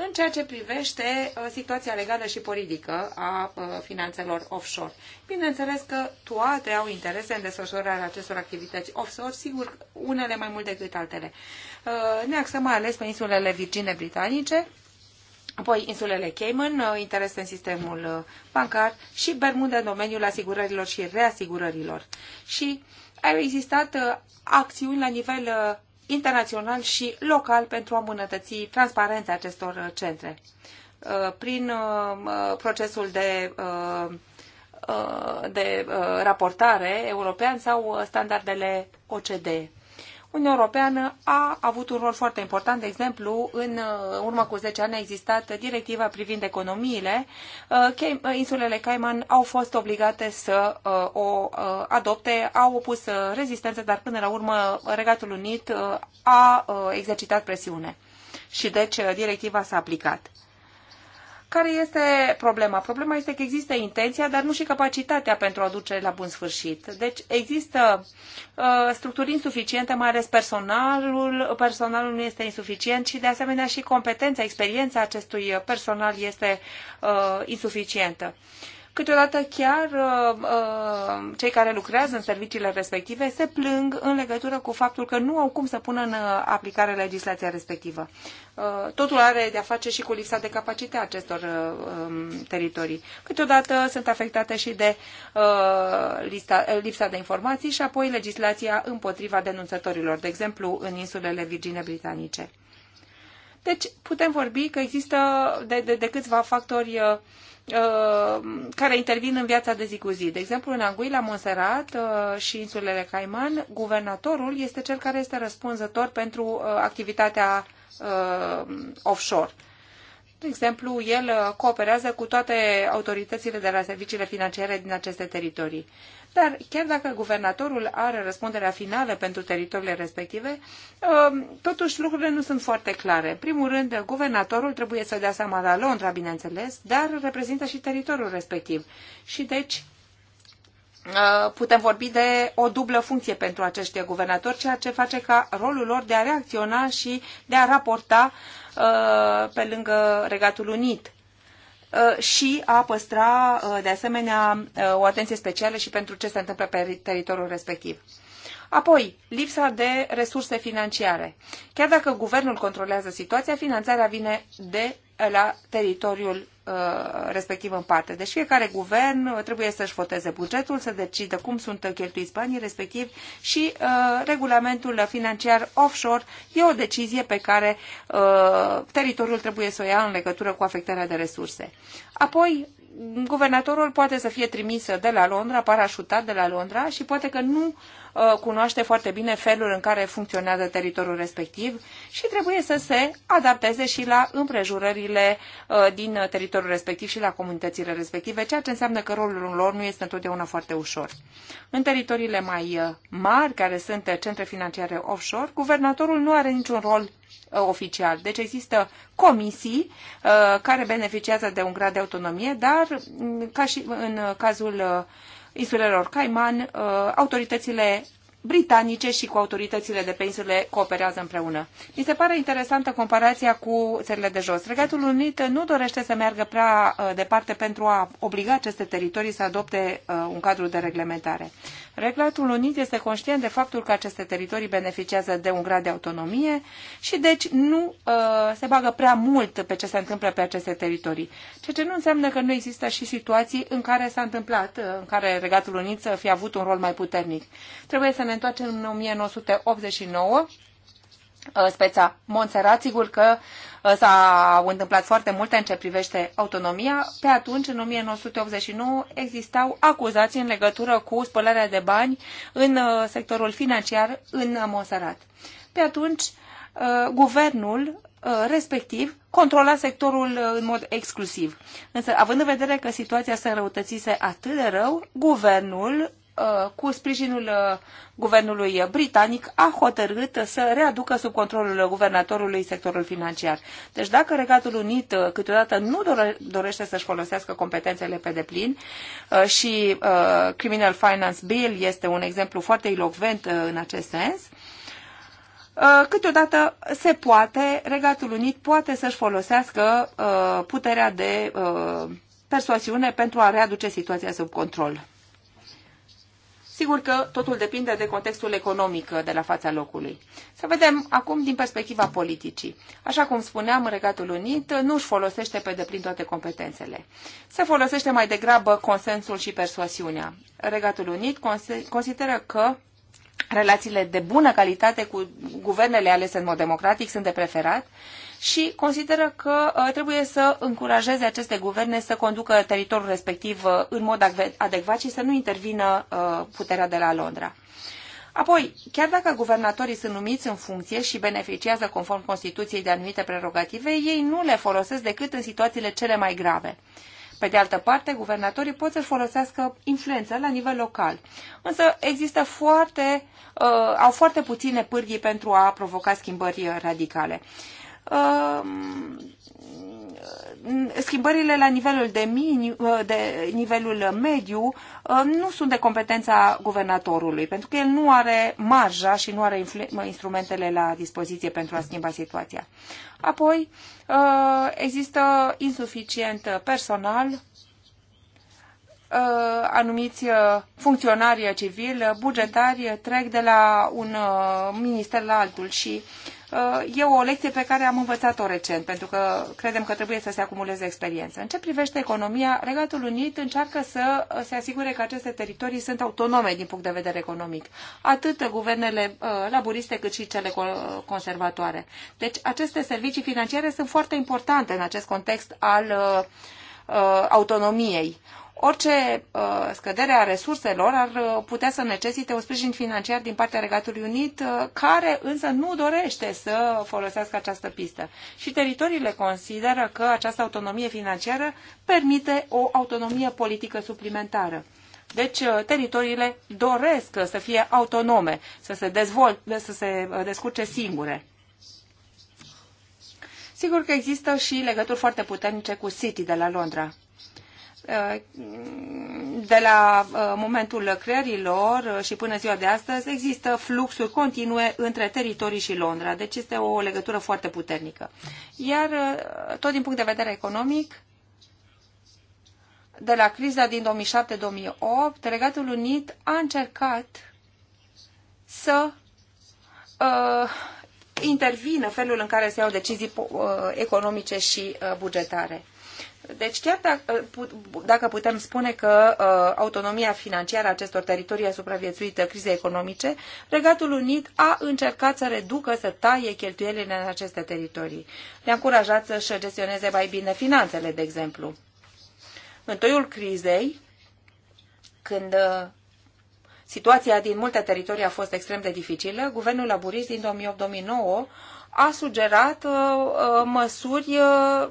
în ceea ce privește uh, situația legală și politică a uh, finanțelor offshore. Bineînțeles că toate au interese în desfășurarea acestor activități offshore, sigur, unele mai mult decât altele. Uh, ne axăm mai ales pe insulele Virgine Britanice, apoi insulele Cayman, interese în sistemul bancar și Bermuda în domeniul asigurărilor și reasigurărilor. Și au existat acțiuni la nivel internațional și local pentru a îmbunătăți transparența acestor uh, centre. Uh, prin uh, procesul de, de raportare european sau standardele OCDE. Uniunea Europeană a avut un rol foarte important, de exemplu, în uh, urmă cu 10 ani a existat directiva privind economiile. Uh, uh, insulele Cayman au fost obligate să o adopte, au opus rezistență, dar până la urmă Regatul Unit a exercitat presiune și deci directiva s-a aplicat. Care este problema? Problema este că există intenția, dar nu și capacitatea pentru a duce la bun sfârșit. Deci există uh, structuri insuficiente, mai ales personalul. Personalul nu este insuficient și de asemenea și competența, experiența acestui personal este uh, insuficientă. Uh, Câteodată chiar uh, uh, cei care lucrează în serviciile respective se plâng în legătură cu faptul că nu au cum să pună în uh, aplicare legislația respectivă. Uh, totul are de-a face și cu lipsa de capacitate a acestor uh, um, teritorii. Câteodată sunt afectate și de uh, lista, lipsa de informații și apoi legislația împotriva denunțătorilor, de exemplu în insulele Virgine Britanice. Deci putem vorbi că există de, de, de câțiva factori uh, Uh, care intervin în viața de zi cu zi. De exemplu, în Anguilla, Monserrat uh, și insulele Caiman, guvernatorul este cel care este răspunzător pentru uh, activitatea offshore. De exemplu, el cooperează cu toate autoritățile de la serviciile financiare din aceste teritorii. Dar chiar dacă guvernatorul are răspunderea finală pentru teritoriile respective, um, totuși lucrurile nu sunt foarte clare. În primul rând, guvernatorul trebuie să dea seama la Londra, bineînțeles, dar reprezintă și teritoriul respectiv. Și deci uh, putem vorbi de o dublă funcție pentru acești guvernatori, ceea ce face ca rolul lor de a reacționa și de a raporta uh, pe lângă Regatul Unit Uh, și a păstra, uh, de asemenea, uh, o atenție specială și pentru ce se întâmplă pe teritoriul respectiv. Apoi, lipsa de resurse financiare. Chiar dacă guvernul controlează situația, finanțarea vine de la teritoriul uh, respectiv în parte. Deci fiecare guvern uh, trebuie să-și voteze bugetul, să decidă cum sunt cheltuiți banii respectiv și uh, regulamentul financiar offshore e o decizie pe care uh, teritoriul trebuie să o ia în legătură cu afectarea de resurse. Apoi, guvernatorul poate să fie trimis de la Londra, parașutat de la Londra și poate că nu uh, Uh, cunoaște foarte bine felul în care funcționează teritoriul respectiv și trebuie să se adapteze și la împrejurările uh, din teritoriul respectiv și la comunitățile respective, ceea ce înseamnă că rolul lor nu este întotdeauna foarte ușor. În teritoriile mai uh, mari, care sunt centre financiare offshore, guvernatorul nu are niciun rol oficial. Deci există comisii care beneficiază de un grad de autonomie, dar mm, ca și în cazul uh, insulelor Caiman, uh, autoritățile britanice și cu autoritățile de pe insule cooperează împreună. Mi se pare interesantă comparația cu țările de jos. Regatul Unit nu dorește să meargă prea uh, departe pentru a obliga aceste teritorii să adopte uh, un cadru de reglementare. Reglatul Unit este conștient de faptul că aceste teritorii beneficiază de un grad de autonomie și deci nu uh, se bagă prea mult pe ce se întâmplă pe aceste teritorii. Ceea ce nu înseamnă că nu există și situații în care s-a întâmplat, uh, în care Regatul Unit să fi avut un rol mai puternic. Trebuie să ne întoarcem în 1989 Uh, speța Montserrat, sigur că uh, s-au întâmplat foarte multe în ce privește autonomia. Pe atunci, în 1989, existau acuzații în legătură cu spălarea de bani în uh, sectorul financiar în Montserrat. Pe atunci, guvernul respectiv controla sectorul în mod exclusiv. Însă, având în vedere că situația se înrăutățise atât de rău, guvernul Uh, cu sprijinul uh, guvernului britanic, a hotărât să readucă sub controlul guvernatorului sectorul financiar. Deci dacă Regatul Unit uh, câteodată nu dorește să-și folosească competențele pe deplin și Criminal Finance Bill este un exemplu foarte ilocvent în acest sens, câteodată se poate, Regatul Unit poate să-și folosească puterea de persoasiune pentru a readuce situația sub control. Sigur că totul depinde de contextul economic de la fața locului. Să vedem acum din perspectiva politicii. Așa cum spuneam, Regatul Unit nu își folosește pe deplin toate competențele. Se folosește mai degrabă consensul și persoasiunea. Regatul Unit consideră că relațiile de bună calitate cu guvernele alese în mod democratic sunt de preferat și consideră că uh, trebuie să încurajeze aceste guverne să conducă teritoriul respectiv uh, în mod adecvat și să nu intervină uh, puterea de la Londra. Apoi, chiar dacă guvernatorii sunt numiți în funcție și beneficiază conform Constituției de anumite prerogative, ei nu le folosesc decât în situațiile cele mai grave. Pe de altă parte, guvernatorii pot să folosească influența la nivel local. Însă există foarte, uh, au foarte puține pârghii pentru a provoca schimbări radicale. Um, schimbările la nivelul de, minim, de nivelul mediu um, nu sunt de competența guvernatorului, pentru că el nu are marja și nu are instrumentele la dispoziție pentru a schimba situația. Apoi, uh, există insuficient personal, uh, anumiți uh, funcționari civili, bugetari, trec de la un minister la altul și e o lecție pe care am învățat-o recent, pentru că credem că trebuie să se acumuleze experiență. În ce privește economia, Regatul Unit încearcă să se asigure că aceste teritorii sunt autonome din punct de vedere economic, atât guvernele uh, laburiste cât și cele conservatoare. Deci aceste servicii financiare sunt foarte importante în acest context al uh, uh, autonomiei orice uh, scădere a resurselor ar uh, putea să necesite un sprijin financiar din partea Regatului Unit, uh, care însă nu dorește să folosească această pistă. Și teritoriile consideră că această autonomie financiară permite o autonomie politică suplimentară. Deci, teritoriile doresc să fie autonome, să se dezvolte, să se descurce singure. Sigur că există și legături foarte puternice cu City de la Londra de la uh, momentul lor și până ziua de astăzi există fluxuri continue între teritorii și Londra, deci este o legătură foarte puternică. Iar uh, tot din punct de vedere economic, de la criza din 2007-2008, Regatul Unit a încercat să uh, intervină felul în care se iau decizii uh, economice și bugetare. Deci chiar ă, dacă putem spune că ă, autonomia financiară a acestor teritorii a supraviețuit crizei economice, Regatul Unit a încercat să reducă, să taie cheltuielile în aceste teritorii. Le-a încurajat să-și gestioneze mai bine finanțele, de exemplu. În toiul crizei, când ă, situația din multe teritorii a fost extrem de dificilă, guvernul laburist din 2008-2009 a sugerat uh, uh măsuri uh,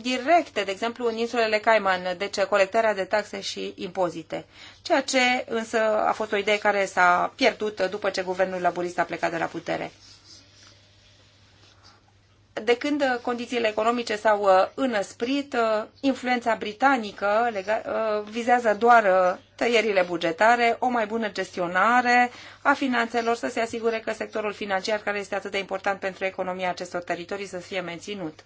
directe, de exemplu în insulele Cayman, deci colectarea de taxe și impozite. Ceea ce însă a fost o idee care s-a pierdut după ce guvernul laborist a plecat de la putere de când uh, condițiile economice s-au uh, înăsprit, uh, influența britanică vizează doar tăierile bugetare, o mai bună gestionare a finanțelor, să se asigure că sectorul financiar, care este atât de important pentru economia acestor teritorii, să fie menținut.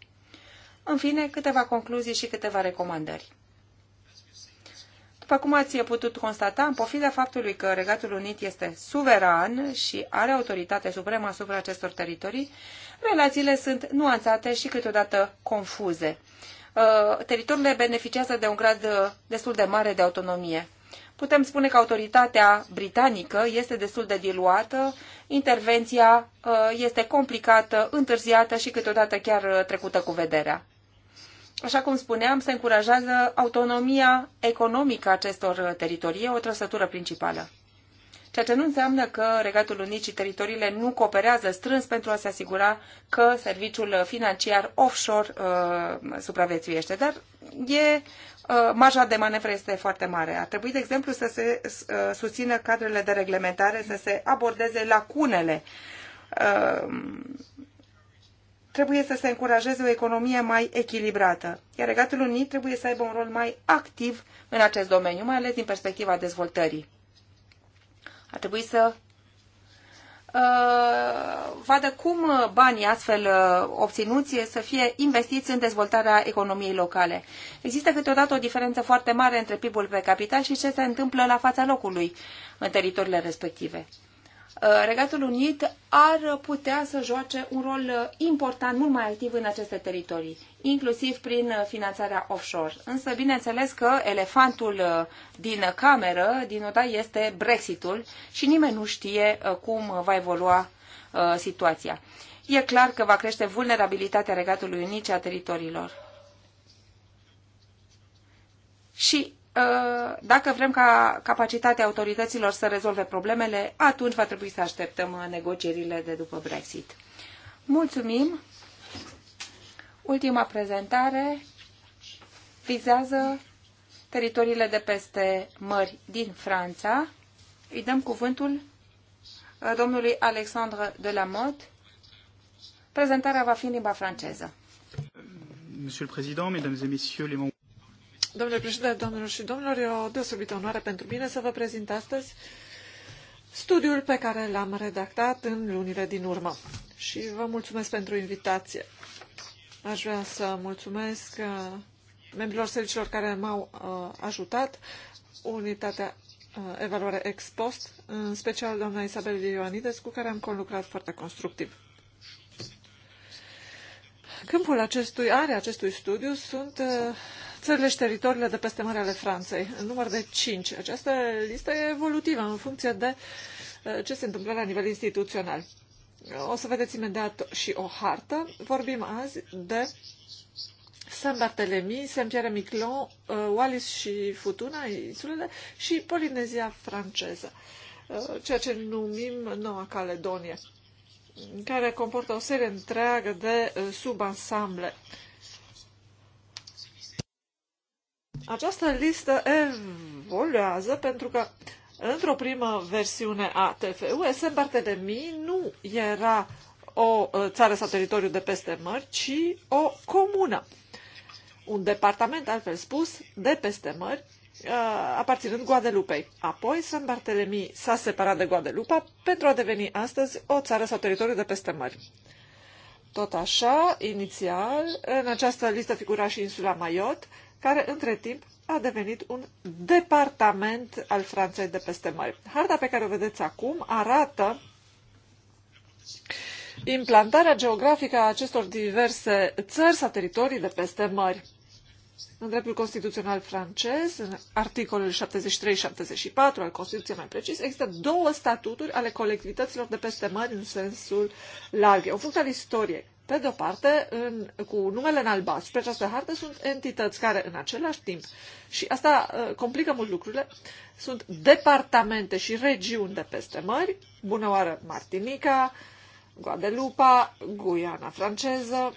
În fine, câteva concluzii și câteva recomandări. După cum ați putut constata, în pofida faptului că Regatul Unit este suveran și are autoritate supremă asupra acestor teritorii, relațiile sunt nuanțate și câteodată confuze. Uh, teritoriile beneficiază de un grad uh, destul de mare de autonomie. Putem spune că autoritatea britanică este destul de diluată, intervenția uh, este complicată, întârziată și câteodată chiar trecută cu vederea așa cum spuneam, se încurajează autonomia economică a acestor teritorii, o trăsătură principală. Ceea ce nu înseamnă că Regatul Unit și teritoriile nu cooperează strâns pentru a se asigura că serviciul financiar offshore uh, supraviețuiește, dar e, uh, marja de manevră este foarte mare. Ar trebui, de exemplu, să se uh, susțină cadrele de reglementare, să se abordeze lacunele uh, trebuie să se încurajeze o economie mai echilibrată, iar Regatul Unit trebuie să aibă un rol mai activ în acest domeniu, mai ales din perspectiva dezvoltării. A trebuit să uh, vadă cum banii astfel uh, obținuți să fie investiți în dezvoltarea economiei locale. Există câteodată o diferență foarte mare între PIB-ul pe capital și ce se întâmplă la fața locului în teritoriile respective. Uh, Regatul Unit ar putea să joace un rol uh, important, mult mai activ în aceste teritorii, inclusiv prin uh, finanțarea offshore. Însă, bineînțeles că elefantul din cameră, din OTA, este Brexitul și nimeni nu știe cum va evolua situația. E clar că va crește vulnerabilitatea Regatului Unit și a teritoriilor. Și Uh, dacă vrem ca capacitatea autorităților să rezolve problemele, atunci va trebui să așteptăm uh, negocierile de după Brexit. Mulțumim! Ultima prezentare vizează teritoriile de peste mări din Franța. Îi dăm cuvântul uh, domnului Alexandre de la Motte. Prezentarea va fi în limba franceză. Monsieur le Président, Mesdames et Messieurs les membres Domnule președinte, domnilor și domnilor, e o deosebită onoare pentru mine să vă prezint astăzi studiul pe care l-am redactat în lunile din urmă. Și vă mulțumesc pentru invitație. Aș vrea să mulțumesc uh, membrilor serviciilor care m-au uh, ajutat, unitatea uh, evaluare ex post, în special doamna Isabel Ioanides, cu care am conlucrat foarte constructiv. Câmpul acestui, are acestui studiu sunt țările și teritoriile de peste mare ale Franței, în număr de 5. Această listă e evolutivă în funcție de uh, ce se întâmplă la nivel instituțional. O să vedeți imediat și o hartă. Vorbim azi de Saint-Barthélemy, Saint-Pierre-Miquelon, uh, Wallis și Futuna, insulele, și Polinezia franceză, uh, ceea ce numim Noua Caledonie, care comportă o serie întreagă de subansamble Această listă evoluează pentru că într-o primă versiune a TFU, San Bartolomii nu era o uh, țară sau teritoriu de peste mări, ci o comună. Un departament, altfel spus, de peste mări, uh, aparținând Guadelupei. Apoi, San Bartolomii s-a separat de Guadelupa pentru a deveni astăzi o țară sau teritoriu de peste mări. Tot așa, inițial, în această listă figura și insula Mayotte, care între timp a devenit un departament al Franței de peste mări. Harta pe care o vedeți acum arată implantarea geografică a acestor diverse țări sau teritorii de peste mări. În dreptul constituțional francez, în articolul 73-74 al Constituției mai precis, există două statuturi ale colectivităților de peste mări în sensul larg. O funcție al istoriei. Pe de-o parte, în, cu numele în albastru, pe această hartă sunt entități care în același timp, și asta uh, complică mult lucrurile, sunt departamente și regiuni de peste mări, bună oară Martinica, Guadelupa, Guiana franceză,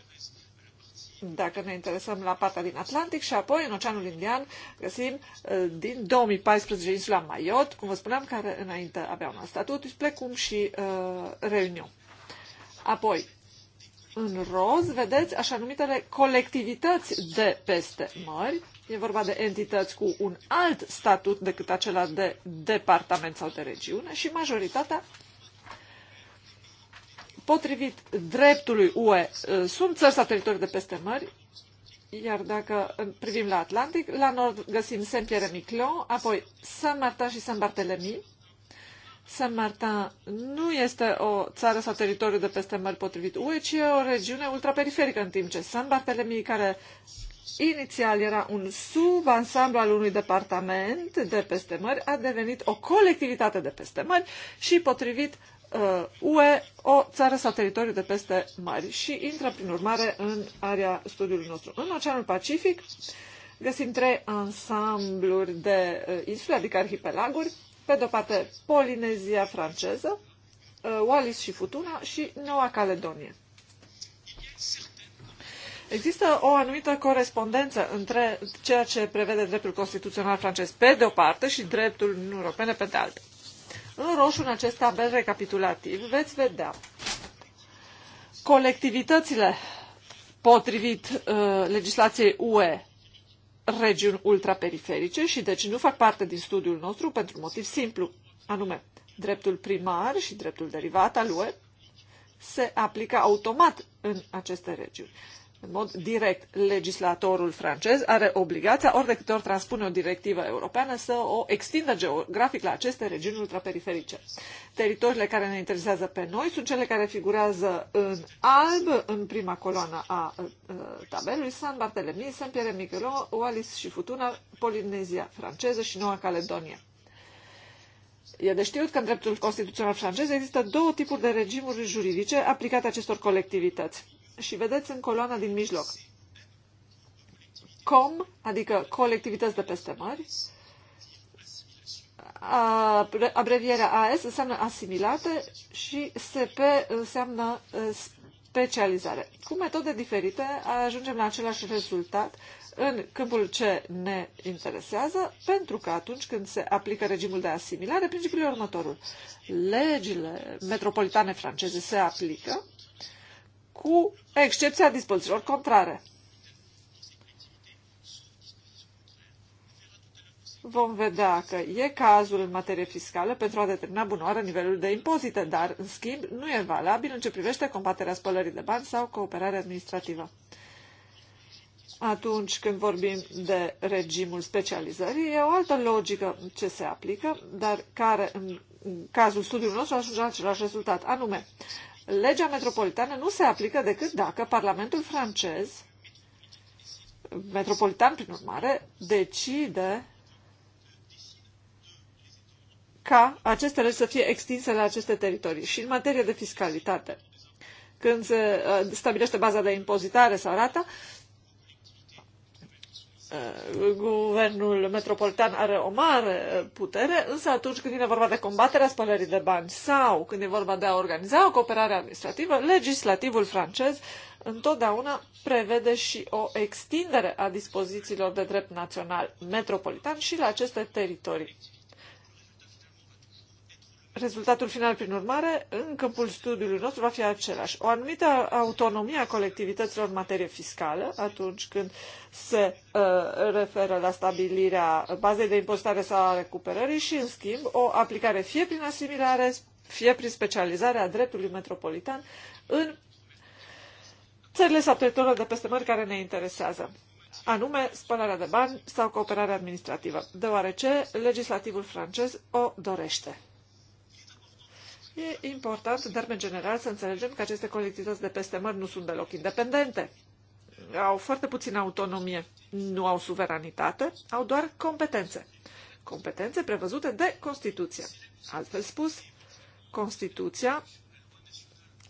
dacă ne interesăm la partea din Atlantic și apoi în Oceanul Indian găsim uh, din 2014 insula Maiot, cum vă spuneam, care înainte avea un statut, precum și uh, Reunion. Apoi, în roz, vedeți așa numitele colectivități de peste mări. E vorba de entități cu un alt statut decât acela de departament sau de regiune și majoritatea potrivit dreptului UE sunt țări sau teritorii de peste mări, iar dacă privim la Atlantic, la nord găsim Saint-Pierre-Miquelon, apoi Saint-Martin și Saint-Barthélemy, San Martin nu este o țară sau teritoriu de peste mări potrivit UE, ci e o regiune ultraperiferică, în timp ce San Barthélemy, care inițial era un subansamblu al unui departament de peste mări, a devenit o colectivitate de peste mări și, potrivit uh, UE, o țară sau teritoriu de peste mări și intră, prin urmare, în area studiului nostru. În Oceanul Pacific găsim trei ansambluri de uh, insule, adică arhipelaguri, pe de-o parte, Polinezia franceză, uh, Wallis și Futuna și Noua Caledonie. Există o anumită corespondență între ceea ce prevede dreptul constituțional francez pe de o parte și dreptul european Europene pe de altă. În roșu, în acest tabel recapitulativ, veți vedea colectivitățile potrivit uh, legislației UE regiuni ultraperiferice și deci nu fac parte din studiul nostru pentru motiv simplu, anume dreptul primar și dreptul derivat al UE se aplică automat în aceste regiuni în mod direct, legislatorul francez are obligația, ori de câte ori transpune o directivă europeană, să o extindă geografic la aceste regiuni ultraperiferice. Teritoriile care ne interesează pe noi sunt cele care figurează în alb, în prima coloană a tabelului, San Barthélemy, Saint-Pierre-Miquelon, Wallis și Futuna, Polinezia franceză și Noua Caledonie. E de știut că în dreptul constituțional francez există două tipuri de regimuri juridice aplicate acestor colectivități și vedeți în coloana din mijloc. Com, adică colectivități de peste mări, abrevierea AS înseamnă asimilate și SP înseamnă uh, specializare. Cu metode diferite ajungem la același rezultat în câmpul ce ne interesează, pentru că atunci când se aplică regimul de asimilare, principiul următorul. Legile metropolitane franceze se aplică cu excepția dispozițiilor contrare. Vom vedea că e cazul în materie fiscală pentru a determina bunoară nivelul de impozite, dar, în schimb, nu e valabil în ce privește combaterea spălării de bani sau cooperarea administrativă. Atunci când vorbim de regimul specializării, e o altă logică ce se aplică, dar care, în cazul studiului nostru, ajunge la același rezultat, anume legea metropolitană nu se aplică decât dacă Parlamentul francez, metropolitan prin urmare, decide ca aceste legi să fie extinse la aceste teritorii. Și în materie de fiscalitate, când se uh, stabilește baza de impozitare sau rata, guvernul metropolitan are o mare putere, însă atunci când e vorba de combaterea spălării de bani sau când e vorba de a organiza o cooperare administrativă, legislativul francez întotdeauna prevede și o extindere a dispozițiilor de drept național metropolitan și la aceste teritorii. Rezultatul final, prin urmare, în câmpul studiului nostru va fi același. O anumită autonomie a colectivităților în materie fiscală, atunci când se uh, referă la stabilirea bazei de impozitare sau a recuperării și, în schimb, o aplicare fie prin asimilare, fie prin specializare a dreptului metropolitan în țările satelitorilor de peste mări care ne interesează anume spălarea de bani sau cooperarea administrativă, deoarece legislativul francez o dorește. E important, în termen general, să înțelegem că aceste colectivități de peste mări nu sunt deloc independente. Au foarte puțină autonomie, nu au suveranitate, au doar competențe. Competențe prevăzute de Constituție. Altfel spus, Constituția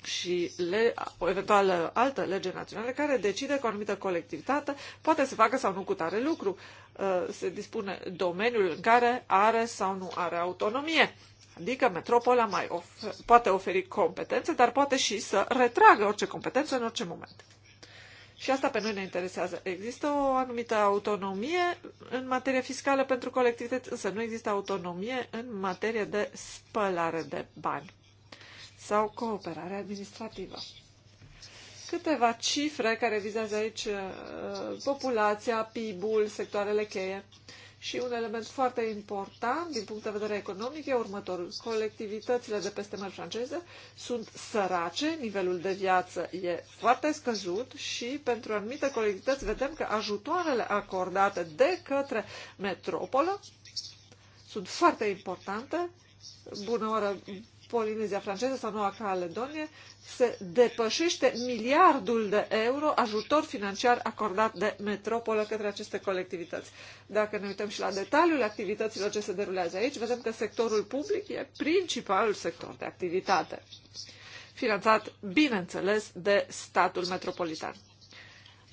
și le, o eventuală altă lege națională care decide că o anumită colectivitate poate să facă sau nu cu tare lucru. Uh, se dispune domeniul în care are sau nu are autonomie Adică metropola mai of- poate oferi competențe, dar poate și să retragă orice competență în orice moment. Și asta pe noi ne interesează. Există o anumită autonomie în materie fiscală pentru colectivități, însă nu există autonomie în materie de spălare de bani sau cooperare administrativă. Câteva cifre care vizează aici uh, populația, PIB-ul, sectoarele cheie. Și un element foarte important din punct de vedere economic e următorul. Colectivitățile de peste mări franceze sunt sărace, nivelul de viață e foarte scăzut și pentru anumite colectivități vedem că ajutoarele acordate de către metropolă sunt foarte importante. Bună oră, Polinezia franceză sau Noua Caledonie, se depășește miliardul de euro ajutor financiar acordat de metropolă către aceste colectivități. Dacă ne uităm și la detaliul activităților ce se derulează aici, vedem că sectorul public e principalul sector de activitate, finanțat, bineînțeles, de statul metropolitan.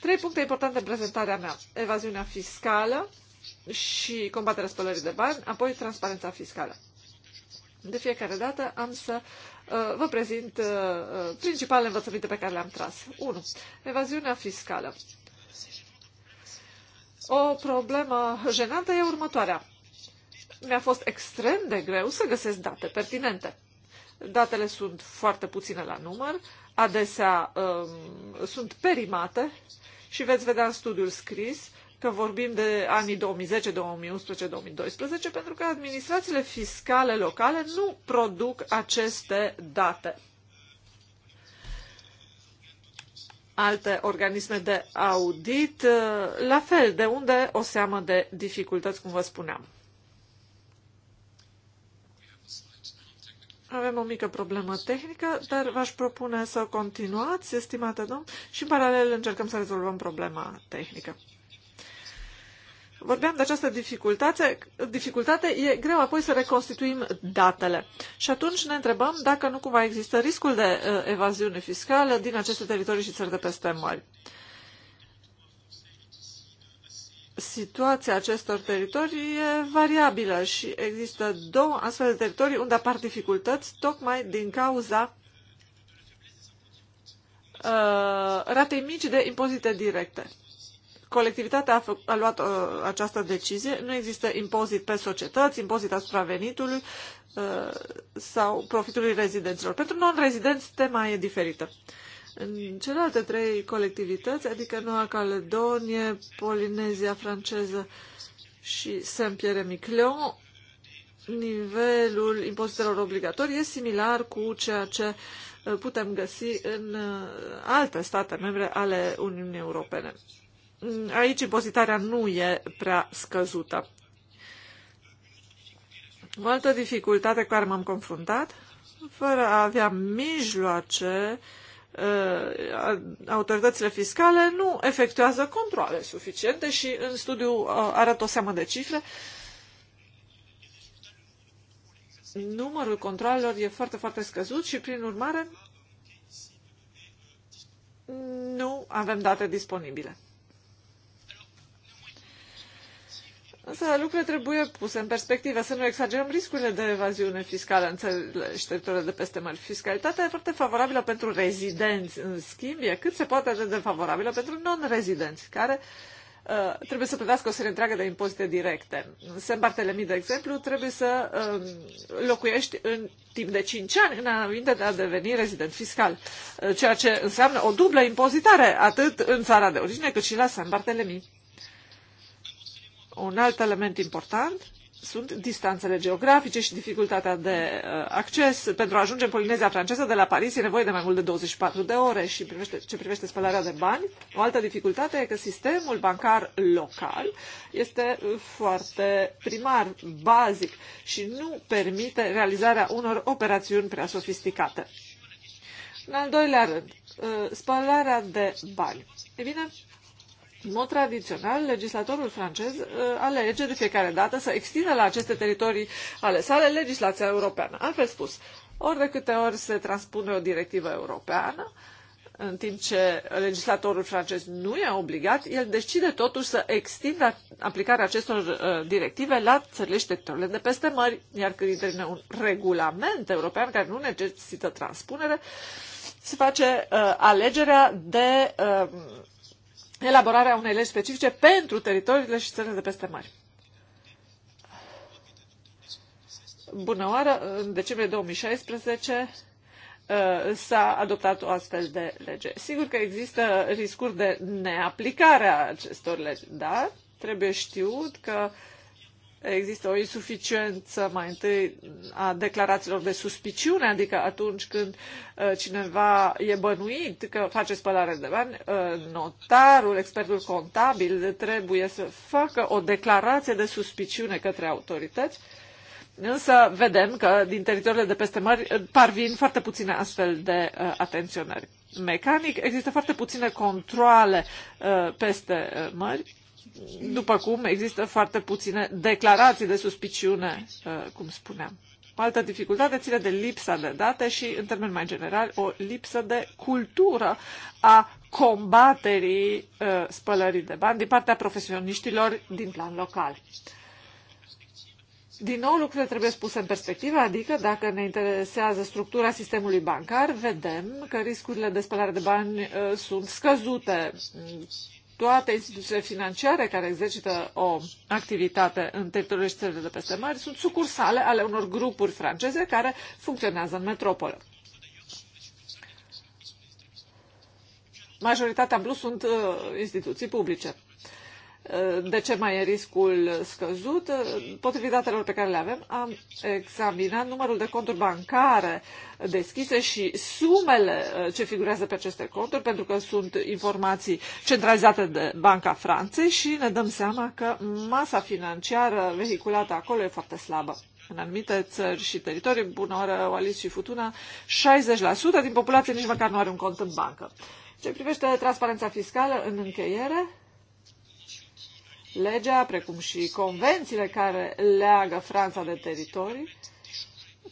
Trei puncte importante în prezentarea mea. Evaziunea fiscală și combaterea spălării de bani, apoi transparența fiscală. De fiecare dată am să uh, vă prezint uh, uh, principalele învățăminte pe care le-am tras. 1. Evaziunea fiscală. O problemă jenantă e următoarea. Mi-a fost extrem de greu să găsesc date pertinente. Datele sunt foarte puține la număr, adesea uh, sunt perimate și veți vedea în studiul scris că vorbim de anii 2010, 2011, 2012, pentru că administrațiile fiscale locale nu produc aceste date. Alte organisme de audit, la fel, de unde o seamă de dificultăți, cum vă spuneam. Avem o mică problemă tehnică, dar v-aș propune să continuați, estimate domn, și în paralel încercăm să rezolvăm problema tehnică. Vorbeam de această dificultate, dificultate, e greu apoi să reconstituim datele. Și atunci ne întrebăm dacă nu cumva există riscul de uh, evaziune fiscală din aceste teritorii și țări de peste mări. Situația acestor teritorii e variabilă și există două astfel de teritorii unde apar dificultăți tocmai din cauza uh, ratei mici de impozite directe. Colectivitatea a, a luat uh, această decizie. Nu există impozit pe societăți, impozit asupra venitului uh, sau profitului rezidenților. Pentru non-rezidenți tema e diferită. În celelalte trei colectivități, adică Noua Caledonie, Polinezia franceză și Saint-Pierre-Miquelon, nivelul impozitelor obligatorii e similar cu ceea ce uh, putem găsi în uh, alte state membre ale Uniunii Europene aici impozitarea nu e prea scăzută. O altă dificultate cu care m-am confruntat, fără a avea mijloace, uh, autoritățile fiscale nu efectuează controle suficiente și în studiu uh, arată o seamă de cifre. Numărul controlelor e foarte, foarte scăzut și, prin urmare, nu avem date disponibile. Însă lucrurile trebuie puse în perspectivă, să nu exagerăm riscurile de evaziune fiscală în țările și teritoriile de peste mări. Fiscalitatea e foarte favorabilă pentru rezidenți, în schimb, e cât se poate de favorabilă pentru non-rezidenți, care uh, trebuie să plătească o serie întreagă de impozite directe. În Barthélemy, de exemplu, trebuie să uh, locuiești în timp de 5 ani înainte de a deveni rezident fiscal, uh, ceea ce înseamnă o dublă impozitare, atât în țara de origine cât și la San Barthélemy un alt element important sunt distanțele geografice și dificultatea de uh, acces. Pentru a ajunge în Polinezia franceză de la Paris e nevoie de mai mult de 24 de ore și privește, ce privește spălarea de bani. O altă dificultate e că sistemul bancar local este uh, foarte primar, bazic și nu permite realizarea unor operațiuni prea sofisticate. În al doilea rând, uh, spălarea de bani. E bine, în mod tradițional, legislatorul francez uh, alege de fiecare dată să extindă la aceste teritorii ale sale legislația europeană. Altfel spus, ori de câte ori se transpune o directivă europeană, în timp ce legislatorul francez nu e obligat, el decide totuși să extindă aplicarea acestor uh, directive la țările și teritoriile de peste mări, iar când intervine un regulament european care nu necesită transpunere, se face uh, alegerea de uh, elaborarea unei legi specifice pentru teritoriile și țările de peste mari. Bună oară, în decembrie 2016 uh, s-a adoptat o astfel de lege. Sigur că există riscuri de neaplicare a acestor legi, dar trebuie știut că uh, există o insuficiență mai întâi a declarațiilor de suspiciune, adică atunci când uh, cineva e bănuit că face spălare de bani, uh, notarul, expertul contabil trebuie să facă o declarație de suspiciune către autorități, însă vedem că din teritoriile de peste mări uh, parvin foarte puține astfel de atenționări. Mecanic există foarte puține controle peste mări după cum există foarte puține declarații de suspiciune, uh, cum spuneam. O altă dificultate ține de lipsa de date și, în termeni mai general, o lipsă de cultură a combaterii uh, spălării de bani din partea profesioniștilor din plan local. Din nou, lucrurile trebuie spuse în perspectivă, adică dacă ne interesează structura sistemului bancar, vedem că riscurile de spălare de bani uh, sunt scăzute toate instituțiile financiare care exercită o activitate în teritoriul și țările de peste mări sunt sucursale ale unor grupuri franceze care funcționează în metropolă. Majoritatea în plus sunt uh, instituții publice de ce mai e riscul scăzut. Potrivit datelor pe care le avem, am examinat numărul de conturi bancare deschise și sumele uh, ce figurează pe aceste conturi, pentru că sunt informații centralizate de Banca Franței și ne dăm seama că masa financiară vehiculată acolo e foarte slabă. În anumite țări și teritorii, bună oră, Oalis și Futuna, 60% din populație nici măcar nu are un cont în bancă. Ce privește transparența fiscală, în încheiere, legea, precum și convențiile care leagă Franța de teritorii,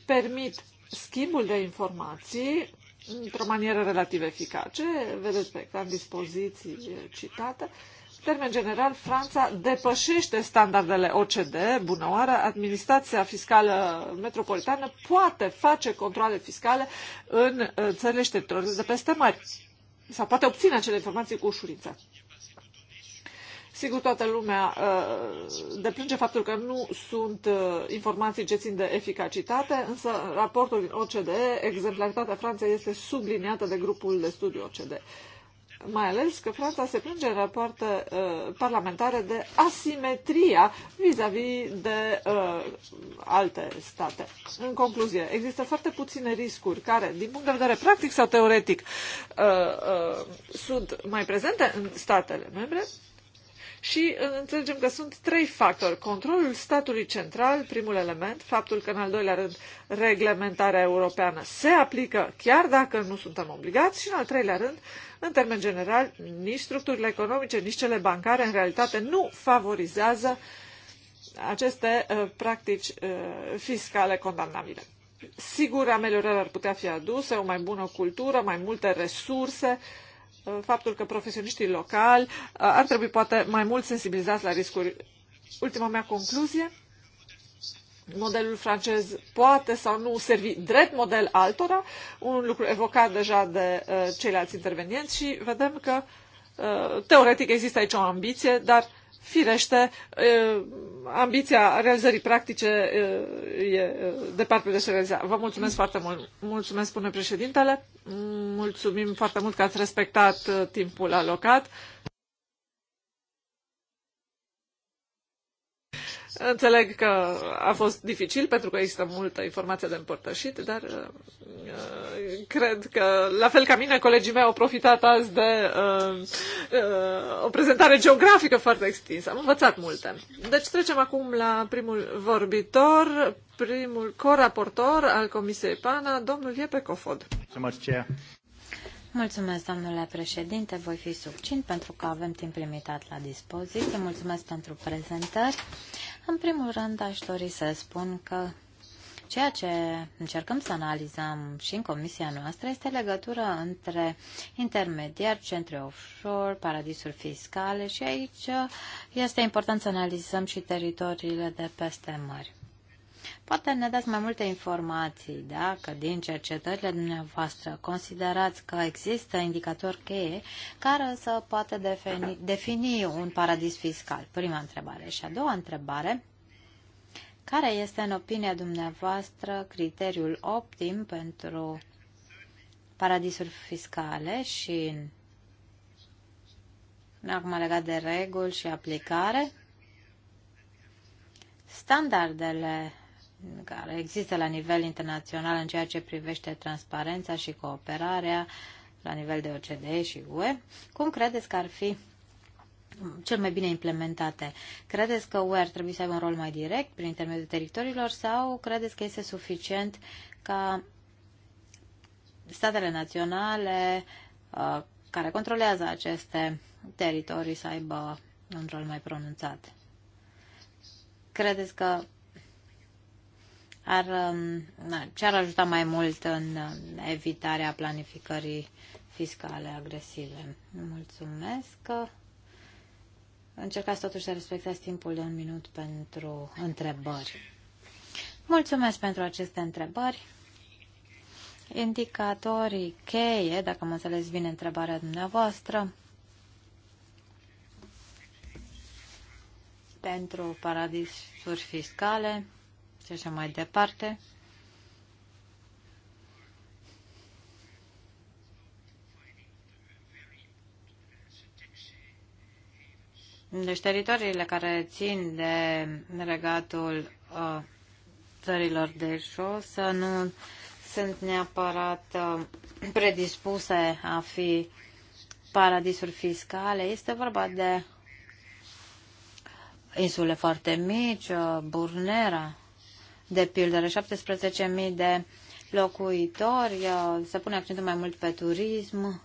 permit schimbul de informații într-o manieră relativ eficace. Vedeți pe ecran dispoziții citate. Termen general, Franța depășește standardele OCD, bună oară, administrația fiscală metropolitană poate face controle fiscale în uh, țările și teritoriile de peste mari. Sau poate obține acele informații cu ușurință. Sigur, toată lumea uh, deplânge faptul că nu sunt uh, informații ce țin de eficacitate, însă raportul din OCDE, exemplaritatea Franței este subliniată de grupul de studiu OCDE. Mai ales că Franța se plânge în rapoarte uh, parlamentare de asimetria vis a -vis de uh, alte state. În concluzie, există foarte puține riscuri care, din punct de vedere practic sau teoretic, uh, uh, sunt mai prezente în statele membre, și uh, înțelegem că sunt trei factori. Controlul statului central, primul element, faptul că în al doilea rând reglementarea europeană se aplică chiar dacă nu suntem obligați și în al treilea rând, în termen general, nici structurile economice, nici cele bancare în realitate nu favorizează aceste uh, practici uh, fiscale condamnabile. Sigur, ameliorări ar putea fi aduse, o mai bună cultură, mai multe resurse, uh, faptul că profesioniștii locali uh, ar trebui poate mai mult sensibilizați la riscuri. Ultima mea concluzie, modelul francez poate sau nu servi drept model altora, un lucru evocat deja de uh, ceilalți intervenienți și vedem că uh, teoretic există aici o ambiție, dar Firește, ambiția realizării practice e departe de realiza. Vă mulțumesc foarte mult. Mulțumesc, spune președintele. Mulțumim foarte mult că ați respectat timpul alocat. Înțeleg că a fost dificil pentru că există multă informație de împărtășit, dar uh, uh, cred că, la fel ca mine, colegii mei au profitat azi de uh, uh, o prezentare geografică foarte extinsă. Am învățat multe. Deci trecem acum la primul vorbitor, primul coraportor al Comisiei PANA, domnul Iepe Cofod. Mulțumesc, Mulțumesc domnule președinte. Voi fi subțin pentru că avem timp limitat la dispoziție. Mulțumesc pentru prezentări. În primul rând, aș dori să spun că ceea ce încercăm să analizăm și în comisia noastră este legătura între intermediari, centre offshore, paradisuri fiscale și aici este important să analizăm și teritoriile de peste mări. Poate ne dați mai multe informații, dacă din cercetările dumneavoastră considerați că există indicatori cheie care să poată defini, defini un paradis fiscal. Prima întrebare. Și a doua întrebare, care este, în opinia dumneavoastră, criteriul optim pentru paradisuri fiscale și acum legat de reguli și aplicare? Standardele care există la nivel internațional în ceea ce privește transparența și cooperarea la nivel de OCDE și UE, cum credeți că ar fi cel mai bine implementate. Credeți că UE ar trebui să aibă un rol mai direct prin intermediul teritoriilor sau credeți că este suficient ca statele naționale uh, care controlează aceste teritorii să aibă un rol mai pronunțat? Credeți că ar, um, ce-ar ajuta mai mult în um, evitarea planificării fiscale agresive. Mulțumesc. Încercați totuși să respectați timpul de un minut pentru întrebări. Mulțumesc pentru aceste întrebări. Indicatorii cheie, dacă am înțeles bine întrebarea dumneavoastră, pentru paradisuri fiscale și așa mai departe. Deci teritoriile care țin de regatul uh, țărilor de jos să uh, nu sunt neapărat uh, predispuse a fi paradisuri fiscale. Este vorba de insule foarte mici, uh, Burnera, de pildă, 17.000 de locuitori, uh, se pune accentul mai mult pe turism.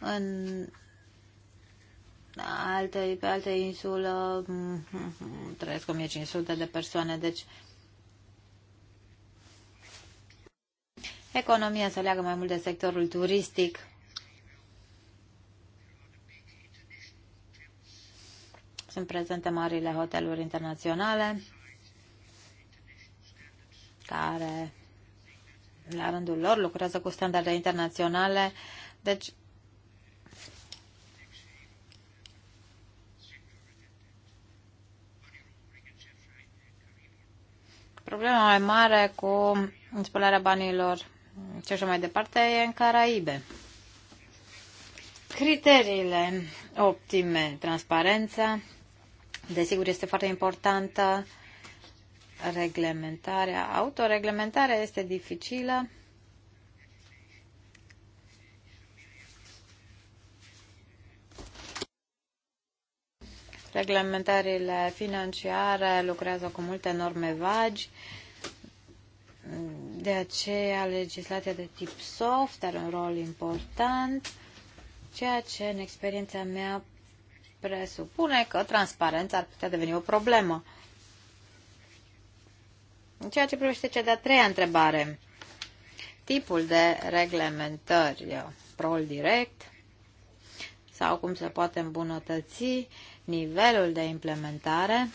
În alte, pe alte insulă mm, trăiesc 1500 de persoane, deci economia se leagă mai mult de sectorul turistic. Sunt prezente marile hoteluri internaționale care la rândul lor lucrează cu standarde internaționale. Deci problema mai mare cu spălarea banilor și așa mai departe e în Caraibe. Criteriile optime, transparența, Desigur, este foarte importantă reglementarea. Autoreglementarea este dificilă. Reglementările financiare lucrează cu multe norme vagi, de aceea legislația de tip soft are un rol important, ceea ce în experiența mea presupune că transparența ar putea deveni o problemă. În ceea ce privește cea de-a treia întrebare, tipul de reglementări, prol direct sau cum se poate îmbunătăți nivelul de implementare,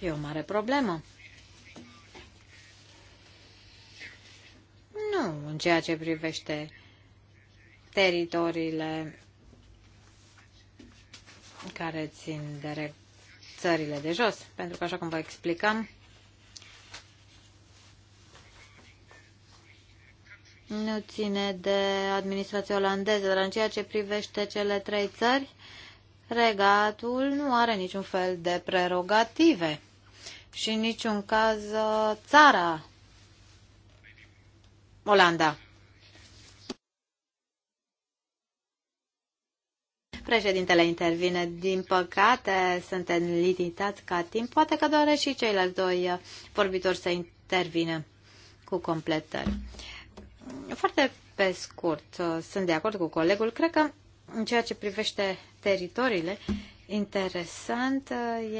e o mare problemă. Nu, în ceea ce privește teritoriile care țin de țările de jos, pentru că, așa cum vă explicam, nu ține de administrația olandeză, dar în ceea ce privește cele trei țări, regatul nu are niciun fel de prerogative și în niciun caz țara Olanda. Președintele intervine. Din păcate, suntem limitați ca timp. Poate că doar și ceilalți doi vorbitori să intervină cu completări. Foarte pe scurt, sunt de acord cu colegul. Cred că în ceea ce privește teritoriile, interesant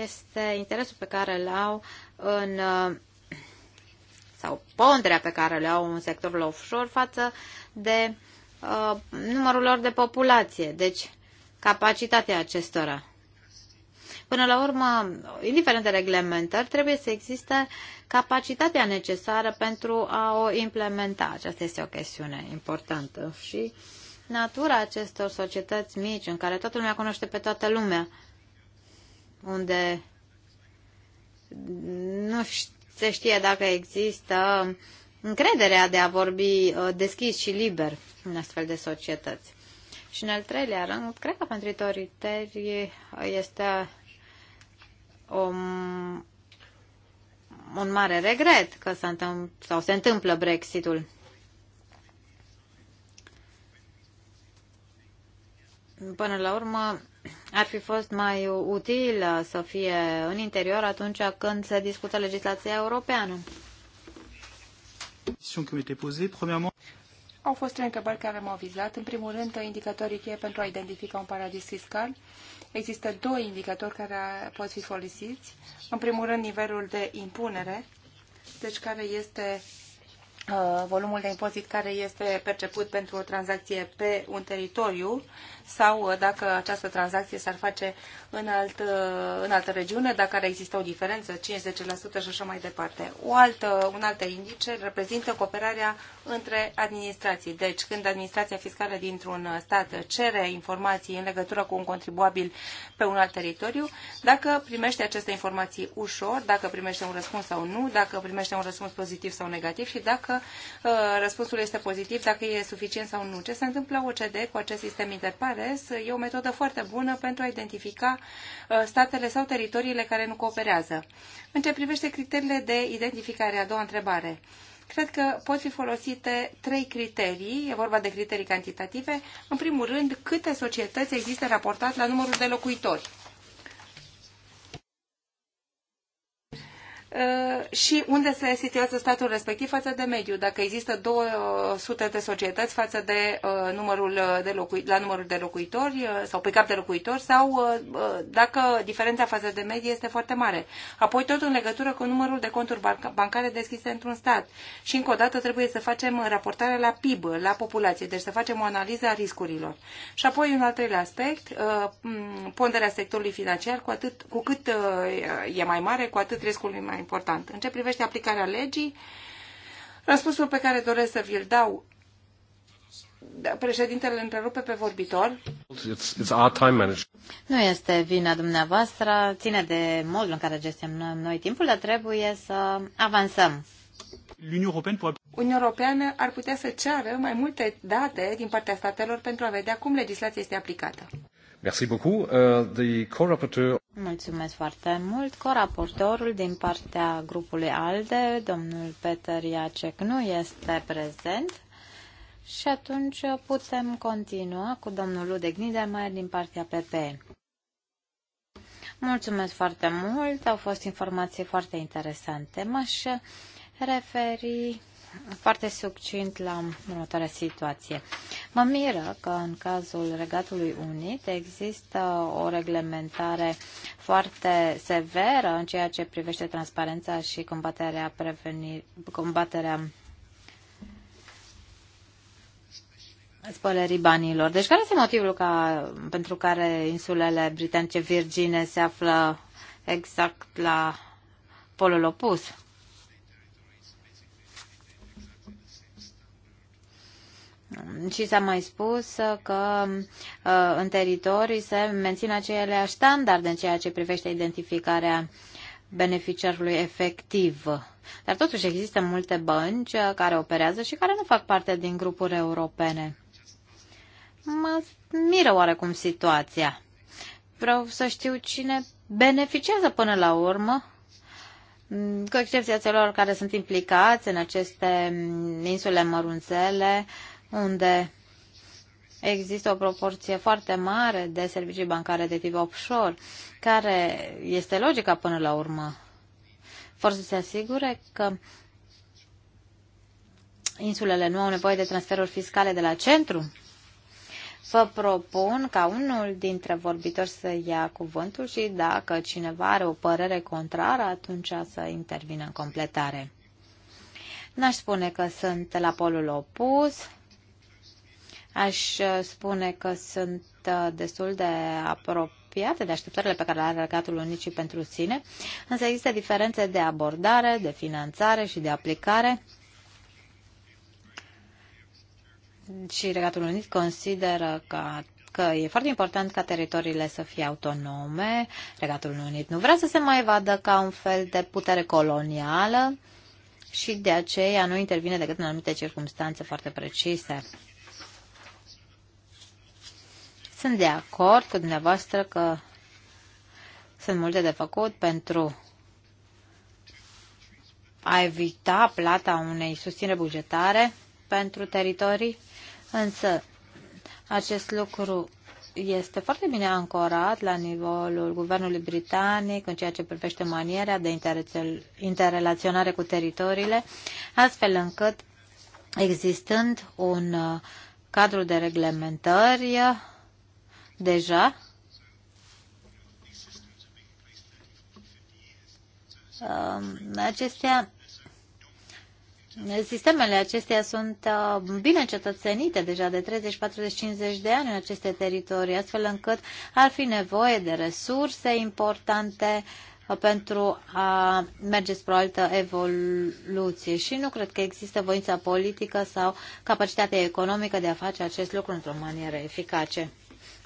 este interesul pe care îl au în sau ponderea pe care le au în sectorul offshore față de uh, numărul lor de populație. Deci, capacitatea acestora. Până la urmă, indiferent de reglementări, trebuie să existe capacitatea necesară pentru a o implementa. Aceasta este o chestiune importantă și natura acestor societăți mici în care toată lumea cunoaște pe toată lumea, unde nu se știe dacă există încrederea de a vorbi uh, deschis și liber în astfel de societăți. Și în al treilea rând, cred că pentru toriteri este o, un mare regret că se întâmplă, sau se întâmplă Brexitul. Până la urmă, ar fi fost mai util să fie în interior atunci când se discută legislația europeană au fost trei întrebări care m-au vizat. În primul rând, indicatorii cheie pentru a identifica un paradis fiscal. Există doi indicatori care pot fi folosiți. În primul rând, nivelul de impunere, deci care este uh, volumul de impozit care este perceput pentru o tranzacție pe un teritoriu sau uh, dacă această tranzacție s-ar face în, alt, uh, în altă regiune, dacă ar exista o diferență, 50% și așa mai departe. O altă, un alt indice reprezintă cooperarea între administrații. Deci, când administrația fiscală dintr-un stat cere informații în legătură cu un contribuabil pe un alt teritoriu, dacă primește aceste informații ușor, dacă primește un răspuns sau nu, dacă primește un răspuns pozitiv sau negativ și dacă uh, răspunsul este pozitiv, dacă e suficient sau nu. Ce se întâmplă OCD cu acest sistem interpar? ales, e o metodă foarte bună pentru a identifica uh, statele sau teritoriile care nu cooperează. În ce privește criteriile de identificare, a doua întrebare. Cred că pot fi folosite trei criterii, e vorba de criterii cantitative. În primul rând, câte societăți există raportat la numărul de locuitori. Uh, și unde se situează statul respectiv față de mediu. Dacă există 200 de societăți față de uh, numărul uh, de locui, la numărul de locuitori sau pe cap de locuitori sau dacă diferența față de mediu este foarte mare. Apoi tot în legătură cu numărul de conturi bancare deschise într-un stat. Și încă o dată trebuie să facem raportarea la PIB, la populație, deci să facem o analiză a riscurilor. Și apoi un al treilea aspect, ponderea sectorului financiar, cu, atât, cu cât e mai mare, cu atât riscul e mai mai important. În ce privește aplicarea legii, răspunsul pe care doresc să vi-l dau da, Președintele întrerupe pe vorbitor. It's, it's our time Nu este vina dumneavoastră, ține de modul în care gestionăm noi timpul, dar trebuie să avansăm. Uniunea Europeană ar putea să ceară mai multe date din partea statelor pentru a vedea cum legislația este aplicată. Merci beaucoup. Uh, the Mulțumesc foarte mult. Coraportorul din partea grupului ALDE, domnul Peter Iacek, nu este prezent. Și atunci putem continua cu domnul Ludeg Niedermayer din partea PP. Mulțumesc foarte mult, au fost informații foarte interesante. M-aș referi foarte succint la următoarea situație. Mă miră că în cazul Regatului Unit există o reglementare foarte severă în ceea ce privește transparența și combaterea, preveni, combaterea spălării banilor. Deci care este motivul ca, pentru care insulele britanice virgine se află exact la polul opus? Și s-a mai spus că uh, în teritorii se mențin aceleași standarde în ceea ce privește identificarea beneficiarului efectiv. Dar totuși există multe bănci uh, care operează și care nu fac parte din grupuri europene. Mă miră oarecum situația. Vreau să știu cine beneficiază până la urmă cu excepția celor care sunt implicați în aceste insule mărunțele, unde există o proporție foarte mare de servicii bancare de tip offshore, care este logica până la urmă. Vor să se asigure că insulele nu au nevoie de transferuri fiscale de la centru. Vă propun ca unul dintre vorbitori să ia cuvântul și dacă cineva are o părere contrară, atunci să intervină în completare. N-aș spune că sunt la polul opus, Aș uh, spune că sunt uh, destul de apropiate de așteptările pe care le are Regatul Unit și pentru sine, însă există diferențe de abordare, de finanțare și de aplicare și Regatul Unit consideră că că e foarte important ca teritoriile să fie autonome. Regatul Unit nu vrea să se mai vadă ca un fel de putere colonială și de aceea nu intervine decât în anumite circunstanțe foarte precise. Sunt de acord cu dumneavoastră că sunt multe de făcut pentru a evita plata unei susținere bugetare pentru teritorii, însă acest lucru este foarte bine ancorat la nivelul guvernului britanic în ceea ce privește maniera de interrelaționare cu teritoriile, astfel încât existând un uh, cadru de reglementări deja um, acestea Sistemele acestea sunt uh, bine cetățenite deja de 30, 40, 50 de ani în aceste teritorii, astfel încât ar fi nevoie de resurse importante uh, pentru a merge spre o altă evoluție și nu cred că există voința politică sau capacitatea economică de a face acest lucru într-o manieră eficace.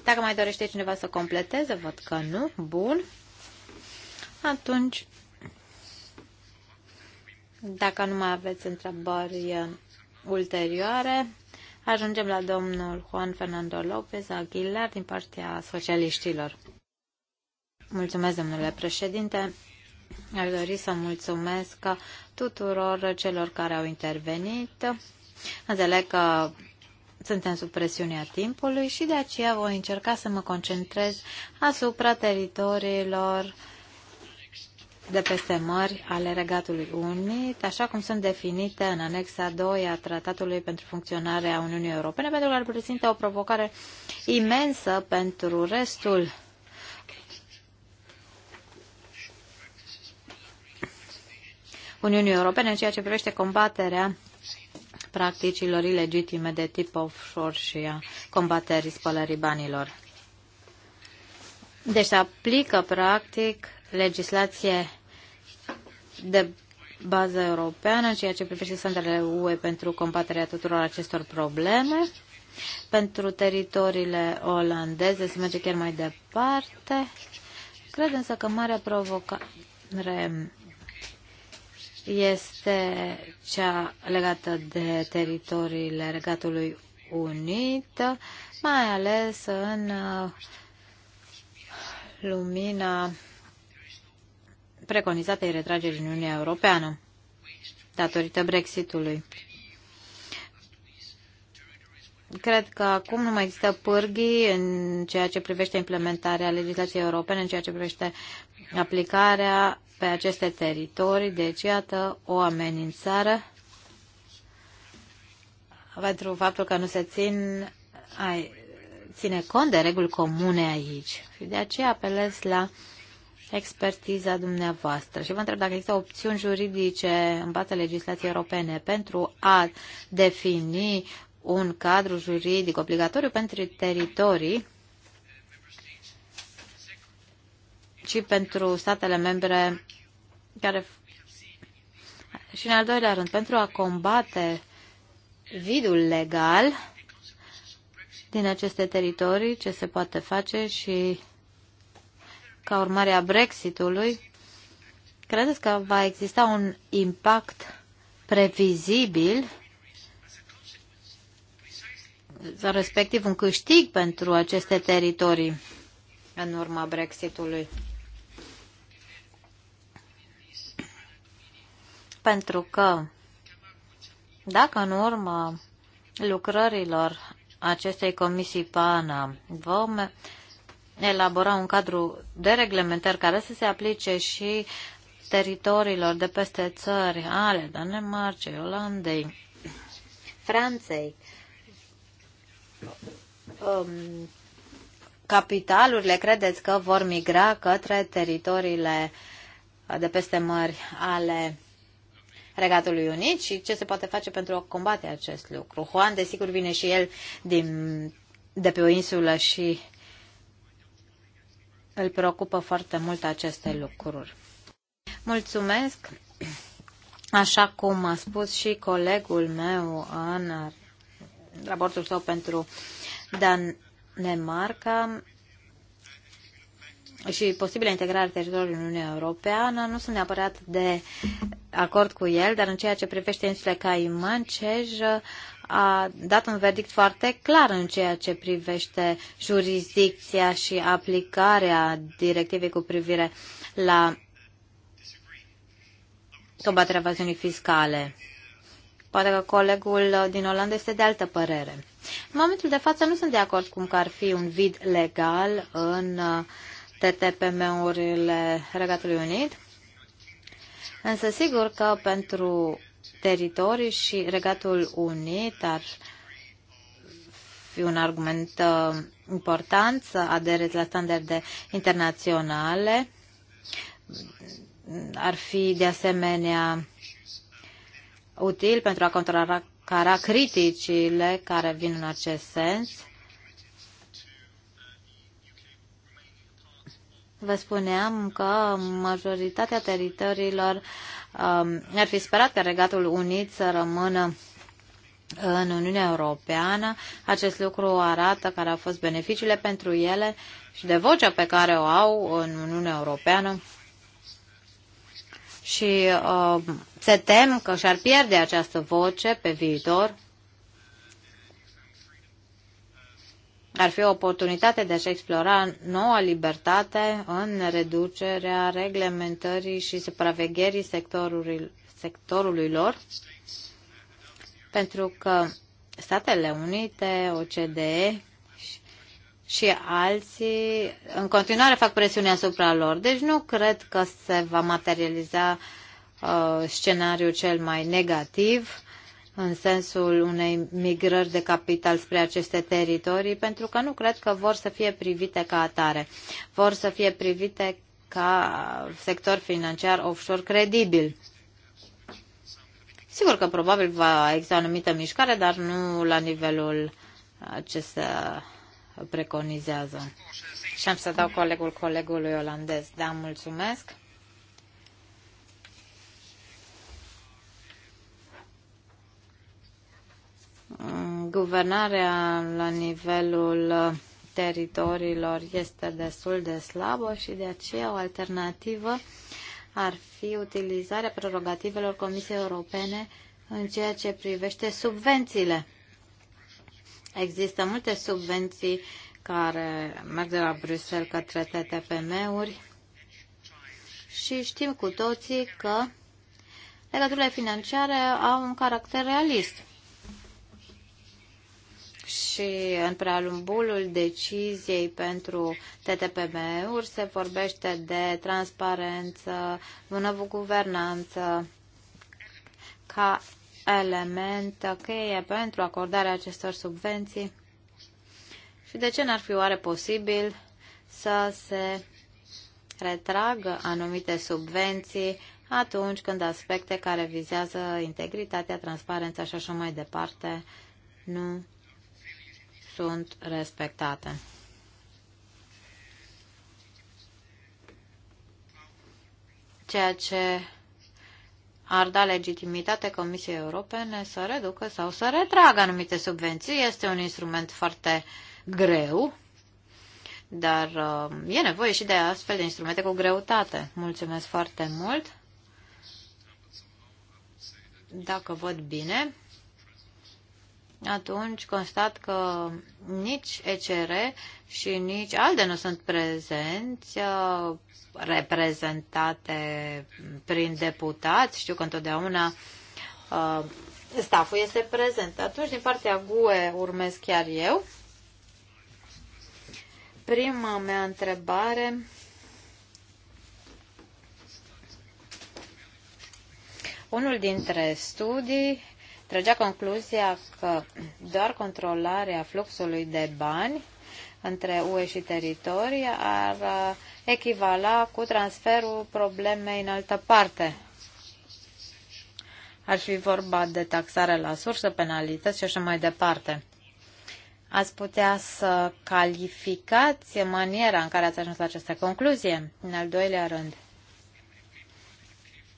Dacă mai dorește cineva să completeze, văd că nu. Bun. Atunci, dacă nu mai aveți întrebări ulterioare, ajungem la domnul Juan Fernando López Aguilar din partea socialiștilor. Mulțumesc, domnule președinte. Aș dori să mulțumesc tuturor celor care au intervenit. Înțeleg că suntem sub presiunea timpului și de aceea voi încerca să mă concentrez asupra teritoriilor de peste mări ale Regatului Unit, așa cum sunt definite în anexa 2 a Tratatului pentru funcționarea Uniunii Europene, pentru că ar prezinte o provocare imensă pentru restul Uniunii Europene în ceea ce privește combaterea practicilor ilegitime de tip offshore și a combaterii spălării banilor. Deci se aplică, practic, legislație de bază europeană în ceea ce privește standardele UE pentru combaterea tuturor acestor probleme. Pentru teritoriile olandeze se merge chiar mai departe. Cred însă că marea provocare este cea legată de teritoriile Regatului Unit, mai ales în uh, lumina preconizatei retragerii Uniunea Europeană datorită Brexitului. Cred că acum nu mai există pârghii în ceea ce privește implementarea legislației europene, în ceea ce privește aplicarea pe aceste teritorii, deci iată o amenințare pentru faptul că nu se țin, ai, ține cont de reguli comune aici. Și de aceea apelez la expertiza dumneavoastră. Și vă întreb dacă există opțiuni juridice în baza legislației europene pentru a defini un cadru juridic obligatoriu pentru teritorii ci pentru statele membre care și în al doilea rând, pentru a combate vidul legal din aceste teritorii, ce se poate face și ca urmare a Brexitului, credeți că va exista un impact previzibil, respectiv un câștig pentru aceste teritorii în urma Brexitului? pentru că dacă în urma lucrărilor acestei comisii PANA vom elabora un cadru de reglementări care să se aplice și teritoriilor de peste țări ale Danemarcei, Olandei, Franței, um, capitalurile credeți că vor migra către teritoriile de peste mări ale Regatului Unit și ce se poate face pentru a combate acest lucru. Juan, desigur, vine și el din, de pe o insulă și îl preocupă foarte mult aceste lucruri. Mulțumesc! Așa cum a spus și colegul meu în raportul său pentru Dan Nemarca, și posibilă integrare teritoriului în Uniunea Europeană. Nu sunt neapărat de acord cu el, dar în ceea ce privește insulele Caiman, CEJ a dat un verdict foarte clar în ceea ce privește jurisdicția și aplicarea directivei cu privire la combaterea evaziunii fiscale. Poate că colegul din Olanda este de altă părere. În momentul de față nu sunt de acord cum că ar fi un vid legal în uh, TTPM-urile Regatului Unit. Însă sigur că pentru teritorii și Regatul Unit ar fi un argument uh, important să adereți la standarde internaționale. Ar fi de asemenea util pentru a cara criticile care vin în acest sens. Vă spuneam că majoritatea teritoriilor uh, um, ar fi sperat că Regatul Unit să rămână în Uniunea Europeană. Acest lucru arată care au fost beneficiile pentru ele și de vocea pe care o au în Uniunea Europeană. Și uh, se tem că și-ar pierde această voce pe viitor ar fi o oportunitate de a-și explora noua libertate în reducerea reglementării și supravegherii sectorului, sectorului lor, pentru că Statele Unite, OCDE și alții în continuare fac presiune asupra lor. Deci nu cred că se va materializa uh, scenariul cel mai negativ în sensul unei migrări de capital spre aceste teritorii, pentru că nu cred că vor să fie privite ca atare. Vor să fie privite ca sector financiar offshore credibil. Sigur că probabil va exista o anumită mișcare, dar nu la nivelul ce se preconizează. Și am să dau colegul colegului olandez. Da, mulțumesc. guvernarea la nivelul teritoriilor este destul de slabă și de aceea o alternativă ar fi utilizarea prerogativelor Comisiei Europene în ceea ce privește subvențiile. Există multe subvenții care merg de la Bruxelles către ttpm uri și știm cu toții că legăturile financiare au un caracter realist și în prealumbulul deciziei pentru TTPM-uri se vorbește de transparență, bună guvernanță ca element cheie pentru acordarea acestor subvenții. Și de ce n-ar fi oare posibil să se retragă anumite subvenții atunci când aspecte care vizează integritatea, transparența și așa mai departe nu sunt respectate. Ceea ce ar da legitimitate Comisiei Europene să reducă sau să retragă anumite subvenții. Este un instrument foarte greu, dar uh, e nevoie și de astfel de instrumente cu greutate. Mulțumesc foarte mult! Dacă văd bine, atunci constat că nici ECR și nici ALDE nu sunt prezenți, uh, reprezentate prin deputați. Știu că întotdeauna uh, staful este prezent. Atunci, din partea GUE, urmez chiar eu. Prima mea întrebare Unul dintre studii trăgea concluzia că doar controlarea fluxului de bani între UE și teritorii ar uh, echivala cu transferul problemei în altă parte. Ar fi vorba de taxare la sursă, penalități și așa mai departe. Ați putea să calificați maniera în care ați ajuns la această concluzie? În al doilea rând,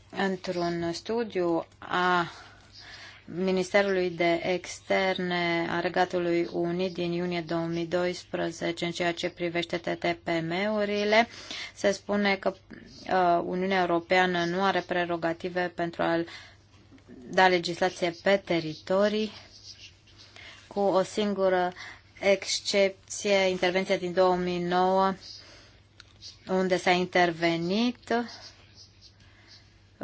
într-un studiu a Ministerului de Externe a Regatului Unit din iunie 2012 în ceea ce privește TTPM-urile. Se spune că uh, Uniunea Europeană nu are prerogative pentru a da legislație pe teritorii cu o singură excepție, intervenția din 2009 unde s-a intervenit uh,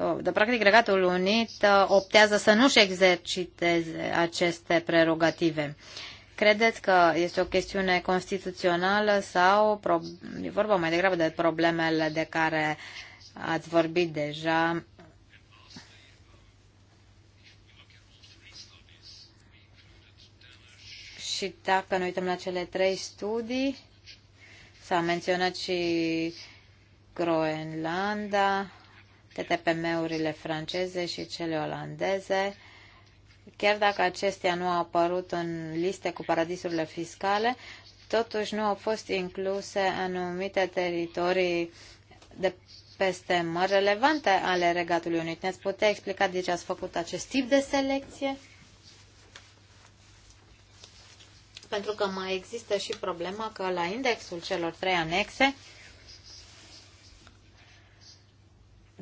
Uh, de practic Regatul Unit uh, optează să nu-și exerciteze aceste prerogative. Credeți că este o chestiune constituțională sau e vorba mai degrabă de problemele de care ați vorbit deja? Și dacă ne uităm la cele trei studii, s-a menționat și Groenlanda, TTPM-urile franceze și cele olandeze, chiar dacă acestea nu au apărut în liste cu paradisurile fiscale, totuși nu au fost incluse anumite teritorii de peste mări relevante ale Regatului Unit. Ne-ați putea explica de ce ați făcut acest tip de selecție? Pentru că mai există și problema că la indexul celor trei anexe,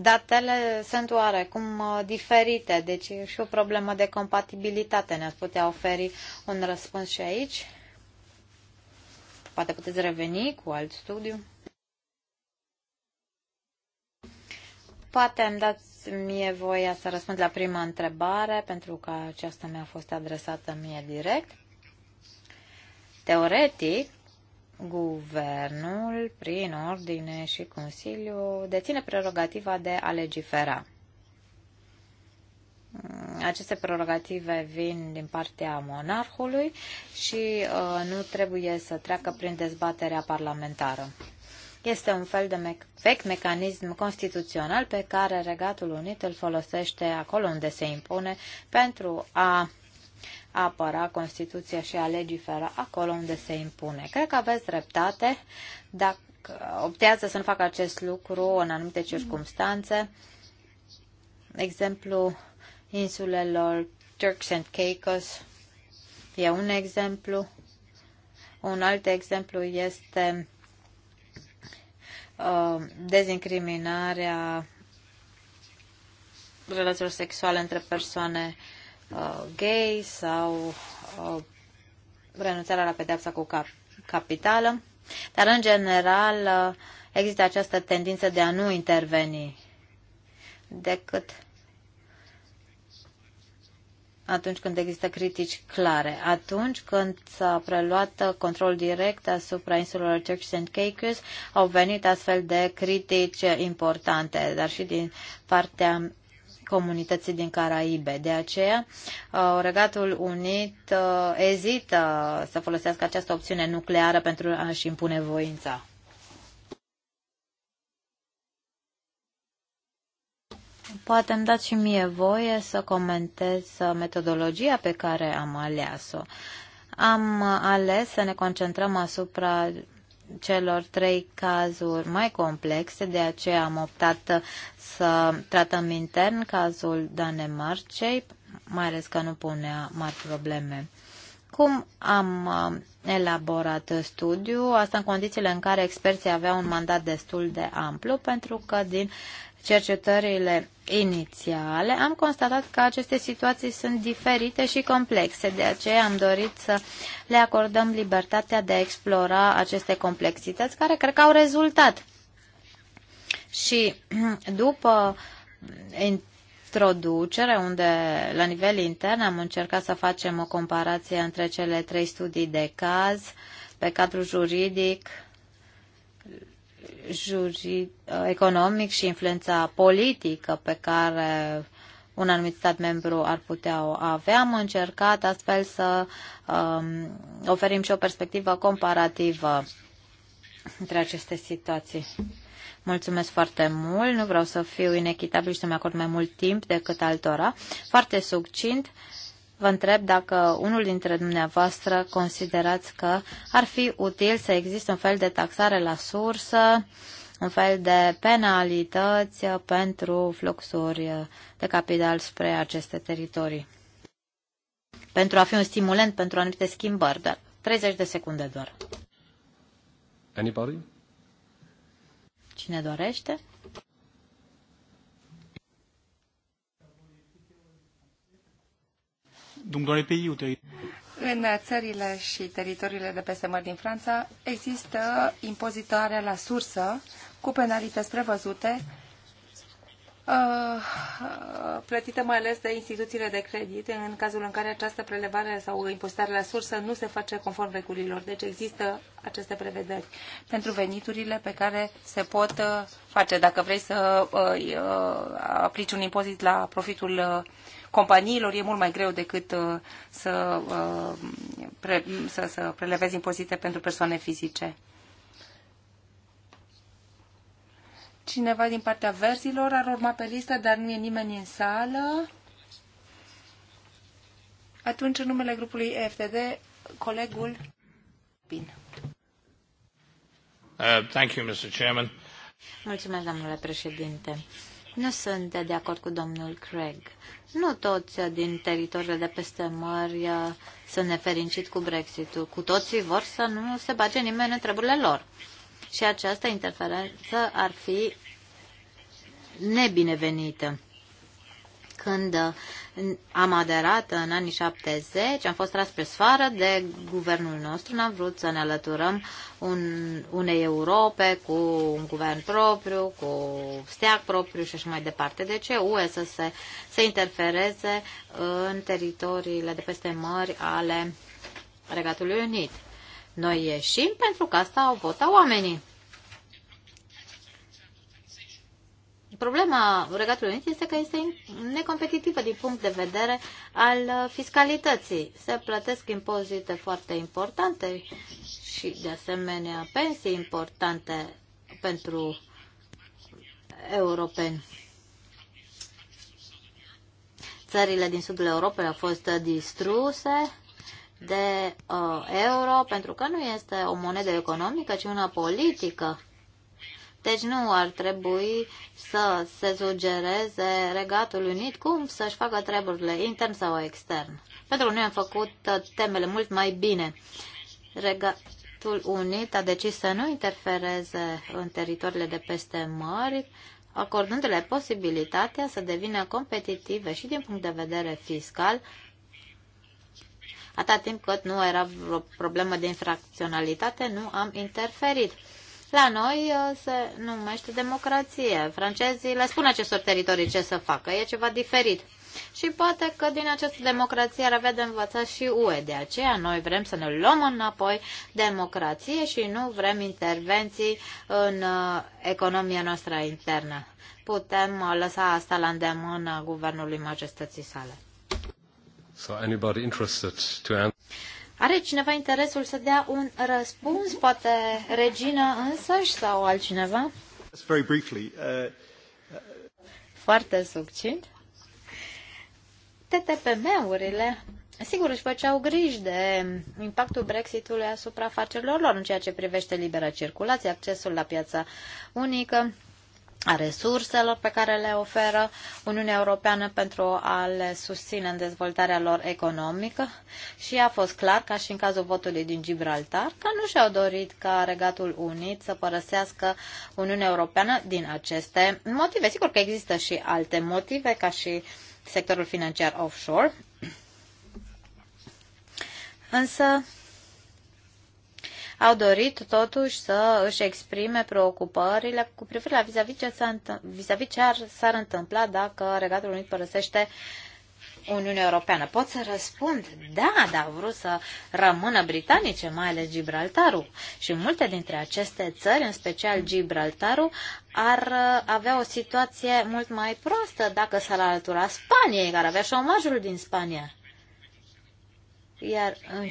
datele sunt oarecum uh, diferite, deci e și o problemă de compatibilitate. Ne-ați putea oferi un răspuns și aici? Poate puteți reveni cu alt studiu? Poate îmi dați mie voia să răspund la prima întrebare, pentru că aceasta mi-a fost adresată mie direct. Teoretic, guvernul, prin ordine și Consiliu, deține prerogativa de a legifera. Aceste prerogative vin din partea monarhului și uh, nu trebuie să treacă prin dezbaterea parlamentară. Este un fel de me- vechi mecanism constituțional pe care Regatul Unit îl folosește acolo unde se impune pentru a apăra Constituția și a legifera acolo unde se impune. Cred că aveți dreptate. Dacă optează să nu facă acest lucru în anumite circunstanțe, exemplu insulelor Turks and Caicos e un exemplu. Un alt exemplu este uh, dezincriminarea relațiilor sexuale între persoane uh, uh, gay sau uh, renunțarea la pedeapsa cu cap- capitală, dar în general uh, există această tendință de a nu interveni decât atunci când există critici clare. Atunci când s-a preluat control direct asupra insulelor Turks and Caicos, au venit astfel de critici importante, dar și din partea comunității din Caraibe. De aceea, uh, Regatul Unit uh, ezită să folosească această opțiune nucleară pentru a-și impune voința. Poate îmi dați și mie voie să comentez uh, metodologia pe care am ales-o. Am ales să ne concentrăm asupra celor trei cazuri mai complexe, de aceea am optat să tratăm intern cazul Danemarcei, mai ales că nu punea mari probleme. Cum am uh, elaborat studiul? Asta în condițiile în care experții aveau un mandat destul de amplu, pentru că din cercetările inițiale, am constatat că aceste situații sunt diferite și complexe. De aceea am dorit să le acordăm libertatea de a explora aceste complexități care cred că au rezultat. Și după introducere, unde la nivel intern am încercat să facem o comparație între cele trei studii de caz pe cadru juridic, juridic, uh, economic și influența politică pe care un anumit stat membru ar putea o avea. Am încercat astfel să um, oferim și o perspectivă comparativă între aceste situații. Mulțumesc foarte mult, nu vreau să fiu inechitabil și să-mi acord mai mult timp decât altora. Foarte succint, vă întreb dacă unul dintre dumneavoastră considerați că ar fi util să existe un fel de taxare la sursă, un fel de penalități pentru fluxuri de capital spre aceste teritorii. Pentru a fi un stimulant pentru anumite schimbări, dar 30 de secunde doar. Anybody? Cine dorește? în țările și teritoriile de peste mări din Franța există impozitarea la sursă cu penalități prevăzute uh, plătită mai ales de instituțiile de credit în cazul în care această prelevare sau impozitare la sursă nu se face conform regulilor. Deci există aceste prevederi pentru veniturile pe care se pot uh, face. Dacă vrei să uh, aplici un impozit la profitul companiilor e mult mai greu decât uh, să, uh, pre, să, să prelevezi impozite pentru persoane fizice. Cineva din partea verzilor ar urma pe listă, dar nu e nimeni în sală. Atunci, în numele grupului FTD, colegul Pin. Uh, thank you, Mr. Chairman. Mulțumesc, domnule președinte. Nu sunt de acord cu domnul Craig. Nu toți din teritoriile de peste mări uh, sunt nefericit cu Brexitul. Cu toții vor să nu se bage nimeni în treburile lor. Și această interferență ar fi nebinevenită. Când uh, am aderat în anii 70, am fost tras pe sfară de guvernul nostru, n-am vrut să ne alăturăm un, unei Europe cu un guvern propriu, cu steag propriu și așa mai departe. De ce UE să se, se interfereze în teritoriile de peste mări ale Regatului Unit? Noi ieșim pentru că asta au votat oamenii. Problema Regatului Unit este că este necompetitivă din punct de vedere al uh, fiscalității. Se plătesc impozite foarte importante și, de asemenea, pensii importante pentru europeni. Țările din sudul Europei au fost distruse de uh, euro pentru că nu este o monedă economică, ci una politică deci nu ar trebui să se sugereze Regatul Unit cum să-și facă treburile, intern sau extern. Pentru noi am făcut temele mult mai bine. Regatul Unit a decis să nu interfereze în teritoriile de peste mări, acordându-le posibilitatea să devină competitive și din punct de vedere fiscal, atâta timp cât nu era vreo problemă de infracționalitate, nu am interferit. La noi uh, se numește democrație. Francezii le spun acestor teritorii ce să facă. E ceva diferit. Și poate că din această democrație ar avea de învățat și UE. De aceea noi vrem să ne luăm înapoi democrație și nu vrem intervenții în uh, economia noastră internă. Putem uh, lăsa asta la îndemână guvernului majestății sale. So anybody interested to answer? Are cineva interesul să dea un răspuns, poate regina însăși sau altcineva? Very briefly, uh... uh Foarte succint. TTPM-urile Sigur, își făceau griji de impactul Brexitului asupra afacerilor lor în ceea ce privește libera circulație, accesul la piața unică, a resurselor pe care le oferă Uniunea Europeană pentru a le susține în dezvoltarea lor economică și a fost clar, ca și în cazul votului din Gibraltar, că nu și-au dorit ca Regatul Unit să părăsească Uniunea Europeană din aceste motive. Sigur că există și alte motive, ca și sectorul financiar offshore, însă au dorit totuși să își exprime preocupările cu privire la vis-a-vis -vis ce, vis -vis ce ar, s-ar întâmpla dacă Regatul Unit părăsește Uniunea Europeană. Pot să răspund? Da, dar au vrut să rămână britanice, mai ales Gibraltarul. Și multe dintre aceste țări, în special Gibraltarul, ar uh, avea o situație mult mai proastă dacă s-ar alătura Spaniei, care avea șomajul din Spania. Iar în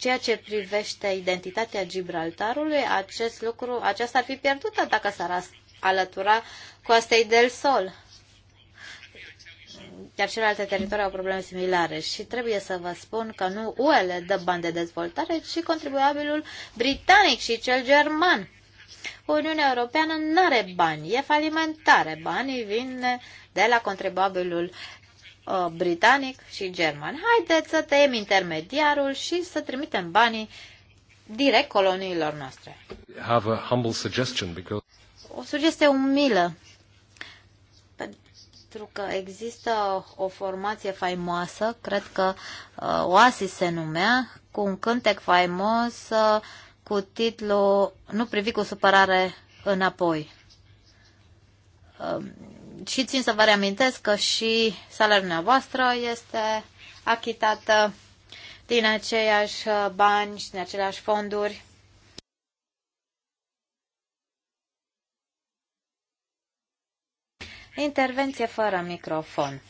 ceea ce privește identitatea Gibraltarului, acest lucru, aceasta ar fi pierdută dacă s-ar alătura coastei del Sol. Iar celelalte teritorii au probleme similare și trebuie să vă spun că nu UELE dă bani de dezvoltare, ci contribuabilul britanic și cel german. Uniunea Europeană nu are bani, e falimentare. Banii vin de la contribuabilul Uh, britanic și german. Haideți să tăiem intermediarul și să trimitem banii direct coloniilor noastre. Have a humble suggestion because... O sugestie umilă. Pentru că există o formație faimoasă, cred că uh, Oasis se numea, cu un cântec faimos uh, cu titlul Nu privi cu supărare înapoi. Uh, și țin să vă reamintesc că și salariul voastră este achitată din aceiași uh, bani și din aceleași fonduri. Intervenție fără microfon.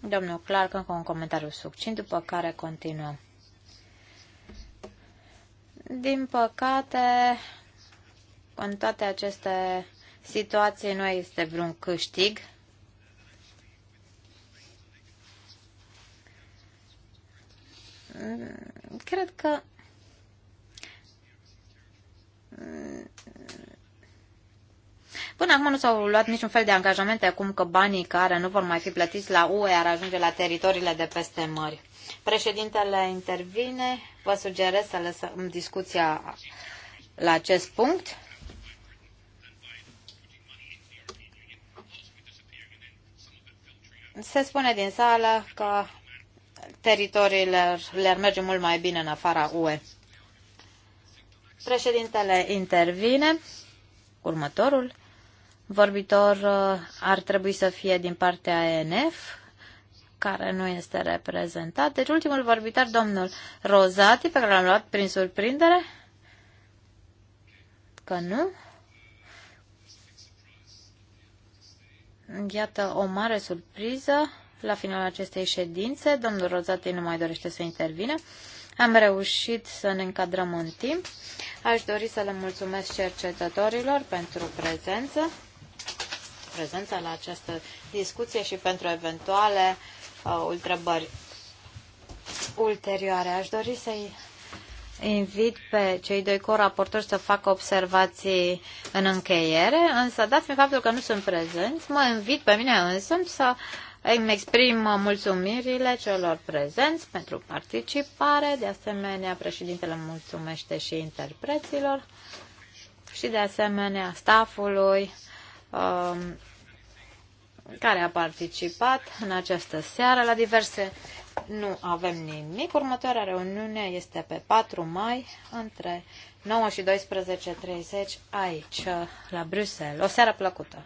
Domnul Clark, încă un comentariu succint, după care continuăm. Din păcate, în toate aceste situației nu este vreun câștig. Cred că Până acum nu s-au luat niciun fel de angajamente acum că banii care nu vor mai fi plătiți la UE ar ajunge la teritoriile de peste mări. Președintele intervine. Vă sugerez să lăsăm discuția la acest punct. Se spune din sală că teritoriile le-ar merge mult mai bine în afara UE. Președintele intervine. Următorul vorbitor uh, ar trebui să fie din partea ENF, care nu este reprezentat. Deci ultimul vorbitor, domnul Rozati, pe care l-am luat prin surprindere, că nu. Iată o mare surpriză la finalul acestei ședințe. Domnul Rozati nu mai dorește să intervină. Am reușit să ne încadrăm în timp. Aș dori să le mulțumesc cercetătorilor pentru prezență, prezența la această discuție și pentru eventuale uh, întrebări ulterioare. Aș dori să-i invit pe cei doi coraportori să facă observații în încheiere, însă dați-mi faptul că nu sunt prezenți, mă invit pe mine însă să îmi exprim mulțumirile celor prezenți pentru participare, de asemenea președintele mulțumește și interpreților și de asemenea staffului um, care a participat în această seară la diverse nu avem nimic. Următoarea reuniune este pe 4 mai între 9 și 12.30 aici, la Bruxelles. O seară plăcută!